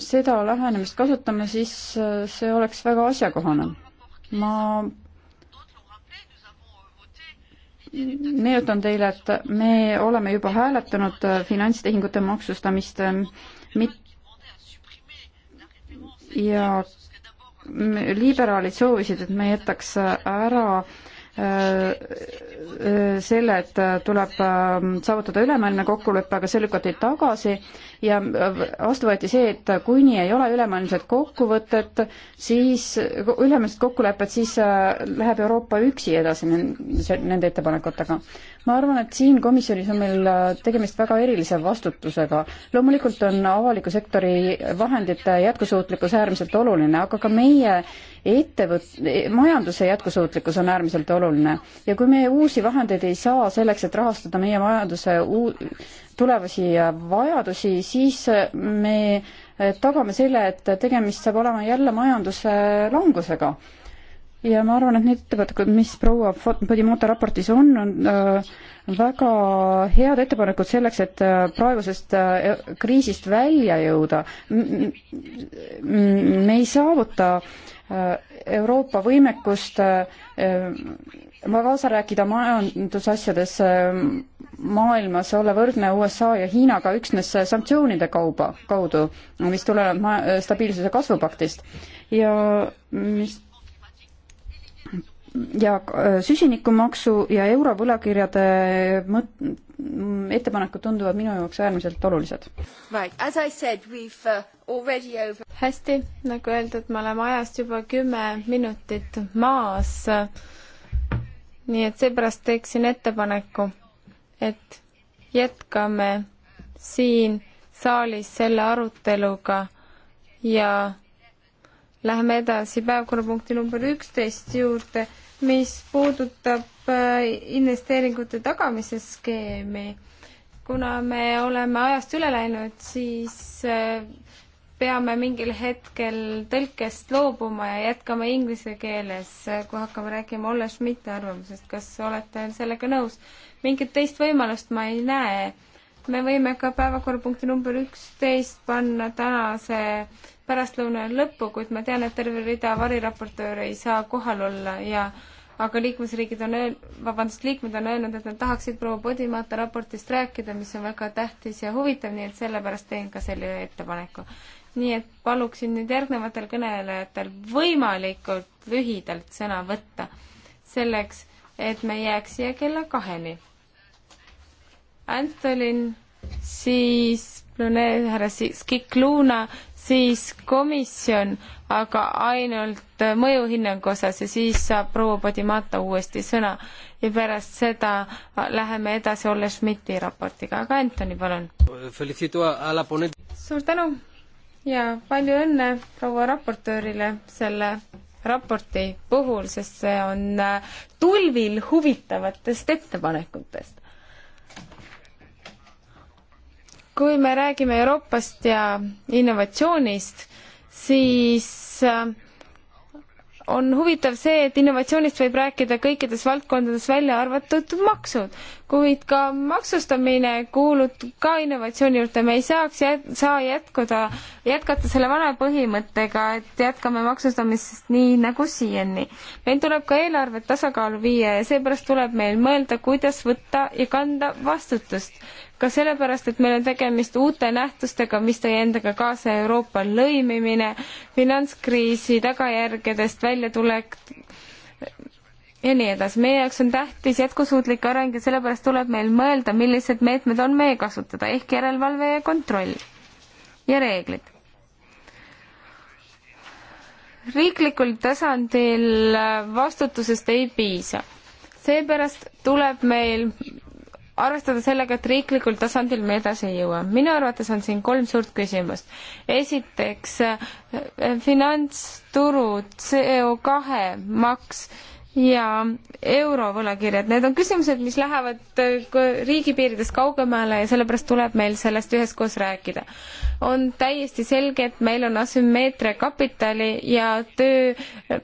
seda lähenemist kasutame, siis äh, see oleks väga asjakohane. ma meenutan teile, et me oleme juba hääletanud äh, finantstehingute maksustamist ähm, mit- ja liberaalid soovisid, et me jätaks ära äh, selle, et tuleb ähm, saavutada ülemaailmne kokkulepe, aga see lükati tagasi ja äh, vastu võeti see, et kuni ei ole ülemaailmset kokkuvõtet, siis, ülemaailmset kokkulepet, siis äh, läheb Euroopa üksi edasi nende ettepanekutega. ma arvan, et siin komisjonis on meil äh, tegemist väga erilise vastutusega. loomulikult on avaliku sektori vahendite jätkusuutlikkus äärmiselt oluline, aga ka meie ettevõt-, majanduse jätkusuutlikkus on äärmiselt oluline ja kui meie uus uusi vahendeid ei saa selleks, et rahastada meie majanduse uu-, tulevasi vajadusi, siis me tagame selle, et tegemist saab olema jälle majanduse langusega. ja ma arvan, et need ettepanekud, mis proua Podimata raportis on, on äh, väga head ettepanekud selleks, et äh, praegusest äh, kriisist välja jõuda. me ei saavuta äh, Euroopa võimekust ma kaasa rääkida majandusasjades ähm, maailmas, olla võrdne USA ja Hiinaga üksnes sanktsioonide kauba, kaudu, mis tulenevad ma-, stabiilsuse kasvupaktist ja mis ja äh, süsinikumaksu ja eurovõlakirjade mõt-, ettepanekud tunduvad minu jaoks äärmiselt olulised right.. Uh, over... hästi, nagu öeldud, me oleme ajast juba kümme minutit maas nii et seepärast teeksin ettepaneku, et jätkame siin saalis selle aruteluga ja läheme edasi päevakorrapunkti number üksteist juurde, mis puudutab äh, investeeringute tagamise skeemi. kuna me oleme ajast üle läinud, siis äh, peame mingil hetkel tõlkest loobuma ja jätkama inglise keeles, kui hakkame rääkima Olle Schmidti arvamusest, kas olete sellega nõus? mingit teist võimalust ma ei näe. me võime ka päevakorrapunkti number üksteist panna tänase pärastlõuna lõppu, kuid ma tean, et terve rida variraportööre ei saa kohal olla ja aga liikmesriigid on öel-, vabandust, liikmed on öelnud, et nad tahaksid proua Podimata raportist rääkida, mis on väga tähtis ja huvitav, nii et sellepärast teen ka selle ettepaneku nii et paluksin nüüd järgnevatel kõnelejatel võimalikult lühidalt sõna võtta, selleks et me jääks siia kella kaheni. Antolin, siis Brune, härra Skikluna, siis komisjon, aga ainult mõjuhinnangu osas ja siis saab proua Padimata uuesti sõna ja pärast seda läheme edasi Olle Schmidti raportiga, aga Antoni, palun. suur tänu ja palju õnne proua raportöörile selle raporti puhul, sest see on äh, tulvil huvitavatest ettepanekutest. kui me räägime Euroopast ja innovatsioonist, siis äh, on huvitav see, et innovatsioonist võib rääkida kõikides valdkondades, välja arvatud maksud kuid ka maksustamine kuulub ka innovatsiooni juurde, me ei saaks jät-, saa jätkuda, jätkata selle vana põhimõttega, et jätkame maksustamist nii nagu siiani. meil tuleb ka eelarvet tasakaalu viia ja seepärast tuleb meil mõelda, kuidas võtta ja kanda vastutust. ka sellepärast, et meil on tegemist uute nähtustega, mis tõi endaga kaasa Euroopa lõimimine, finantskriisi tagajärgedest väljatulek, ja nii edasi. meie jaoks on tähtis jätkusuutlik areng ja sellepärast tuleb meil mõelda, millised meetmed on meie kasutada ehk järelevalve ja kontroll ja reeglid. riiklikul tasandil vastutusest ei piisa. seepärast tuleb meil arvestada sellega, et riiklikul tasandil me edasi ei jõua. minu arvates on siin kolm suurt küsimust. esiteks finantsturud, CO2 maks ja eurovõlakirjad, need on küsimused, mis lähevad äh, riigipiiridest kaugemale ja sellepärast tuleb meil sellest üheskoos rääkida. on täiesti selge, et meil on asümmeetria kapitali ja töö äh,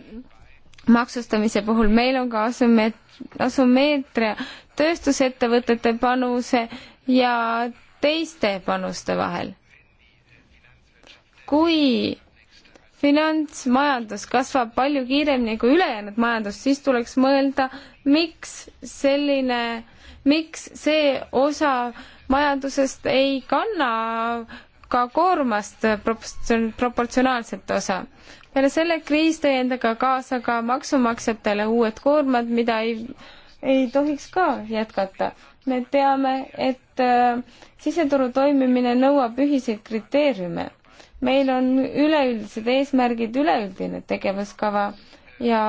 maksustamise puhul, meil on ka asümmeet-, asümmeetria tööstusettevõtete panuse ja teiste panuste vahel. kui finantsmajandus kasvab palju kiiremini kui ülejäänud majandus, siis tuleks mõelda, miks selline, miks see osa majandusest ei kanna ka koormast proportsionaalset osa. peale selle kriis tõi endaga kaasa ka maksumaksjatele uued koormad, mida ei, ei tohiks ka jätkata. me teame, et äh, siseturu toimimine nõuab ühiseid kriteeriume meil on üleüldised eesmärgid, üleüldine tegevuskava ja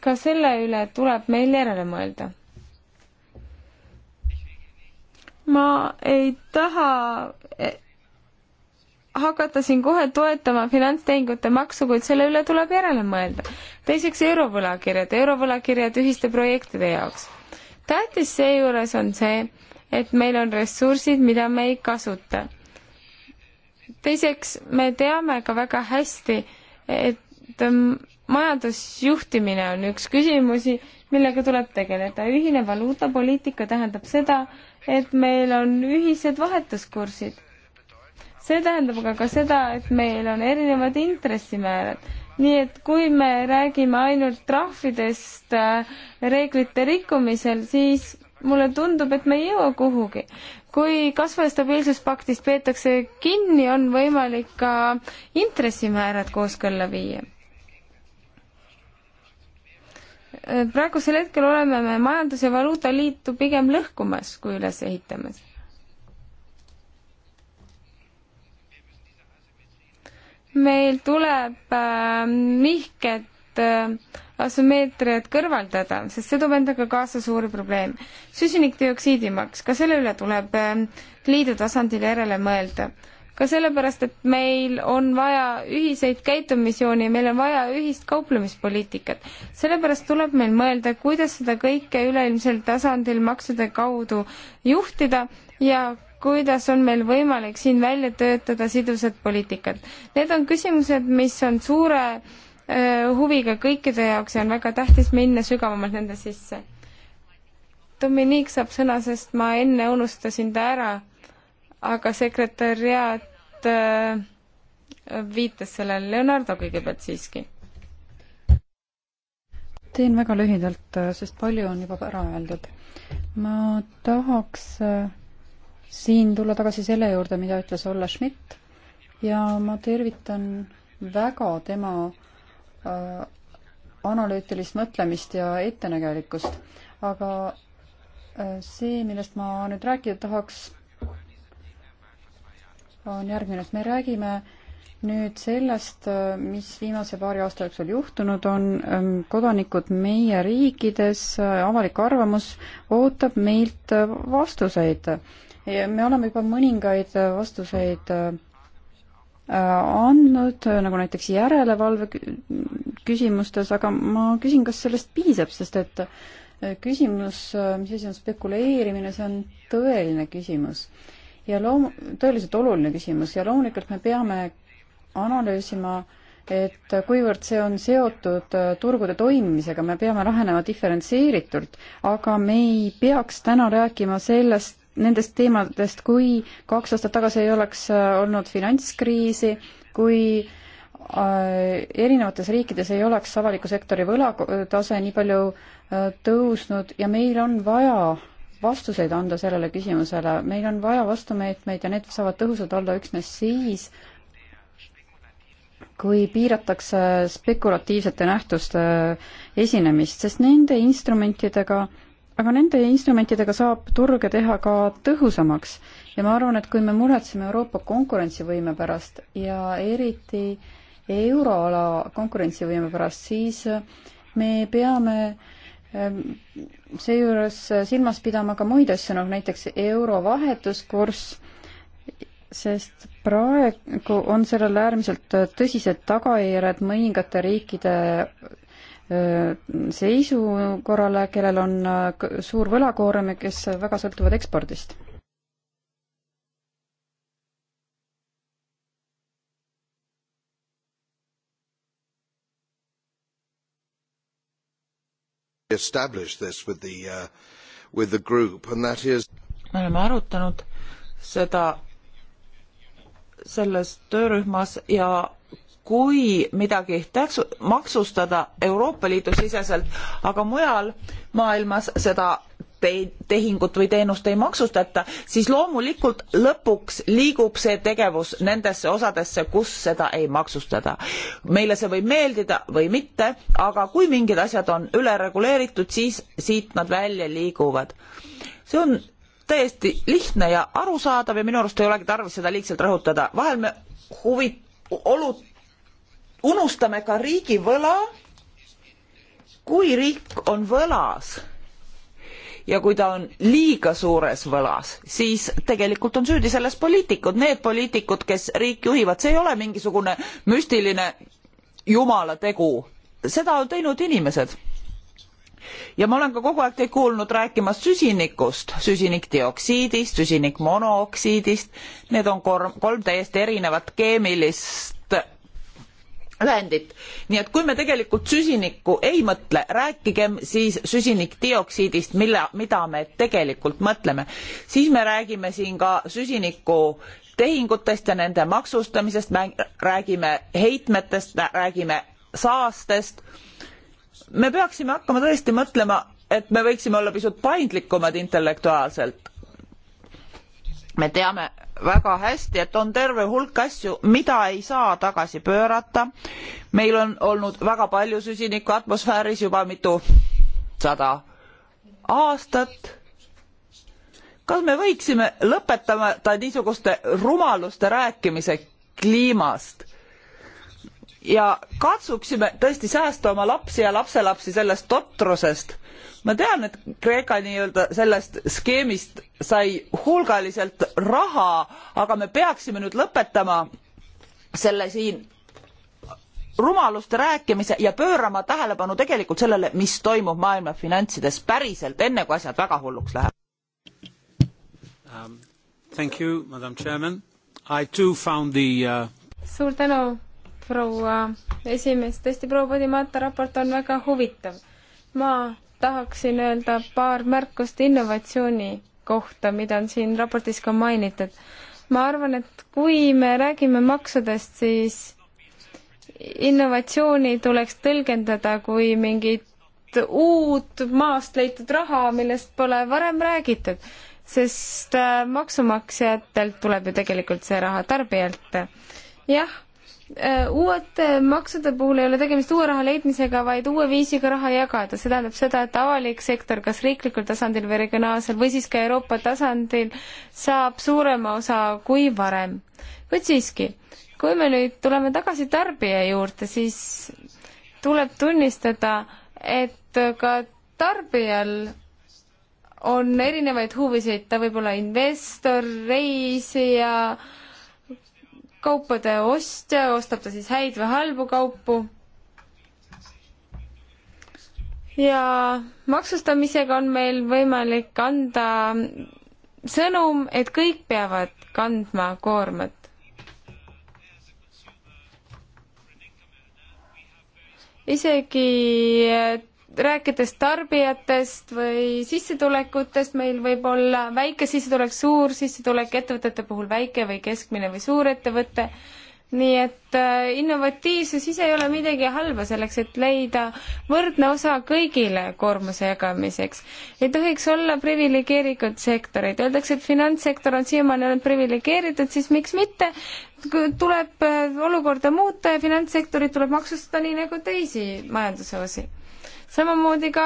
ka selle üle tuleb meil järele mõelda. ma ei taha eh, hakata siin kohe toetama finantstehingute maksu, kuid selle üle tuleb järele mõelda. teiseks eurovõlakirjad, eurovõlakirjad ühiste projektide jaoks. tähtis seejuures on see, et meil on ressursid, mida me ei kasuta teiseks, me teame ka väga hästi, et majandusjuhtimine on üks küsimusi, millega tuleb tegeleda. ühine valuutapoliitika tähendab seda, et meil on ühised vahetuskursid. see tähendab aga ka seda, et meil on erinevad intressimäärad. nii et kui me räägime ainult trahvidest äh, reeglite rikkumisel, siis mulle tundub, et me ei jõua kuhugi kui kasvaja stabiilsuspaktist peetakse kinni, on võimalik ka intressimäärad kooskõlla viia. praegusel hetkel oleme me Majandus- ja Valuutaliitu pigem lõhkumas kui üles ehitamas. meil tuleb äh, nihked äh, asümmeetriat kõrvaldada, sest see toob endaga kaasa suuri probleeme. süsinikdioksiidimaks, ka selle üle tuleb ähm, liidu tasandil järele mõelda. ka sellepärast, et meil on vaja ühiseid käitumisjooni ja meil on vaja ühist kauplemispoliitikat. sellepärast tuleb meil mõelda, kuidas seda kõike üleilmsel tasandil maksude kaudu juhtida ja kuidas on meil võimalik siin välja töötada sidusat poliitikat. Need on küsimused, mis on suure huviga kõikide jaoks ja on väga tähtis minna sügavamalt nende sisse. Dominique saab sõna, sest ma enne unustasin ta ära, aga sekretäriaat viitas sellele Leonardo kõigepealt siiski. teen väga lühidalt, sest palju on juba ära öeldud. ma tahaks siin tulla tagasi selle juurde, mida ütles Olle Schmidt ja ma tervitan väga tema Äh, analüütilist mõtlemist ja ettenägelikkust. aga äh, see, millest ma nüüd rääkida tahaks, on järgmine, et me räägime nüüd sellest, äh, mis viimase paari aasta jooksul juhtunud on, ähm, kodanikud meie riikides, avalik arvamus ootab meilt vastuseid. me oleme juba mõningaid vastuseid Äh, andnud, äh, nagu näiteks järelevalve küsimustes, aga ma küsin, kas sellest piisab, sest et äh, küsimus, mis asi on spekuleerimine, see on tõeline küsimus. ja loom-, tõeliselt oluline küsimus ja loomulikult me peame analüüsima, et kuivõrd see on seotud turgude toimimisega, me peame lähenema diferentseeritult, aga me ei peaks täna rääkima sellest, nendest teemadest, kui kaks aastat tagasi ei oleks äh, olnud finantskriisi, kui äh, erinevates riikides ei oleks avaliku sektori võlatase nii palju äh, tõusnud ja meil on vaja vastuseid anda sellele küsimusele, meil on vaja vastumeetmeid ja need saavad tõhusad olla üksnes siis, kui piiratakse spekulatiivsete nähtuste esinemist, sest nende instrumentidega äh, aga nende instrumentidega saab turge teha ka tõhusamaks ja ma arvan, et kui me muretseme Euroopa konkurentsivõime pärast ja eriti euroala konkurentsivõime pärast, siis me peame ehm, seejuures silmas pidama ka muid asju, nagu näiteks euro vahetuskurss, sest praegu on sellel äärmiselt tõsised tagajärjed mõningate riikide seisukorrale, kellel on äh, suur võlakoorem ja kes väga sõltuvad ekspordist? establish this with the uh, with the group and that is me oleme arutanud seda selles töörühmas ja kui midagi täksu, maksustada Euroopa Liidu siseselt, aga mujal maailmas seda te tehingut või teenust ei maksustata, siis loomulikult lõpuks liigub see tegevus nendesse osadesse, kus seda ei maksustada. meile see võib meeldida või mitte, aga kui mingid asjad on ülereguleeritud, siis siit nad välja liiguvad. see on täiesti lihtne ja arusaadav ja minu arust ei olegi tarvis seda liigselt rõhutada. vahel me huvi, olud unustame ka riigivõla. kui riik on võlas ja kui ta on liiga suures võlas, siis tegelikult on süüdi selles poliitikud, need poliitikud, kes riiki juhivad, see ei ole mingisugune müstiline jumala tegu, seda on teinud inimesed ja ma olen ka kogu aeg teid kuulnud rääkimas süsinikust süsinikdioksiidist süsinikmonooksiidist need on kolm, kolm täiesti erinevat keemilist lähendit. nii et kui me tegelikult süsinikku ei mõtle, rääkigem siis süsinikdioksiidist, mille, mida me tegelikult mõtleme, siis me räägime siin ka süsiniku tehingutest ja nende maksustamisest, räägime heitmetest, räägime saastest. me peaksime hakkama tõesti mõtlema, et me võiksime olla pisut paindlikumad intellektuaalselt me teame väga hästi et on terve hulk asju mida ei saa tagasi pöörata meil on olnud väga palju süsinikku atmosfääris juba mitu sada aastat kas me võiksime lõpetada niisuguste rumaluste rääkimise kliimast ja katsuksime tõesti säästa oma lapsi ja lapselapsi sellest totrusest ma tean et kreeka nii-öelda sellest skeemist sai hulgaliselt raha aga me peaksime nüüd lõpetama selle siin rumaluste rääkimise ja pöörama tähelepanu tegelikult sellele mis toimub maailma finantsides päriselt enne kui asjad väga hulluks lähevad um, thank you madam chairman i too found the uh... suur tänu proua esimees tõesti proua podimata raport on väga huvitav ma tahaksin öelda paar märkust innovatsiooni kohta, mida on siin raportis ka mainitud. ma arvan, et kui me räägime maksudest, siis innovatsiooni tuleks tõlgendada kui mingit uut maast leitud raha, millest pole varem räägitud, sest äh, maksumaksjatelt tuleb ju tegelikult see raha tarbijalt. jah Äh, uuete maksude puhul ei ole tegemist uue raha leidmisega, vaid uue viisiga raha jagada, see tähendab seda, et avalik sektor, kas riiklikul tasandil või regionaalsel või siis ka Euroopa tasandil, saab suurema osa kui varem. kuid siiski, kui me nüüd tuleme tagasi tarbija juurde, siis tuleb tunnistada, et ka tarbijal on erinevaid huvisid, ta võib olla investor, reisija äh,, kaupade ostja, ostab ta siis häid või halbu kaupu. ja maksustamisega on meil võimalik anda sõnum, et kõik peavad kandma koormat. isegi rääkides tarbijatest või sissetulekutest, meil võib olla väike sissetulek, suur sissetulek, ettevõtete puhul väike või keskmine või suurettevõte, nii et äh, innovatiivsus ise ei ole midagi halba selleks, et leida võrdne osa kõigile koormuse jagamiseks. ei tohiks olla priviligeeritud sektoreid, öeldakse, et finantssektor on siiamaani olnud priviligeeritud, siis miks mitte, tuleb äh, olukorda muuta ja finantssektorit tuleb maksustada nii nagu teisi majanduse osi samamoodi ka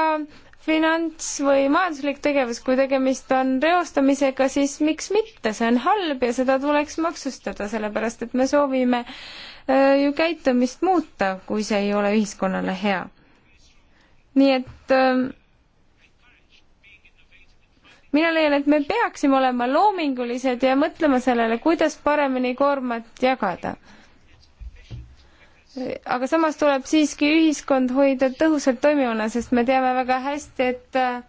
finants või majanduslik tegevus, kui tegemist on reostamisega, siis miks mitte, see on halb ja seda tuleks maksustada, sellepärast et me soovime äh, ju käitumist muuta, kui see ei ole ühiskonnale hea. nii et äh, mina leian, et me peaksime olema loomingulised ja mõtlema sellele, kuidas paremini koormat jagada aga samas tuleb siiski ühiskond hoida tõhusalt toimivana, sest me teame väga hästi, et äh,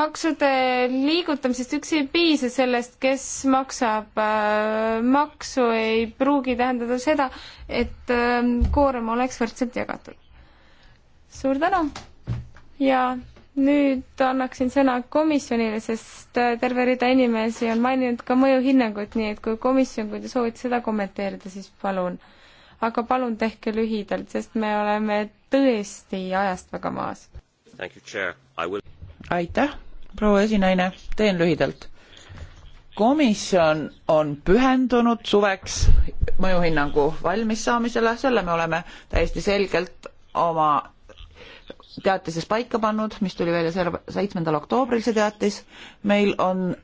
maksude liigutamisest üksi ei piisa, sellest, kes maksab äh, maksu, ei pruugi tähendada seda, et äh, koorem oleks võrdselt jagatud. suur tänu ja nüüd annaksin sõna komisjonile, sest terve rida inimesi on maininud ka mõjuhinnangut, nii et kui komisjon, kui te soovite seda kommenteerida, siis palun aga palun tehke lühidalt, sest me oleme tõesti ajast väga maas. Will... aitäh, proua esinaine, teen lühidalt. komisjon on pühendunud suveks mõjuhinnangu valmis saamisele, selle me oleme täiesti selgelt oma teatises paika pannud, mis tuli välja seitsmendal oktoobril, see teatis. meil on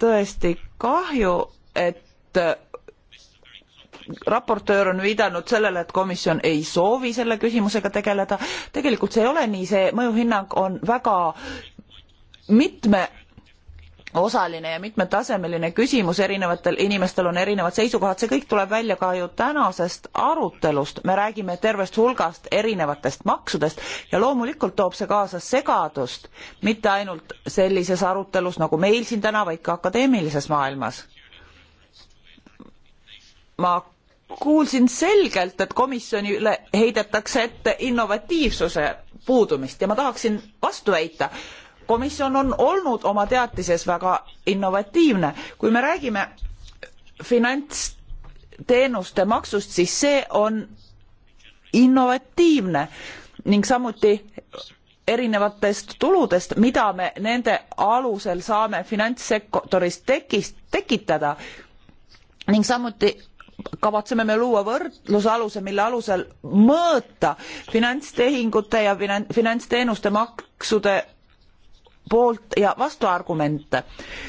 tõesti kahju, et raportöör on viidanud sellele, et komisjon ei soovi selle küsimusega tegeleda. tegelikult see ei ole nii, see mõjuhinnang on väga mitme osaline ja mitmetasemeline küsimus, erinevatel inimestel on erinevad seisukohad, see kõik tuleb välja ka ju tänasest arutelust. me räägime tervest hulgast erinevatest maksudest ja loomulikult toob see kaasa segadust, mitte ainult sellises arutelus nagu meil siin täna, vaid ka akadeemilises maailmas. ma kuulsin selgelt, et komisjonile heidetakse ette innovatiivsuse puudumist ja ma tahaksin vastu väita. komisjon on olnud oma teatises väga innovatiivne. kui me räägime finantsteenuste maksust, siis see on innovatiivne ning samuti erinevatest tuludest, mida me nende alusel saame finantssektoris tekis, tekitada ning samuti kavatseme me luua võrdlusaluse, mille alusel mõõta finantstehingute ja finantsteenuste maksude poolt ja vastuargumente.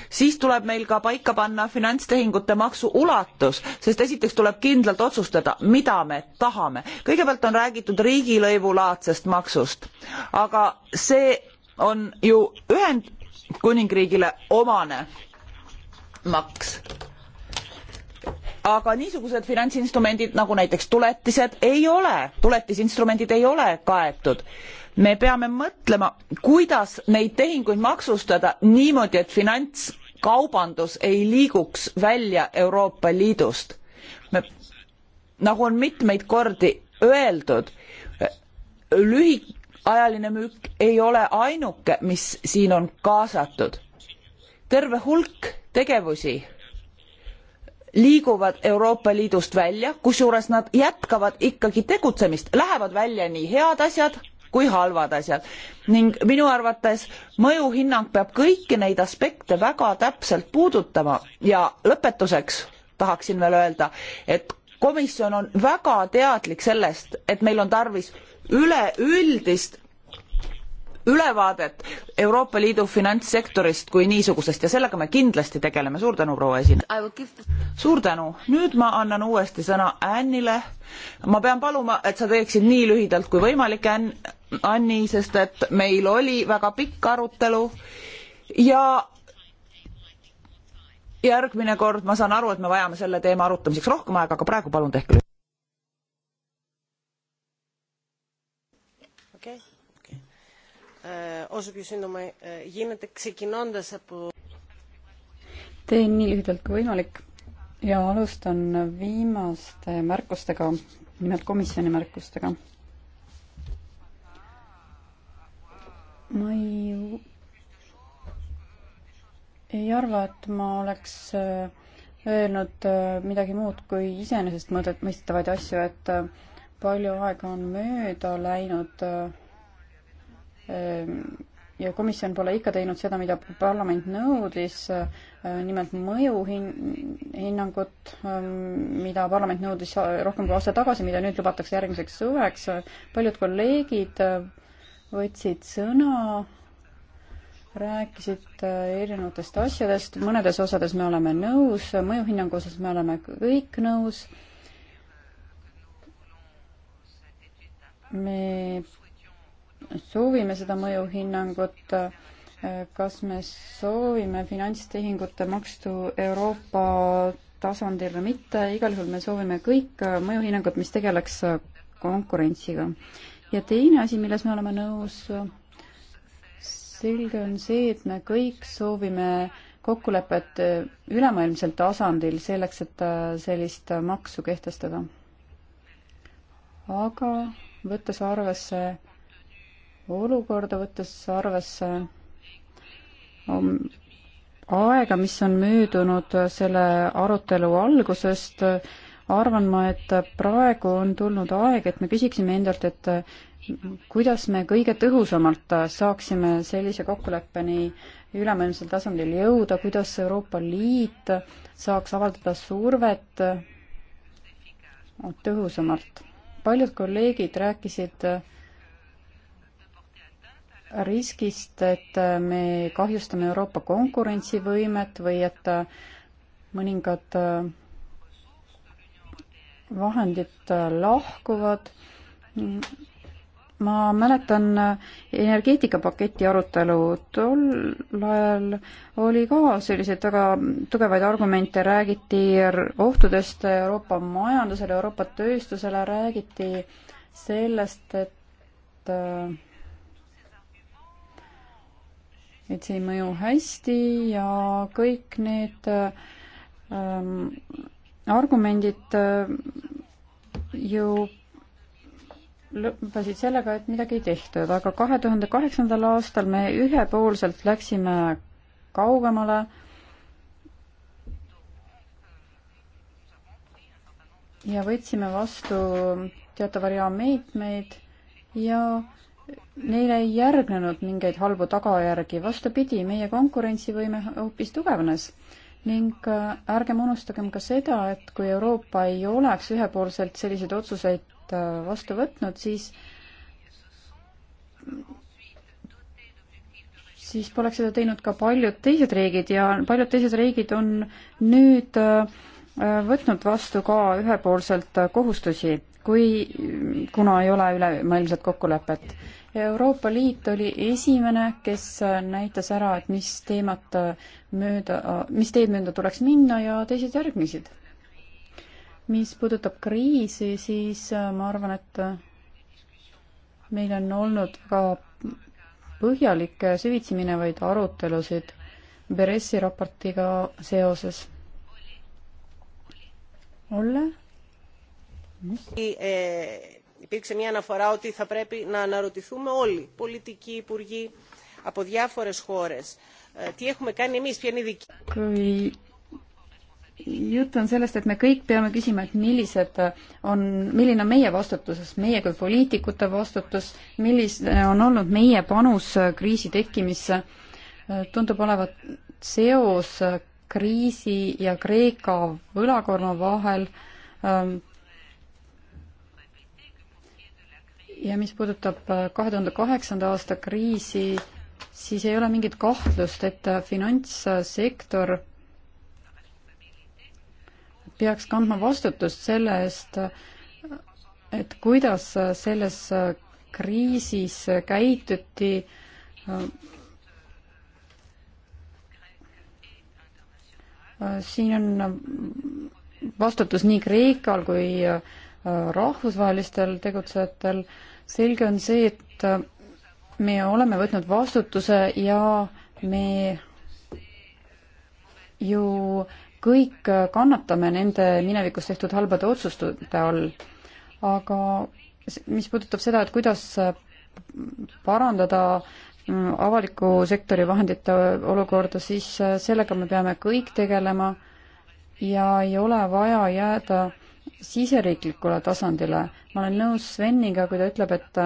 siis tuleb meil ka paika panna finantstehingute maksu ulatus, sest esiteks tuleb kindlalt otsustada, mida me tahame. kõigepealt on räägitud riigilõivulaadsest maksust, aga see on ju Ühendkuningriigile omane maks aga niisugused finantsinstrumendid nagu näiteks tuletised ei ole, tuletisinstrumendid ei ole kaetud. me peame mõtlema, kuidas neid tehinguid maksustada niimoodi, et finantskaubandus ei liiguks välja Euroopa Liidust. nagu on mitmeid kordi öeldud, lühiajaline müük ei ole ainuke, mis siin on kaasatud. terve hulk tegevusi liiguvad Euroopa Liidust välja, kusjuures nad jätkavad ikkagi tegutsemist, lähevad välja nii head asjad kui halvad asjad ning minu arvates mõjuhinnang peab kõiki neid aspekte väga täpselt puudutama ja lõpetuseks tahaksin veel öelda, et komisjon on väga teadlik sellest, et meil on tarvis üleüldist ülevaadet Euroopa Liidu finantssektorist kui niisugusest ja sellega me kindlasti tegeleme. suur tänu, proua esineja. suur tänu. nüüd ma annan uuesti sõna Annile. ma pean paluma, et sa teeksid nii lühidalt kui võimalik, Ann, Anni, sest et meil oli väga pikk arutelu ja järgmine kord ma saan aru, et me vajame selle teema arutamiseks rohkem aega, aga praegu palun tehke lühidalt. όσο πιο σύντομα γίνεται, ξεκινώντας από... Teen nii lühidalt kui võimalik ja alustan viimaste märkustega, nimelt komisjoni märkustega. ma ei, ei arva, et ma oleks äh, öelnud äh, midagi muud kui iseenesestmõõdetmõistetavaid asju, et äh, palju aega on mööda läinud äh, Ehm, ja komisjon pole ikka teinud seda, mida parlament nõudis, äh, nimelt mõjuhinnangut, ehm, mida parlament nõudis rohkem kui aasta tagasi, mida nüüd lubatakse järgmiseks suveks. paljud kolleegid äh, võtsid sõna, rääkisid äh, erinevatest asjadest, mõnedes osades me oleme nõus, mõjuhinnangu osas me oleme kõik nõus. me soovime seda mõjuhinnangut, kas me soovime finantstehingute makstu Euroopa tasandil või mitte, igal juhul me soovime kõik mõjuhinnangut, mis tegeleks konkurentsiga. ja teine asi, milles me oleme nõus, selge on see, et me kõik soovime kokkulepet ülemaailmsel tasandil selleks, et sellist maksu kehtestada. aga võttes arvesse olukorda, võttes arvesse aega, mis on möödunud selle arutelu algusest, arvan ma, et praegu on tulnud aeg, et me küsiksime endalt, et kuidas me kõige tõhusamalt saaksime sellise kokkuleppeni ülemaailmsel tasandil jõuda, kuidas Euroopa Liit saaks avaldada survet tõhusamalt. paljud kolleegid rääkisid äh, riskist, et me kahjustame Euroopa konkurentsivõimet või et mõningad vahendid lahkuvad. ma mäletan energeetikapaketi arutelu, tol ajal oli ka selliseid väga tugevaid argumente, räägiti ohtudest Euroopa majandusele, Euroopa tööstusele, räägiti sellest, et äh, et see ei mõju hästi ja kõik need ähm, argumendid äh, ju lõppesid sellega, et midagi ei tehtud, aga kahe tuhande kaheksandal aastal me ühepoolselt läksime kaugemale ja võtsime vastu teatava rea meetmeid ja äh, neile ei järgnenud mingeid halbu tagajärgi, vastupidi, meie konkurentsivõime hoopis tugevnes. ning äh, ärgem unustagem ka seda, et kui Euroopa ei oleks ühepoolselt selliseid otsuseid äh, vastu võtnud, siis siis poleks seda teinud ka paljud teised riigid ja paljud teised riigid on nüüd äh, võtnud vastu ka ühepoolselt kohustusi, kui, kuna ei ole ülemaailmset kokkulepet Euroopa Liit oli esimene, kes äh, näitas ära, et mis teemat äh, mööda, äh, mis teed mööda tuleks minna ja teised järgmisid. mis puudutab kriisi, siis ma arvan, et meil on olnud ka põhjalikke süvitsi minevaid arutelusid Beressi raportiga seoses. Olle? mis? υπήρξε μια αναφορά ότι θα πρέπει να αναρωτηθούμε όλοι, πολιτικοί, υπουργοί από διάφορες χώρες, τι έχουμε κάνει εμείς, ποια είναι η δική Kui jutt on sellest, et me kõik peame küsima, et millised on, milline on meie vastutus, meie kui poliitikute vastutus, milline on olnud meie panus kriisi tekkimisse, tundub olevat seos kriisi ja Kreeka võlakoorma vahel ähm, ja mis puudutab äh, kahe tuhande kaheksanda aasta kriisi, siis ei ole mingit kahtlust, et äh, finantssektor peaks kandma vastutust selle eest, et kuidas äh, selles kriisis käituti siin on vastutus nii Kreekal kui rahvusvahelistel tegutsejatel. selge on see, et me oleme võtnud vastutuse ja me ju kõik kannatame nende minevikus tehtud halbade otsuste all. aga mis puudutab seda, et kuidas parandada mm, avaliku sektori vahendite olukorda, siis sellega me peame kõik tegelema ja ei ole vaja jääda siseriiklikule tasandile. ma olen nõus Sveniga, kui ta ütleb, et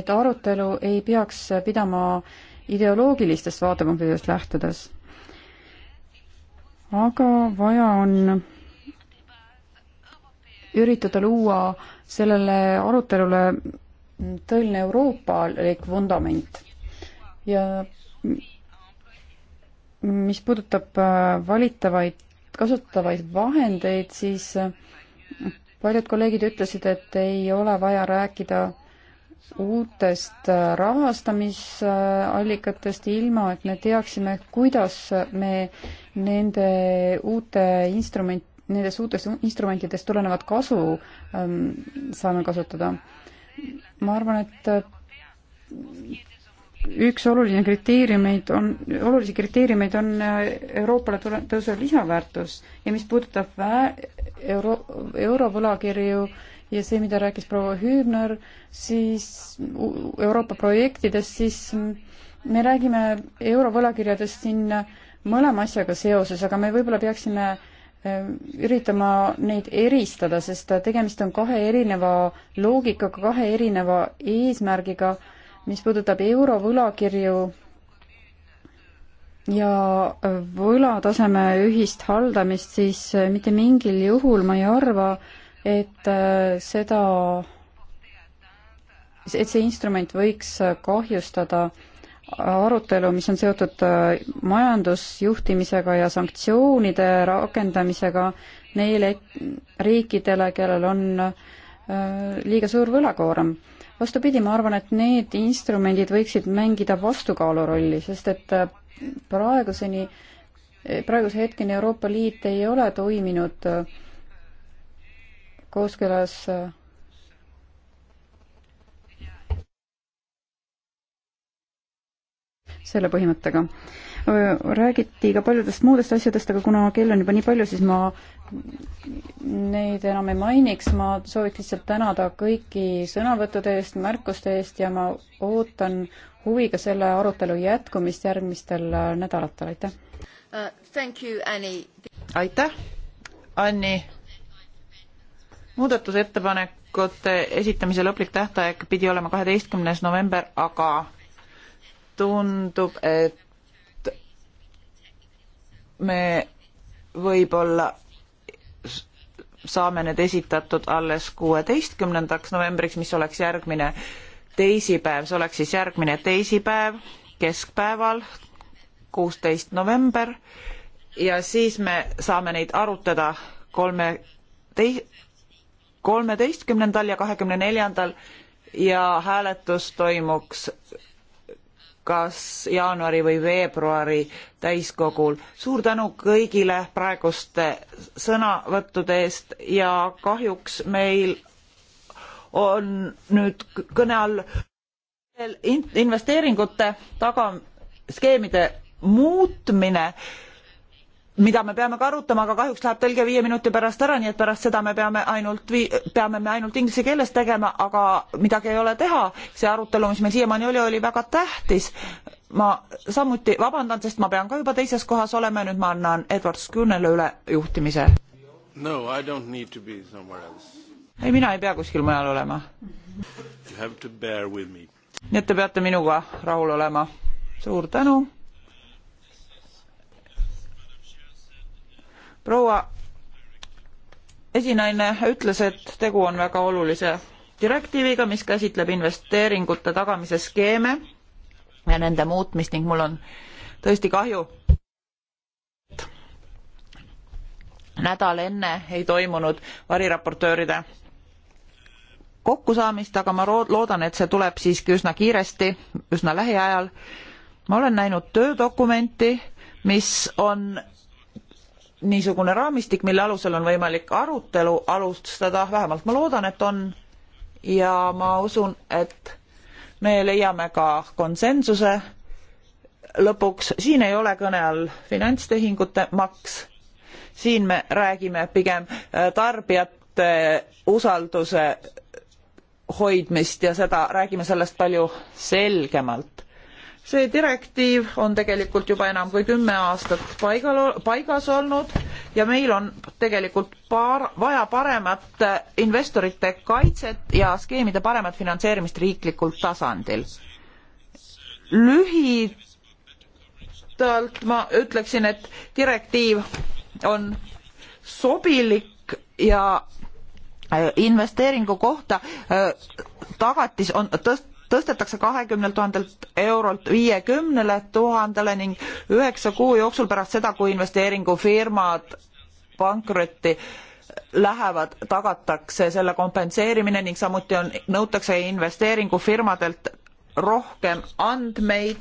et arutelu ei peaks pidama ideoloogilistest vaatepunktidest lähtudes. aga vaja on üritada luua sellele arutelule tõeline euroopalik vundament ja mis puudutab valitavaid kasutatavaid vahendeid, siis äh, paljud kolleegid ütlesid, et ei ole vaja rääkida uutest äh, rahastamisallikatest, ilma et me teaksime, kuidas me nende uute instrument, nendest uutest instrumentidest tulenevat kasu ähm, saame kasutada. ma arvan, et äh, üks oluline kriteeriumeid on, olulisi kriteeriumeid on äh, Euroopale tule-, tõusev lisaväärtus ja mis puudutab vä-, euro, eurovõlakirju ja see, mida rääkis proua Hüürner, siis Euroopa projektidest, siis me räägime eurovõlakirjadest siin mõlema asjaga seoses, aga me võib-olla peaksime äh, üritama neid eristada, sest tegemist on kahe erineva loogikaga, kahe erineva eesmärgiga mis puudutab eurovõlakirju ja võlataseme ühist haldamist, siis äh, mitte mingil juhul ma ei arva, et äh, seda, et see instrument võiks äh, kahjustada arutelu, mis on seotud majandusjuhtimisega ja sanktsioonide rakendamisega neile riikidele, kellel on liiga suur võlakoorem vastupidi, ma arvan, et need instrumendid võiksid mängida vastukaalu rolli, sest et äh, praeguseni, praeguse hetkeni Euroopa Liit ei ole toiminud äh, kooskõlas äh, selle põhimõttega räägiti ka paljudest muudest asjadest, aga kuna kell on juba nii palju, siis ma neid enam ei mainiks, ma sooviks lihtsalt tänada kõiki sõnavõttude eest, märkuste eest ja ma ootan huviga selle arutelu jätkumist järgmistel äh, nädalatel, aitäh uh,! aitäh, Anni! muudatusettepanekute esitamise lõplik tähtaeg pidi olema kaheteistkümnes november, aga tundub, et me võib-olla saame need esitatud alles kuueteistkümnendaks novembriks, mis oleks järgmine teisipäev, see oleks siis järgmine teisipäev keskpäeval, kuusteist november ja siis me saame neid arutada kolme tei-, kolmeteistkümnendal ja kahekümne neljandal ja hääletus toimuks kas jaanuari või veebruari täiskogul. suur tänu kõigile praeguste sõnavõttude eest ja kahjuks meil on nüüd kõne all investeeringute taga skeemide muutmine mida me peame ka arutama, aga kahjuks läheb tõlge viie minuti pärast ära, nii et pärast seda me peame ainult, peame me ainult inglise keeles tegema, aga midagi ei ole teha. see arutelu, mis meil siiamaani oli, oli väga tähtis. ma samuti vabandan, sest ma pean ka juba teises kohas olema ja nüüd ma annan Edward Skünele üle juhtimise. No, I don't need to be somewhere else. ei, mina ei pea kuskil mujal olema. You have to bear with me. nii et te peate minuga rahul olema. suur tänu proua esinaine ütles, et tegu on väga olulise direktiiviga, mis käsitleb investeeringute tagamise skeeme ja nende muutmist ning mul on tõesti kahju, nädal enne ei toimunud variraportööride kokkusaamist, aga ma loodan, et see tuleb siiski üsna kiiresti, üsna lähiajal. ma olen näinud töödokumenti, mis on niisugune raamistik, mille alusel on võimalik arutelu alustada, vähemalt ma loodan, et on. ja ma usun, et me leiame ka konsensuse lõpuks, siin ei ole kõne all finantstehingute maks, siin me räägime pigem äh, tarbijate usalduse hoidmist ja seda, räägime sellest palju selgemalt see direktiiv on tegelikult juba enam kui kümme aastat paigal, paigas olnud ja meil on tegelikult paar, vaja paremat äh, investorite kaitset ja skeemide paremat finantseerimist riiklikul tasandil. lühidalt ma ütleksin, et direktiiv on sobilik ja äh, investeeringu kohta äh, tagatis on tõst-, tõstetakse kahekümnelt tuhandelt eurolt viiekümnele tuhandele ning üheksa kuu jooksul pärast seda, kui investeeringufirmad pankrotti lähevad, tagatakse selle kompenseerimine ning samuti on, nõutakse investeeringufirmadelt rohkem andmeid.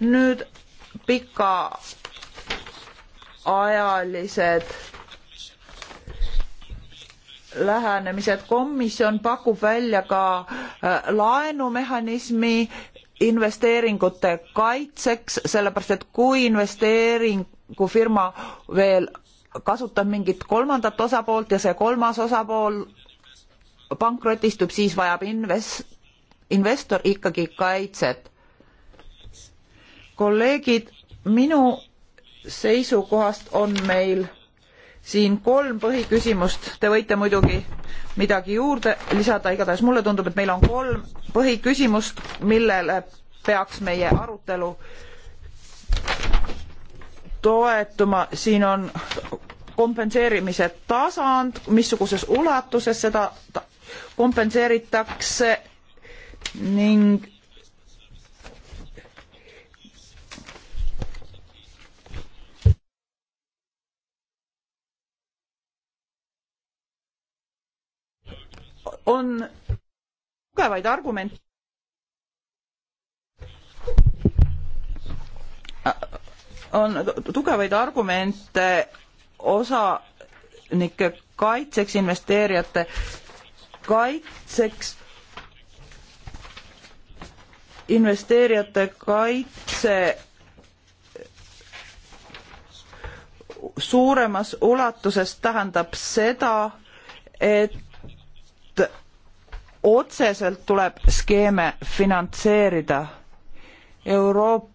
nüüd pikaajalised lähenemised. komisjon pakub välja ka äh, laenumehhanismi investeeringute kaitseks, sellepärast et kui investeeringufirma veel kasutab mingit kolmandat osapoolt ja see kolmas osapool pankrotistub, siis vajab inves-, investor ikkagi kaitset. kolleegid, minu seisukohast on meil siin kolm põhiküsimust, te võite muidugi midagi juurde lisada, igatahes mulle tundub, et meil on kolm põhiküsimust, millele peaks meie arutelu toetuma, siin on kompenseerimise tasand, missuguses ulatuses seda kompenseeritakse ning on tugevaid argumente on tugevaid argumente osanike kaitseks, investeerijate kaitseks, investeerijate kaitse suuremas ulatuses tähendab seda, et otseselt tuleb skeeme finantseerida. Euroopa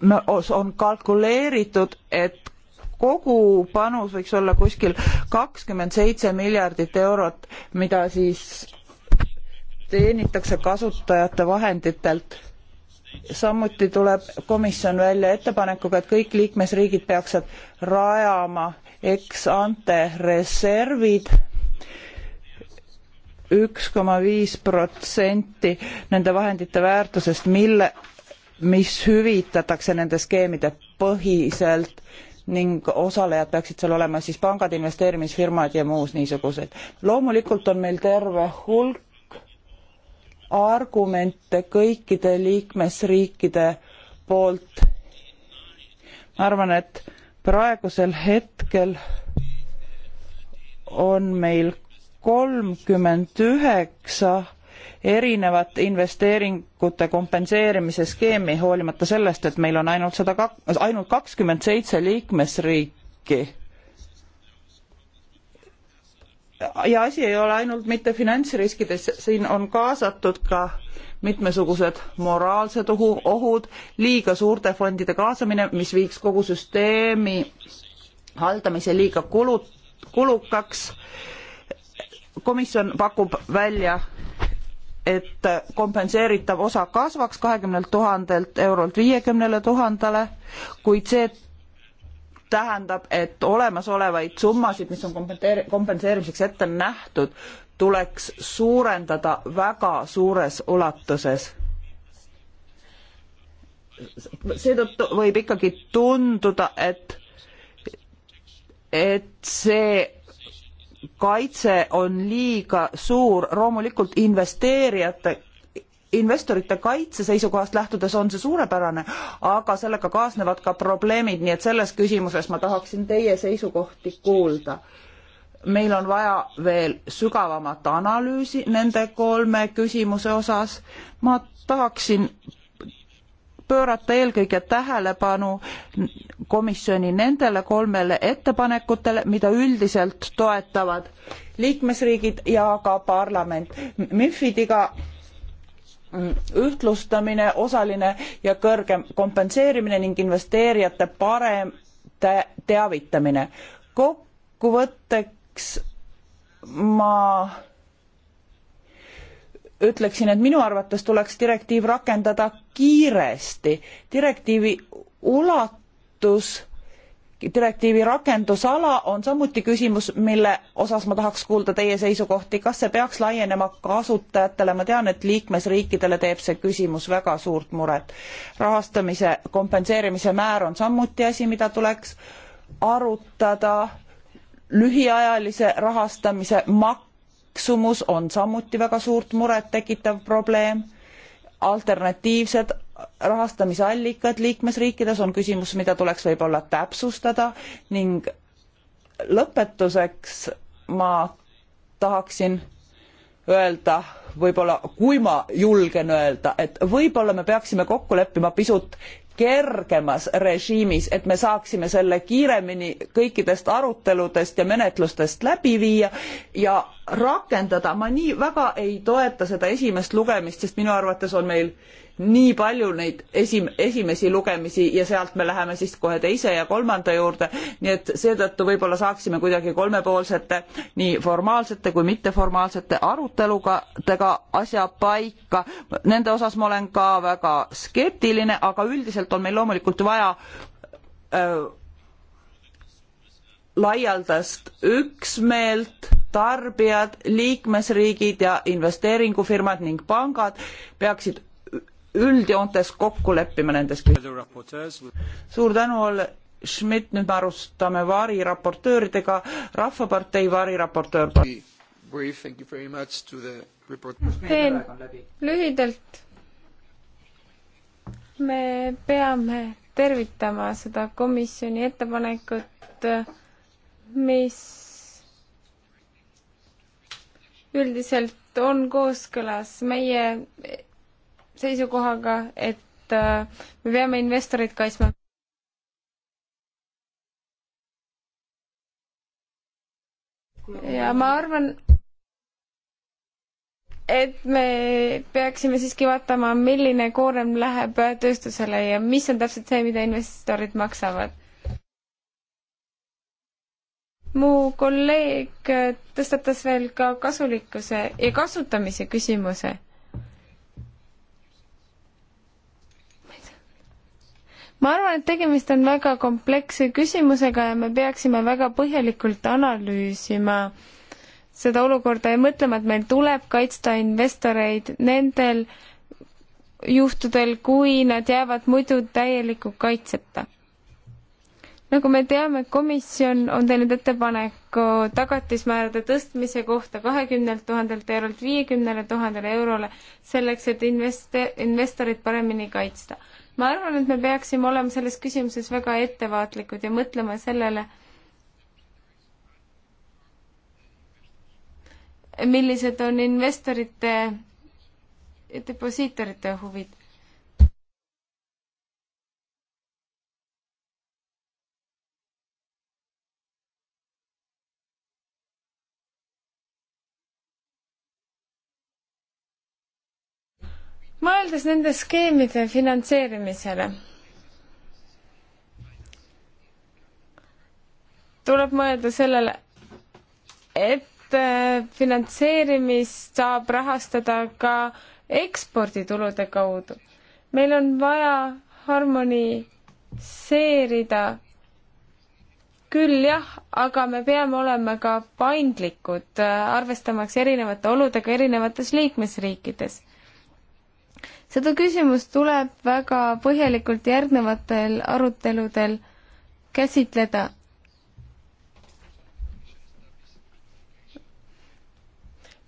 no, eh, on kalkuleeritud, et kogu panus võiks olla kuskil kakskümmend seitse miljardit eurot, mida siis teenitakse kasutajate vahenditelt. samuti tuleb komisjon välja ettepanekuga, et kõik liikmesriigid peaksid rajama ex ante reservid üks koma viis protsenti nende vahendite väärtusest, mille, mis hüvitatakse nende skeemide põhiselt ning osalejad peaksid seal olema siis pangad, investeerimisfirmad ja muus niisugused. loomulikult on meil terve hulk argumente kõikide liikmesriikide poolt. ma arvan, et praegusel hetkel on meil kolmkümmend üheksa erinevat investeeringute kompenseerimise skeemi hoolimata sellest et meil on ainult sada kak- ainult kakskümmend seitse liikmesriiki ja asi ei ole ainult mitte finantsriskides, siin on kaasatud ka mitmesugused moraalsed ohu, ohud, liiga suurte fondide kaasamine, mis viiks kogu süsteemi haldamise liiga kulu, kulukaks. komisjon pakub välja, et kompenseeritav osa kasvaks kahekümnelt tuhandelt eurolt viiekümnele tuhandele, kuid see tähendab, et olemasolevaid summasid, mis on kompenseerimiseks ette nähtud, tuleks suurendada väga suures ulatuses. seetõttu võib ikkagi tunduda, et, et see kaitse on liiga suur, loomulikult investeerijate investorite kaitse seisukohast lähtudes on see suurepärane, aga sellega kaasnevad ka probleemid, nii et selles küsimuses ma tahaksin teie seisukohti kuulda. meil on vaja veel sügavamat analüüsi nende kolme küsimuse osas. ma tahaksin pöörata eelkõige tähelepanu komisjoni nendele kolmele ettepanekutele, mida üldiselt toetavad liikmesriigid ja ka parlament. MIFIDiga ühtlustamine, osaline ja kõrgem kompenseerimine ning investeerijate parem te teavitamine. kokkuvõtteks ma ütleksin, et minu arvates tuleks direktiiv rakendada kiiresti. direktiivi ulatus direktiivi rakendusala on samuti küsimus, mille osas ma tahaks kuulda teie seisukohti, kas see peaks laienema kasutajatele, ma tean, et liikmesriikidele teeb see küsimus väga suurt muret. rahastamise kompenseerimise määr on samuti asi, mida tuleks arutada, lühiajalise rahastamise maksumus on samuti väga suurt muret tekitav probleem, alternatiivsed rahastamisallikad liikmesriikides on küsimus, mida tuleks võib-olla täpsustada ning lõpetuseks ma tahaksin öelda võib-olla, kui ma julgen öelda, et võib-olla me peaksime kokku leppima pisut kergemas režiimis, et me saaksime selle kiiremini kõikidest aruteludest ja menetlustest läbi viia ja rakendada. ma nii väga ei toeta seda esimest lugemist, sest minu arvates on meil äh, nii palju neid esim-, esimesi lugemisi ja sealt me läheme siis kohe teise ja kolmanda juurde, nii et seetõttu võib-olla saaksime kuidagi kolmepoolsete, nii formaalsete kui mitteformaalsete aruteludega asja paika. Nende osas ma olen ka väga skeptiline, aga üldiselt on meil loomulikult vaja öö, äh, laialdast üksmeelt tarbijad liikmesriigid ja investeeringufirmad ning pangad peaksid üldjoontes kokku leppima nendes küsimustes. suur tänu, Olle Schmidt, nüüd me alustame variraportööridega, Rahvapartei variraportöör. teen lühidalt. me peame tervitama seda komisjoni ettepanekut, mis üldiselt on kooskõlas meie seisukohaga, et äh, me peame investoreid kaitsma. ja ma arvan, et me peaksime siiski vaatama, milline koorem läheb tööstusele ja mis on täpselt see, mida investorid maksavad. mu kolleeg tõstatas veel ka kasulikkuse ja kasutamise küsimuse ma arvan, et tegemist on väga kompleksse küsimusega ja me peaksime väga põhjalikult analüüsima seda olukorda ja mõtlema, et meil tuleb kaitsta investoreid nendel juhtudel, kui nad jäävad muidu täieliku kaitseta. nagu me teame, komisjon on teinud ettepaneku tagatismäärade tõstmise kohta kahekümnelt tuhandelt eurolt viiekümnele tuhandele eurole, selleks et investe-, investorit paremini kaitsta ma arvan, et me peaksime olema selles küsimuses väga ettevaatlikud ja mõtlema sellele, millised on investorite ja deposiitorite huvid. mõeldes nende skeemide finantseerimisele, tuleb mõelda sellele, et äh, finantseerimist saab rahastada ka eksporditulude kaudu. meil on vaja harmoniseerida küll jah, aga me peame olema ka paindlikud, äh, arvestamaks erinevate oludega erinevates liikmesriikides seda küsimust tuleb väga põhjalikult järgnevatel aruteludel käsitleda.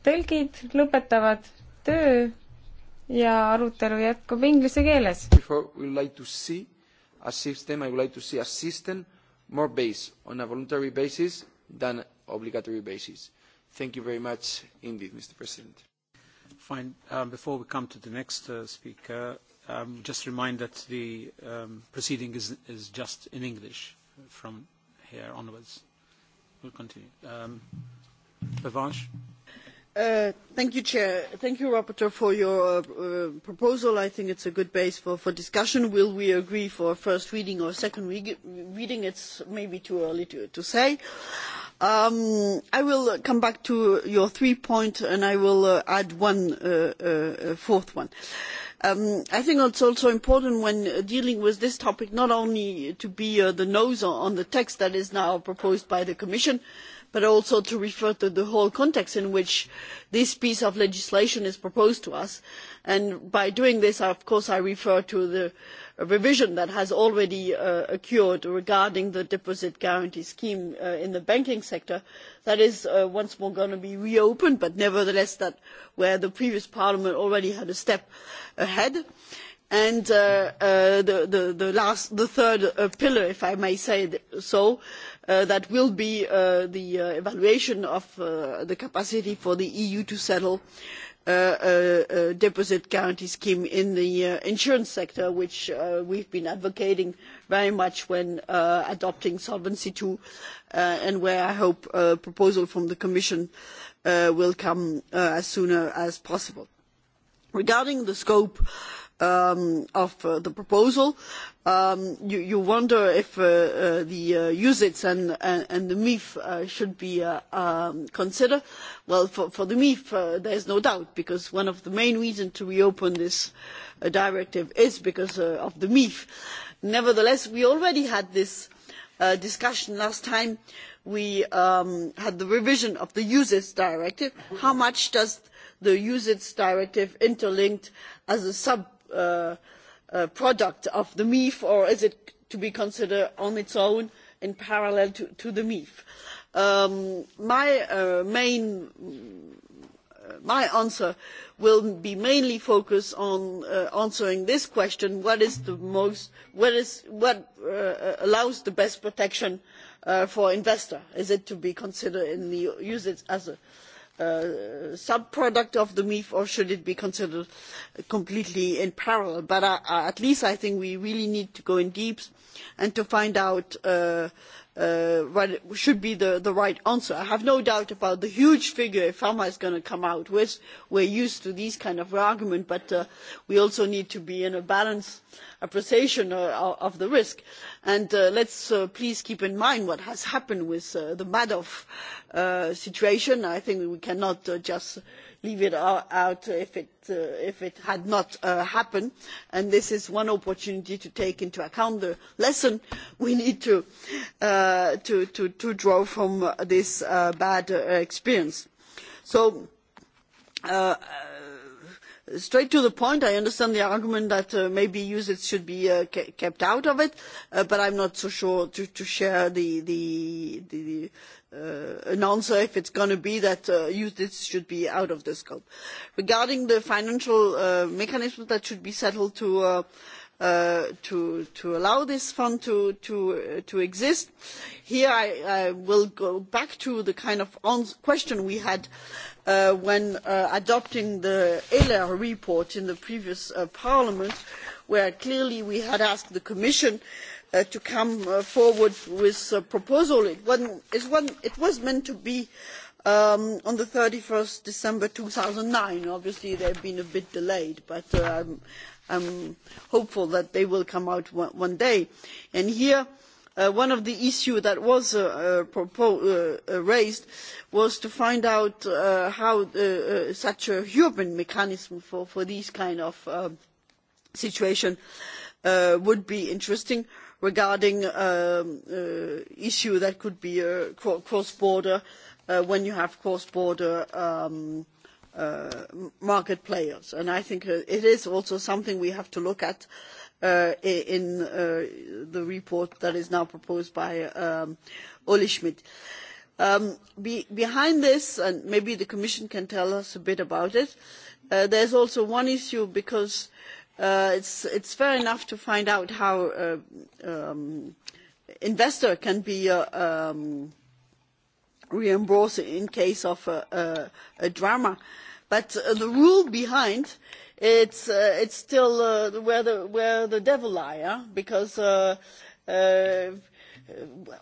tõlgid lõpetavad töö ja arutelu jätkub inglise keeles. System, I would like to see a system more based on a voluntary basis than obligatory basis. Thank you very much indeed, Mr. President. Fine. Um, before we come to the next uh, speaker, um, just remind that the um, proceeding is, is just in English from here onwards. We'll continue. Um, Pavanche? Uh, thank you, Chair. Thank you, Rapporteur, for your uh, proposal. I think it's a good base for, for discussion. Will we agree for first reading or second re reading? It's maybe too early to, to say. Uh, Um, I will uh, come back to your three point and I will uh, add one uh, uh, uh, fourth one. Um, I think it's also important when uh, dealing with this topic not only to be uh, the nose on the text that is now proposed by the Commission, but also to refer to the whole context in which this piece of legislation is proposed to us. And by doing this, of course, I refer to the uh, revision that has already uh, occurred regarding the deposit guarantee scheme uh, in the banking sector that is uh, once more going to be reopened but nevertheless that where the previous parliament already had a step ahead and uh, uh, the, the, the, last, the third uh, pillar if i may say so that will be the evaluation of the capacity for the eu to settle Uh, uh, uh, deposit guarantee scheme in the insurance sector which we have been advocating very much when adopting solvency ii and where i hope a proposal from the commission will come as soon as possible. regarding the scope of um, of uh, the proposal. Um, you, you wonder if uh, uh, the uh, USITS and, and, and the MIF uh, should be uh, um, considered. Well, for, for the MIF, uh, there's no doubt, because one of the main reasons to reopen this uh, directive is because uh, of the MIF. Nevertheless, we already had this uh, discussion last time we um, had the revision of the USITS directive. How much does the USITS directive interlinked as a sub uh, uh, product of the MIF, or is it to be considered on its own in parallel to, to the MIF? Um, my uh, main uh, my answer will be mainly focused on uh, answering this question what is the most what is what uh, uh allows the best protection uh, for investor is it to be considered in the usage as a uh, sub-product of the MIF or should it be considered completely in parallel? But uh, uh, at least I think we really need to go in deep and to find out uh, Uh, right, should be the, the right answer. i have no doubt about the huge figure efama is going to come out with. we are used to these kinds of arguments but uh, we also need to be in a balanced appreciation uh, of the risk. and uh, let us uh, please keep in mind what has happened with uh, the madoff situation. i think we cannot just leave it out if it, uh, if it had not uh, happened and this is one opportunity to take into account the lesson we need to, uh, to, to, to draw from this uh, bad uh, experience. so uh, straight to the point i understand the argument that uh, maybe ucits should be uh, kept out of it uh, but i am not so sure to, to share the, the, the, uh, an answer if it's going to be that uh, you, this should be out of the scope. Regarding the financial uh, mechanisms that should be settled to, uh, uh, to, to allow this fund to, to, uh, to exist, here I, I will go back to the kind of question we had uh, when uh, adopting the ELER report in the previous uh, parliament, where clearly we had asked the Commission uh, uh, to come uh, forward with a proposal. It, one, one, it was meant to be um, on thirty one december two thousand and nine obviously they have been a bit delayed but uh, i am hopeful that they will come out one, one day. And here Uh, one of the issues that was uh, uh, uh, raised was to find out how such a european mechanism for, for these kinds of um, situations would be interesting regarding um, uh, issue that could be uh, cross-border uh, when you have cross-border um, uh, market players. And I think uh, it is also something we have to look at uh, in uh, the report that is now proposed by um, Ole Schmidt. Um, be, behind this, and maybe the Commission can tell us a bit about it, uh, there's also one issue because uh, uh, it's, it's fair enough to find out how uh, um, investor can be uh, um, reimbursed in case of a, a, a drama. But uh, the rule behind it's uh, it's still uh, where the where the devil lie, huh? because uh, uh,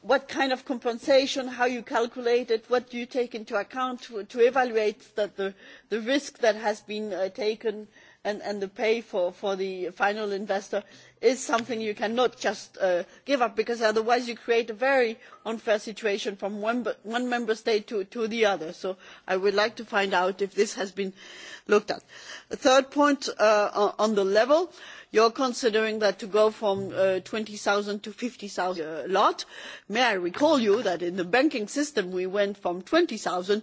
what kind of compensation, how you calculate it, what do you take into account to, to evaluate that the, the risk that has been uh, taken uh, and, and the pay for, for the final investor is something you cannot just uh, give up because otherwise you create a very unfair situation from one, one member state to, to the other. So I would like to find out if this has been looked at. The third point uh, on the level, you're considering that to go from uh, 20,000 to 50,000 a uh, lot. May I recall you that in the banking system we went from 20,000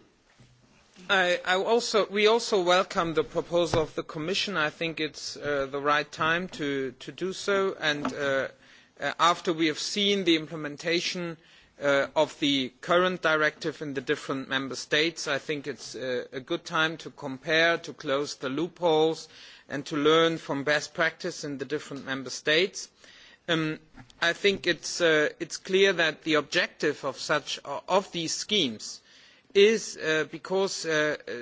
I, I also, we also welcome the proposal of the Commission. I think it's uh, the right time to, to do so. And uh, uh, after we have seen the implementation uh, of the current directive in the different member states, I think it's uh, a good time to compare, to close the loopholes, and to learn from best practice in the different member states. Um, I think it's, uh, it's clear that the objective of, such, of these schemes is uh, because uh, uh,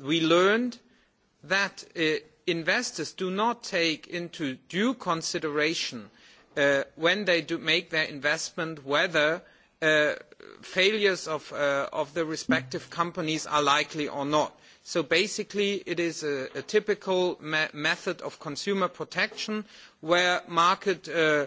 we learned that uh, investors do not take into due consideration uh, when they do make their investment whether uh, failures of, uh, of the respective companies are likely or not. So basically it is a, a typical me method of consumer protection where market uh,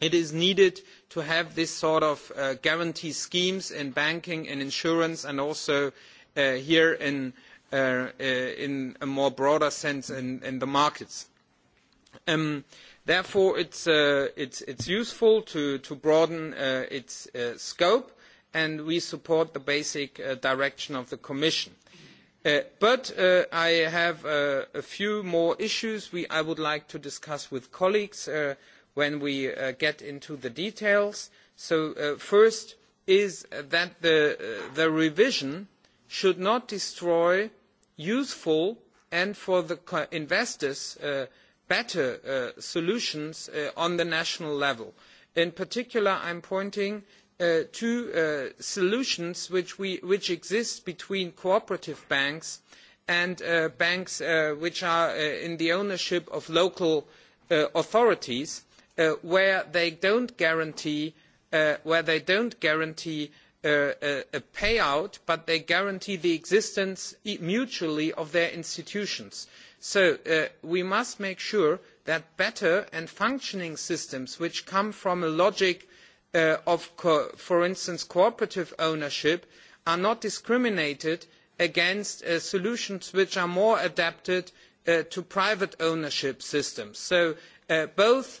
it is needed to have this sort of uh, guarantee schemes in banking and insurance and also uh, here in, uh, uh, in a more broader sense in, in the markets. Um, therefore, it's, uh, it's, it's useful to, to broaden uh, its uh, scope and we support the basic uh, direction of the Commission. Uh, but uh, i have uh, a few more issues we, i would like to discuss with colleagues. Uh, when we uh, get into the details. So uh, first is that the, uh, the revision should not destroy useful and for the investors uh, better uh, solutions uh, on the national level. In particular, I'm pointing uh, to uh, solutions which, we, which exist between cooperative banks and uh, banks uh, which are uh, in the ownership of local uh, authorities uh, where they don't guarantee uh, where they don't guarantee uh, a, uh, a payout, but they guarantee the existence e, mutually of their institutions. So uh, we must make sure that better and functioning systems, which come from a logic uh, of, co for instance, cooperative ownership, are not discriminated against uh, solutions which are more adapted uh, to private ownership systems. So uh, both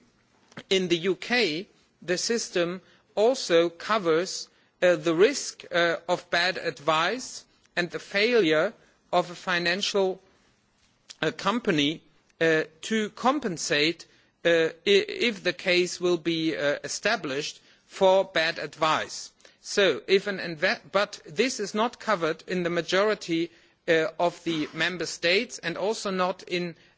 in the uk the system also covers uh, the risk uh, of bad advice and the failure of a financial uh, company uh, to compensate uh, if the case will be uh, established for bad advice. So, but this is not covered in the majority of the member states and also not in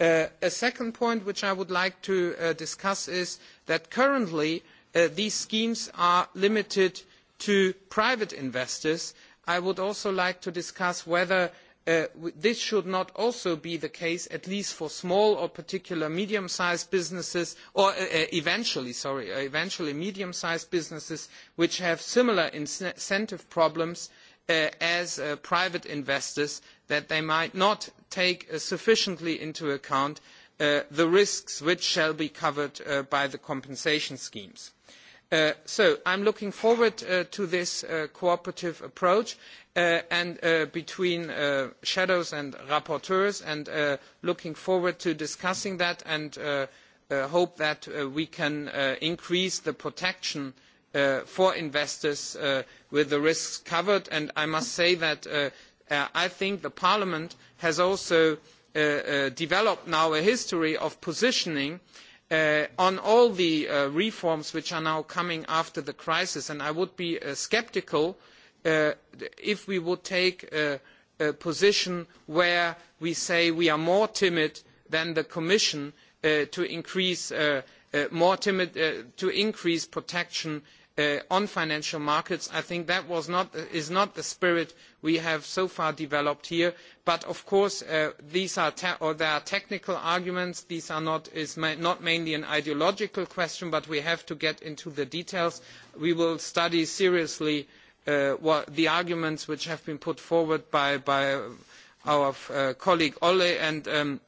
Uh, a second point which I would like to uh, discuss is that currently uh, these schemes are limited to private investors. I would also like to discuss whether uh, this should not also be the case, at least for small or particular medium-sized businesses, or uh, uh eventually, sorry, uh, eventually medium-sized businesses which have similar incentive problems uh, as uh, private investors that they might not take uh, sufficiently into account uh, the risks which shall be covered uh, by the compensation schemes. Uh, so i am looking forward uh, to this uh, cooperative approach uh, and uh, between uh, shadows and rapporteurs and looking forward to discussing that and hope that we can increase the protection for investors with the risks covered and i must say that Uh, I think the Parliament has also uh, uh, developed now a history of positioning uh, on all the uh, reforms which are now coming after the crisis, and I would be uh, skeptical uh, if we would take uh, a position where we say we are more timid than the Commission uh, to increase uh, uh, more timid uh, to increase protection uh, uh, on financial markets i think that not, uh, is not the spirit we have so far developed here but of course uh, are there are technical arguments this is ma not mainly an ideological question but we have to get into the details. we will study seriously uh, what, the arguments which have been put forward by, by our uh, colleague olle and, um,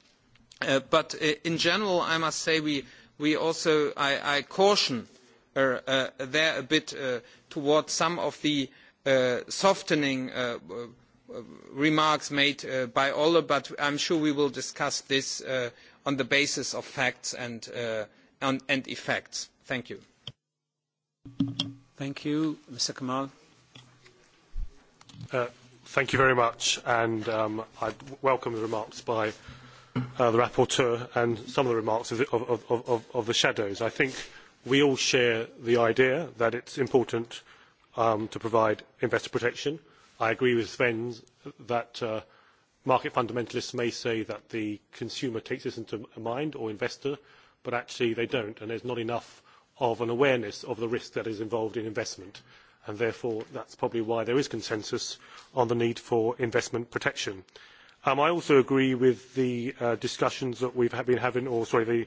uh, but in general i must say we, we also, I, i caution uh, uh, there a bit uh, towards some of the uh, softening uh, uh, remarks made uh, by Olle, but I'm sure we will discuss this uh, on the basis of facts and, uh, on, and effects. Thank you. Thank you. Mr. Kamal. Uh, thank you very much, and um, I welcome the remarks by uh, the rapporteur and some of the remarks of the, of, of, of, of the shadows. I think uh, we all share the idea that it is important um, to provide investor protection. I agree with Sven that uh, market fundamentalists may say that the consumer takes this into mind or investor, but actually they don't, and there's not enough of an awareness of the risk that is involved in investment. And therefore, that's probably why there is consensus on the need for investment protection. Um, I also agree with the uh, discussions that we've been having, or sorry, the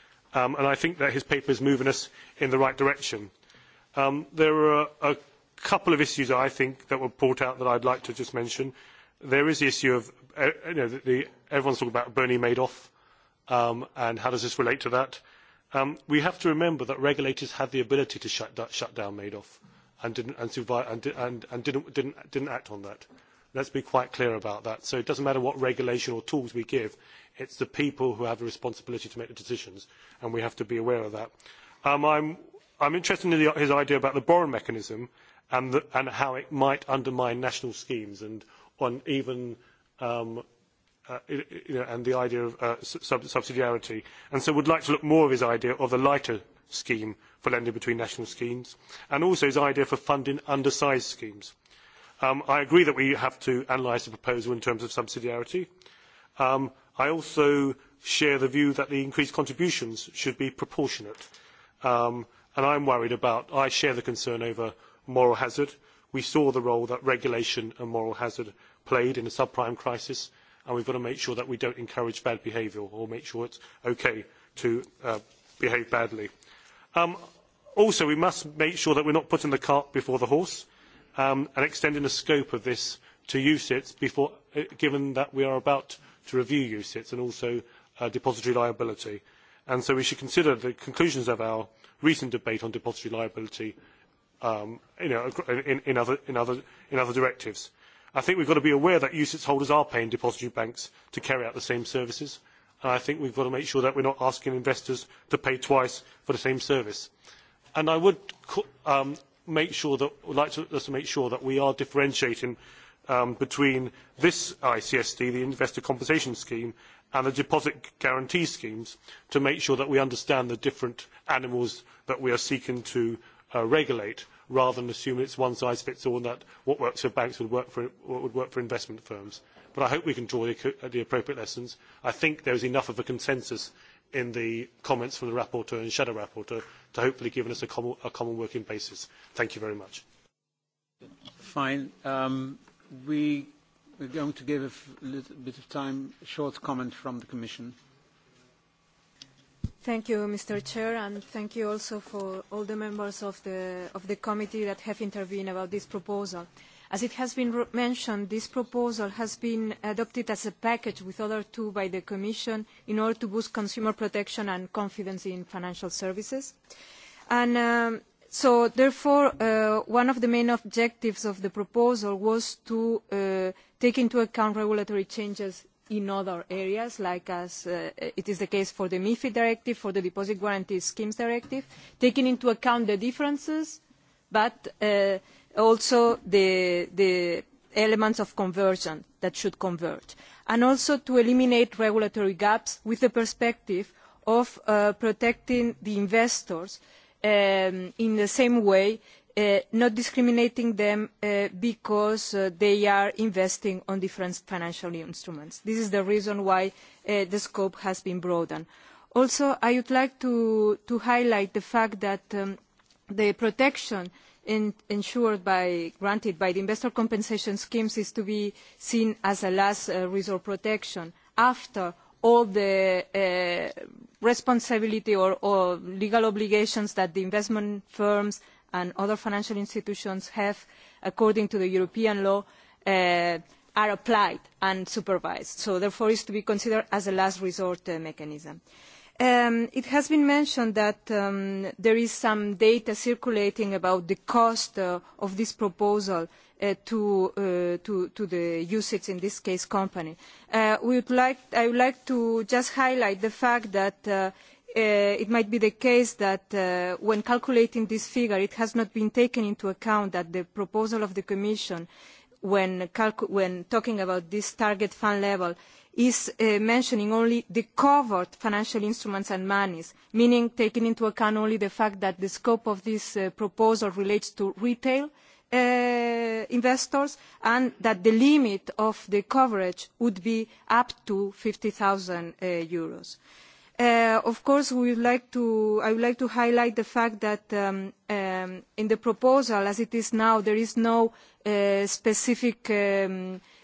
um, and I think that his paper is moving us in the right direction. Um, there are a, a couple of issues I think that were brought out that I'd like to just mention. There is the issue of uh, you know, the, the, everyone's talking about Bernie Madoff um, and how does this relate to that. Um, we have to remember that regulators had the ability to shut, da- shut down Madoff and didn't, and, survive, and, and, and didn't, didn't, didn't act on that. Let's be quite clear about that. So it doesn't matter what regulation or tools we give. It's the people who have the responsibility to make the decisions, and we have to be aware of that. Um, I'm, I'm interested in the, his idea about the borrowing mechanism and, the, and how it might undermine national schemes and on even um, uh, you know, and the idea of uh, sub subsidiarity. And so would like to look more of his idea of the lighter scheme for lending between national schemes and also his idea for funding undersized schemes. Um, I agree that we have to analyse the proposal in terms of subsidiarity. Um, I also share the view that the increased contributions should be proportionate. Um, and I'm worried about, I share the concern over moral hazard. We saw the role that regulation and moral hazard played in the subprime crisis, and we've got to make sure that we don't encourage bad behaviour or make sure it's okay to uh, behave badly. Um, also, we must make sure that we're not putting the cart before the horse um, and extending the scope of this to UCITS before, uh, given that we are about to review UCITS and also uh, depository liability. And so we should consider the conclusions of our recent debate on depository liability um, you know, in, in, other, in, other, in other directives. I think we've got to be aware that UCITS holders are paying depository banks to carry out the same services. And I think we've got to make sure that we're not asking investors to pay twice for the same service. And I would um, make sure that, would like to, to make sure that we are differentiating um, between this ICSD, the Investor Compensation Scheme, and the deposit guarantee schemes to make sure that we understand the different animals that we are seeking to uh, regulate rather than assume it's one size fits all and that what works for banks would work for, what would work for investment firms. But I hope we can draw the, the appropriate lessons. I think there is enough of a consensus in the comments from the rapporteur and shadow rapporteur to hopefully give us a common, a common working basis. Thank you very much. Fine. Um, we are going to give a little bit of time, a short comment from the Commission. Thank you, Mr. Chair, and thank you also for all the members of the, of the committee that have intervened about this proposal. As it has been mentioned, this proposal has been adopted as a package with other two by the Commission in order to boost consumer protection and confidence in financial services. And um, So therefore, uh, one of the main objectives of the proposal was to uh, take into account regulatory changes in other areas, like as uh, it is the case for the MIFID directive, for the Deposit Guarantee Schemes directive, taking into account the differences, but uh, also the, the elements of conversion that should converge, and also to eliminate regulatory gaps with the perspective of uh, protecting the investors uh, um, in the same way, uh, not discriminating them uh, because uh, they are investing on different financial instruments. This is the reason why uh, the scope has been broadened. Also, I would like to, to highlight the fact that um, the protection in, ensured by, granted by the investor compensation schemes is to be seen as a last uh, resort protection after all the uh, responsibility or, or legal obligations that the investment firms and other financial institutions have according to the European law uh, are applied and supervised. So therefore is to be considered as a last resort uh, mechanism. Uh, Um, it has been mentioned that um, there is some data circulating about the cost uh, of this proposal uh, to, uh, to, to the usage, in this case, company. Uh, we would like, I would like to just highlight the fact that uh, Uh, it might be the case that uh, when calculating this figure it has not been taken into account that the proposal of the commission when, when talking about this target fund level is uh, mentioning only the covered financial instruments and monies, meaning taking into account only the fact that the scope of this uh, proposal relates to retail uh, investors and that the limit of the coverage would be up to 50,000 uh, euros. Uh, of course, we would like to, I would like to highlight the fact that um, um, in the proposal, as it is now, there is no uh, specific um,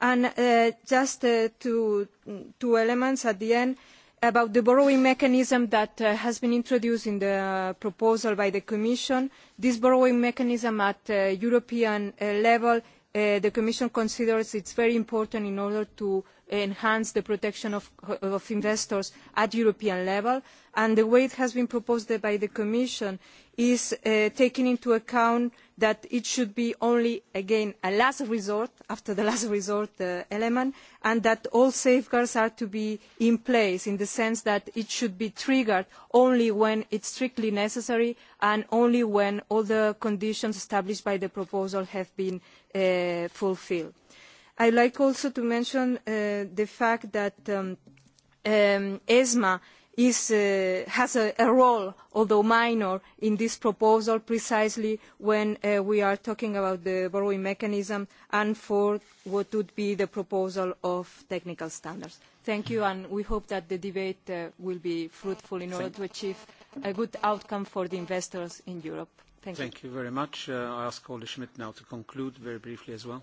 And uh, just uh, two, two elements at the end about the borrowing mechanism that uh, has been introduced in the proposal by the Commission. This borrowing mechanism at uh, European uh, level, uh, the Commission considers it's very important in order to uh, enhance the protection of, of investors at European level. And the way it has been proposed by the Commission is uh, taking into account that it should be only, again, a last resort, after the last resort uh, element, and that all safeguards are to be in place in the sense that it should be triggered only when it's strictly necessary and only when all the conditions established by the proposal have been uh, fulfilled I like also to mention uh, the fact that um, um, ESMA is, uh, has a, a role, although minor, in this proposal precisely when uh, we are talking about the borrowing mechanism and for what would be the proposal of technical standards. Thank you, and we hope that the debate uh, will be fruitful in order Thank to achieve a good outcome for the investors in Europe. Thank, Thank you. you very much. Uh, I ask Olli Schmidt now to conclude very briefly as well.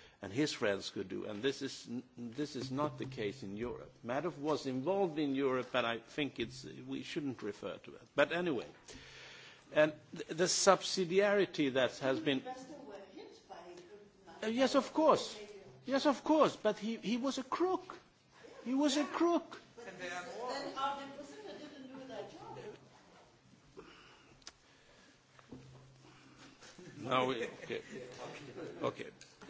and his friends could do. And this is, this is not the case in Europe. Madoff was involved in Europe, but I think it's, we shouldn't refer to it. But anyway, and the, the subsidiarity that has been... Uh, yes, of course. Yes, of course. But he, he was a crook. He was a crook. But and they are all... Then our representative didn't do their job. Now, we, okay. Okay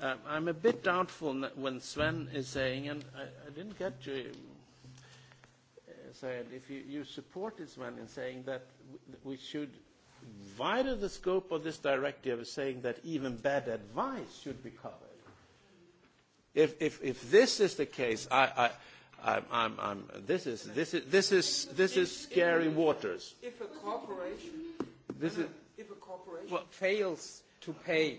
Um, I'm a bit doubtful when Sven is saying, and I, I didn't get you, uh, Syed, if you, you supported Sven in saying that we should wider the scope of this directive is saying that even bad advice should be covered. If, if, if this is the case, I, I, I'm, I'm, I'm, this is, this is, this is, this is scary if, if, waters. If a corporation, this is, if a corporation well, fails to pay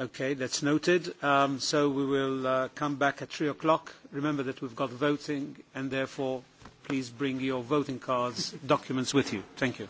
Okay, that's noted. Um, so we will uh, come back at 3 o'clock. Remember that we've got voting, and therefore, please bring your voting cards, documents with you. Thank you.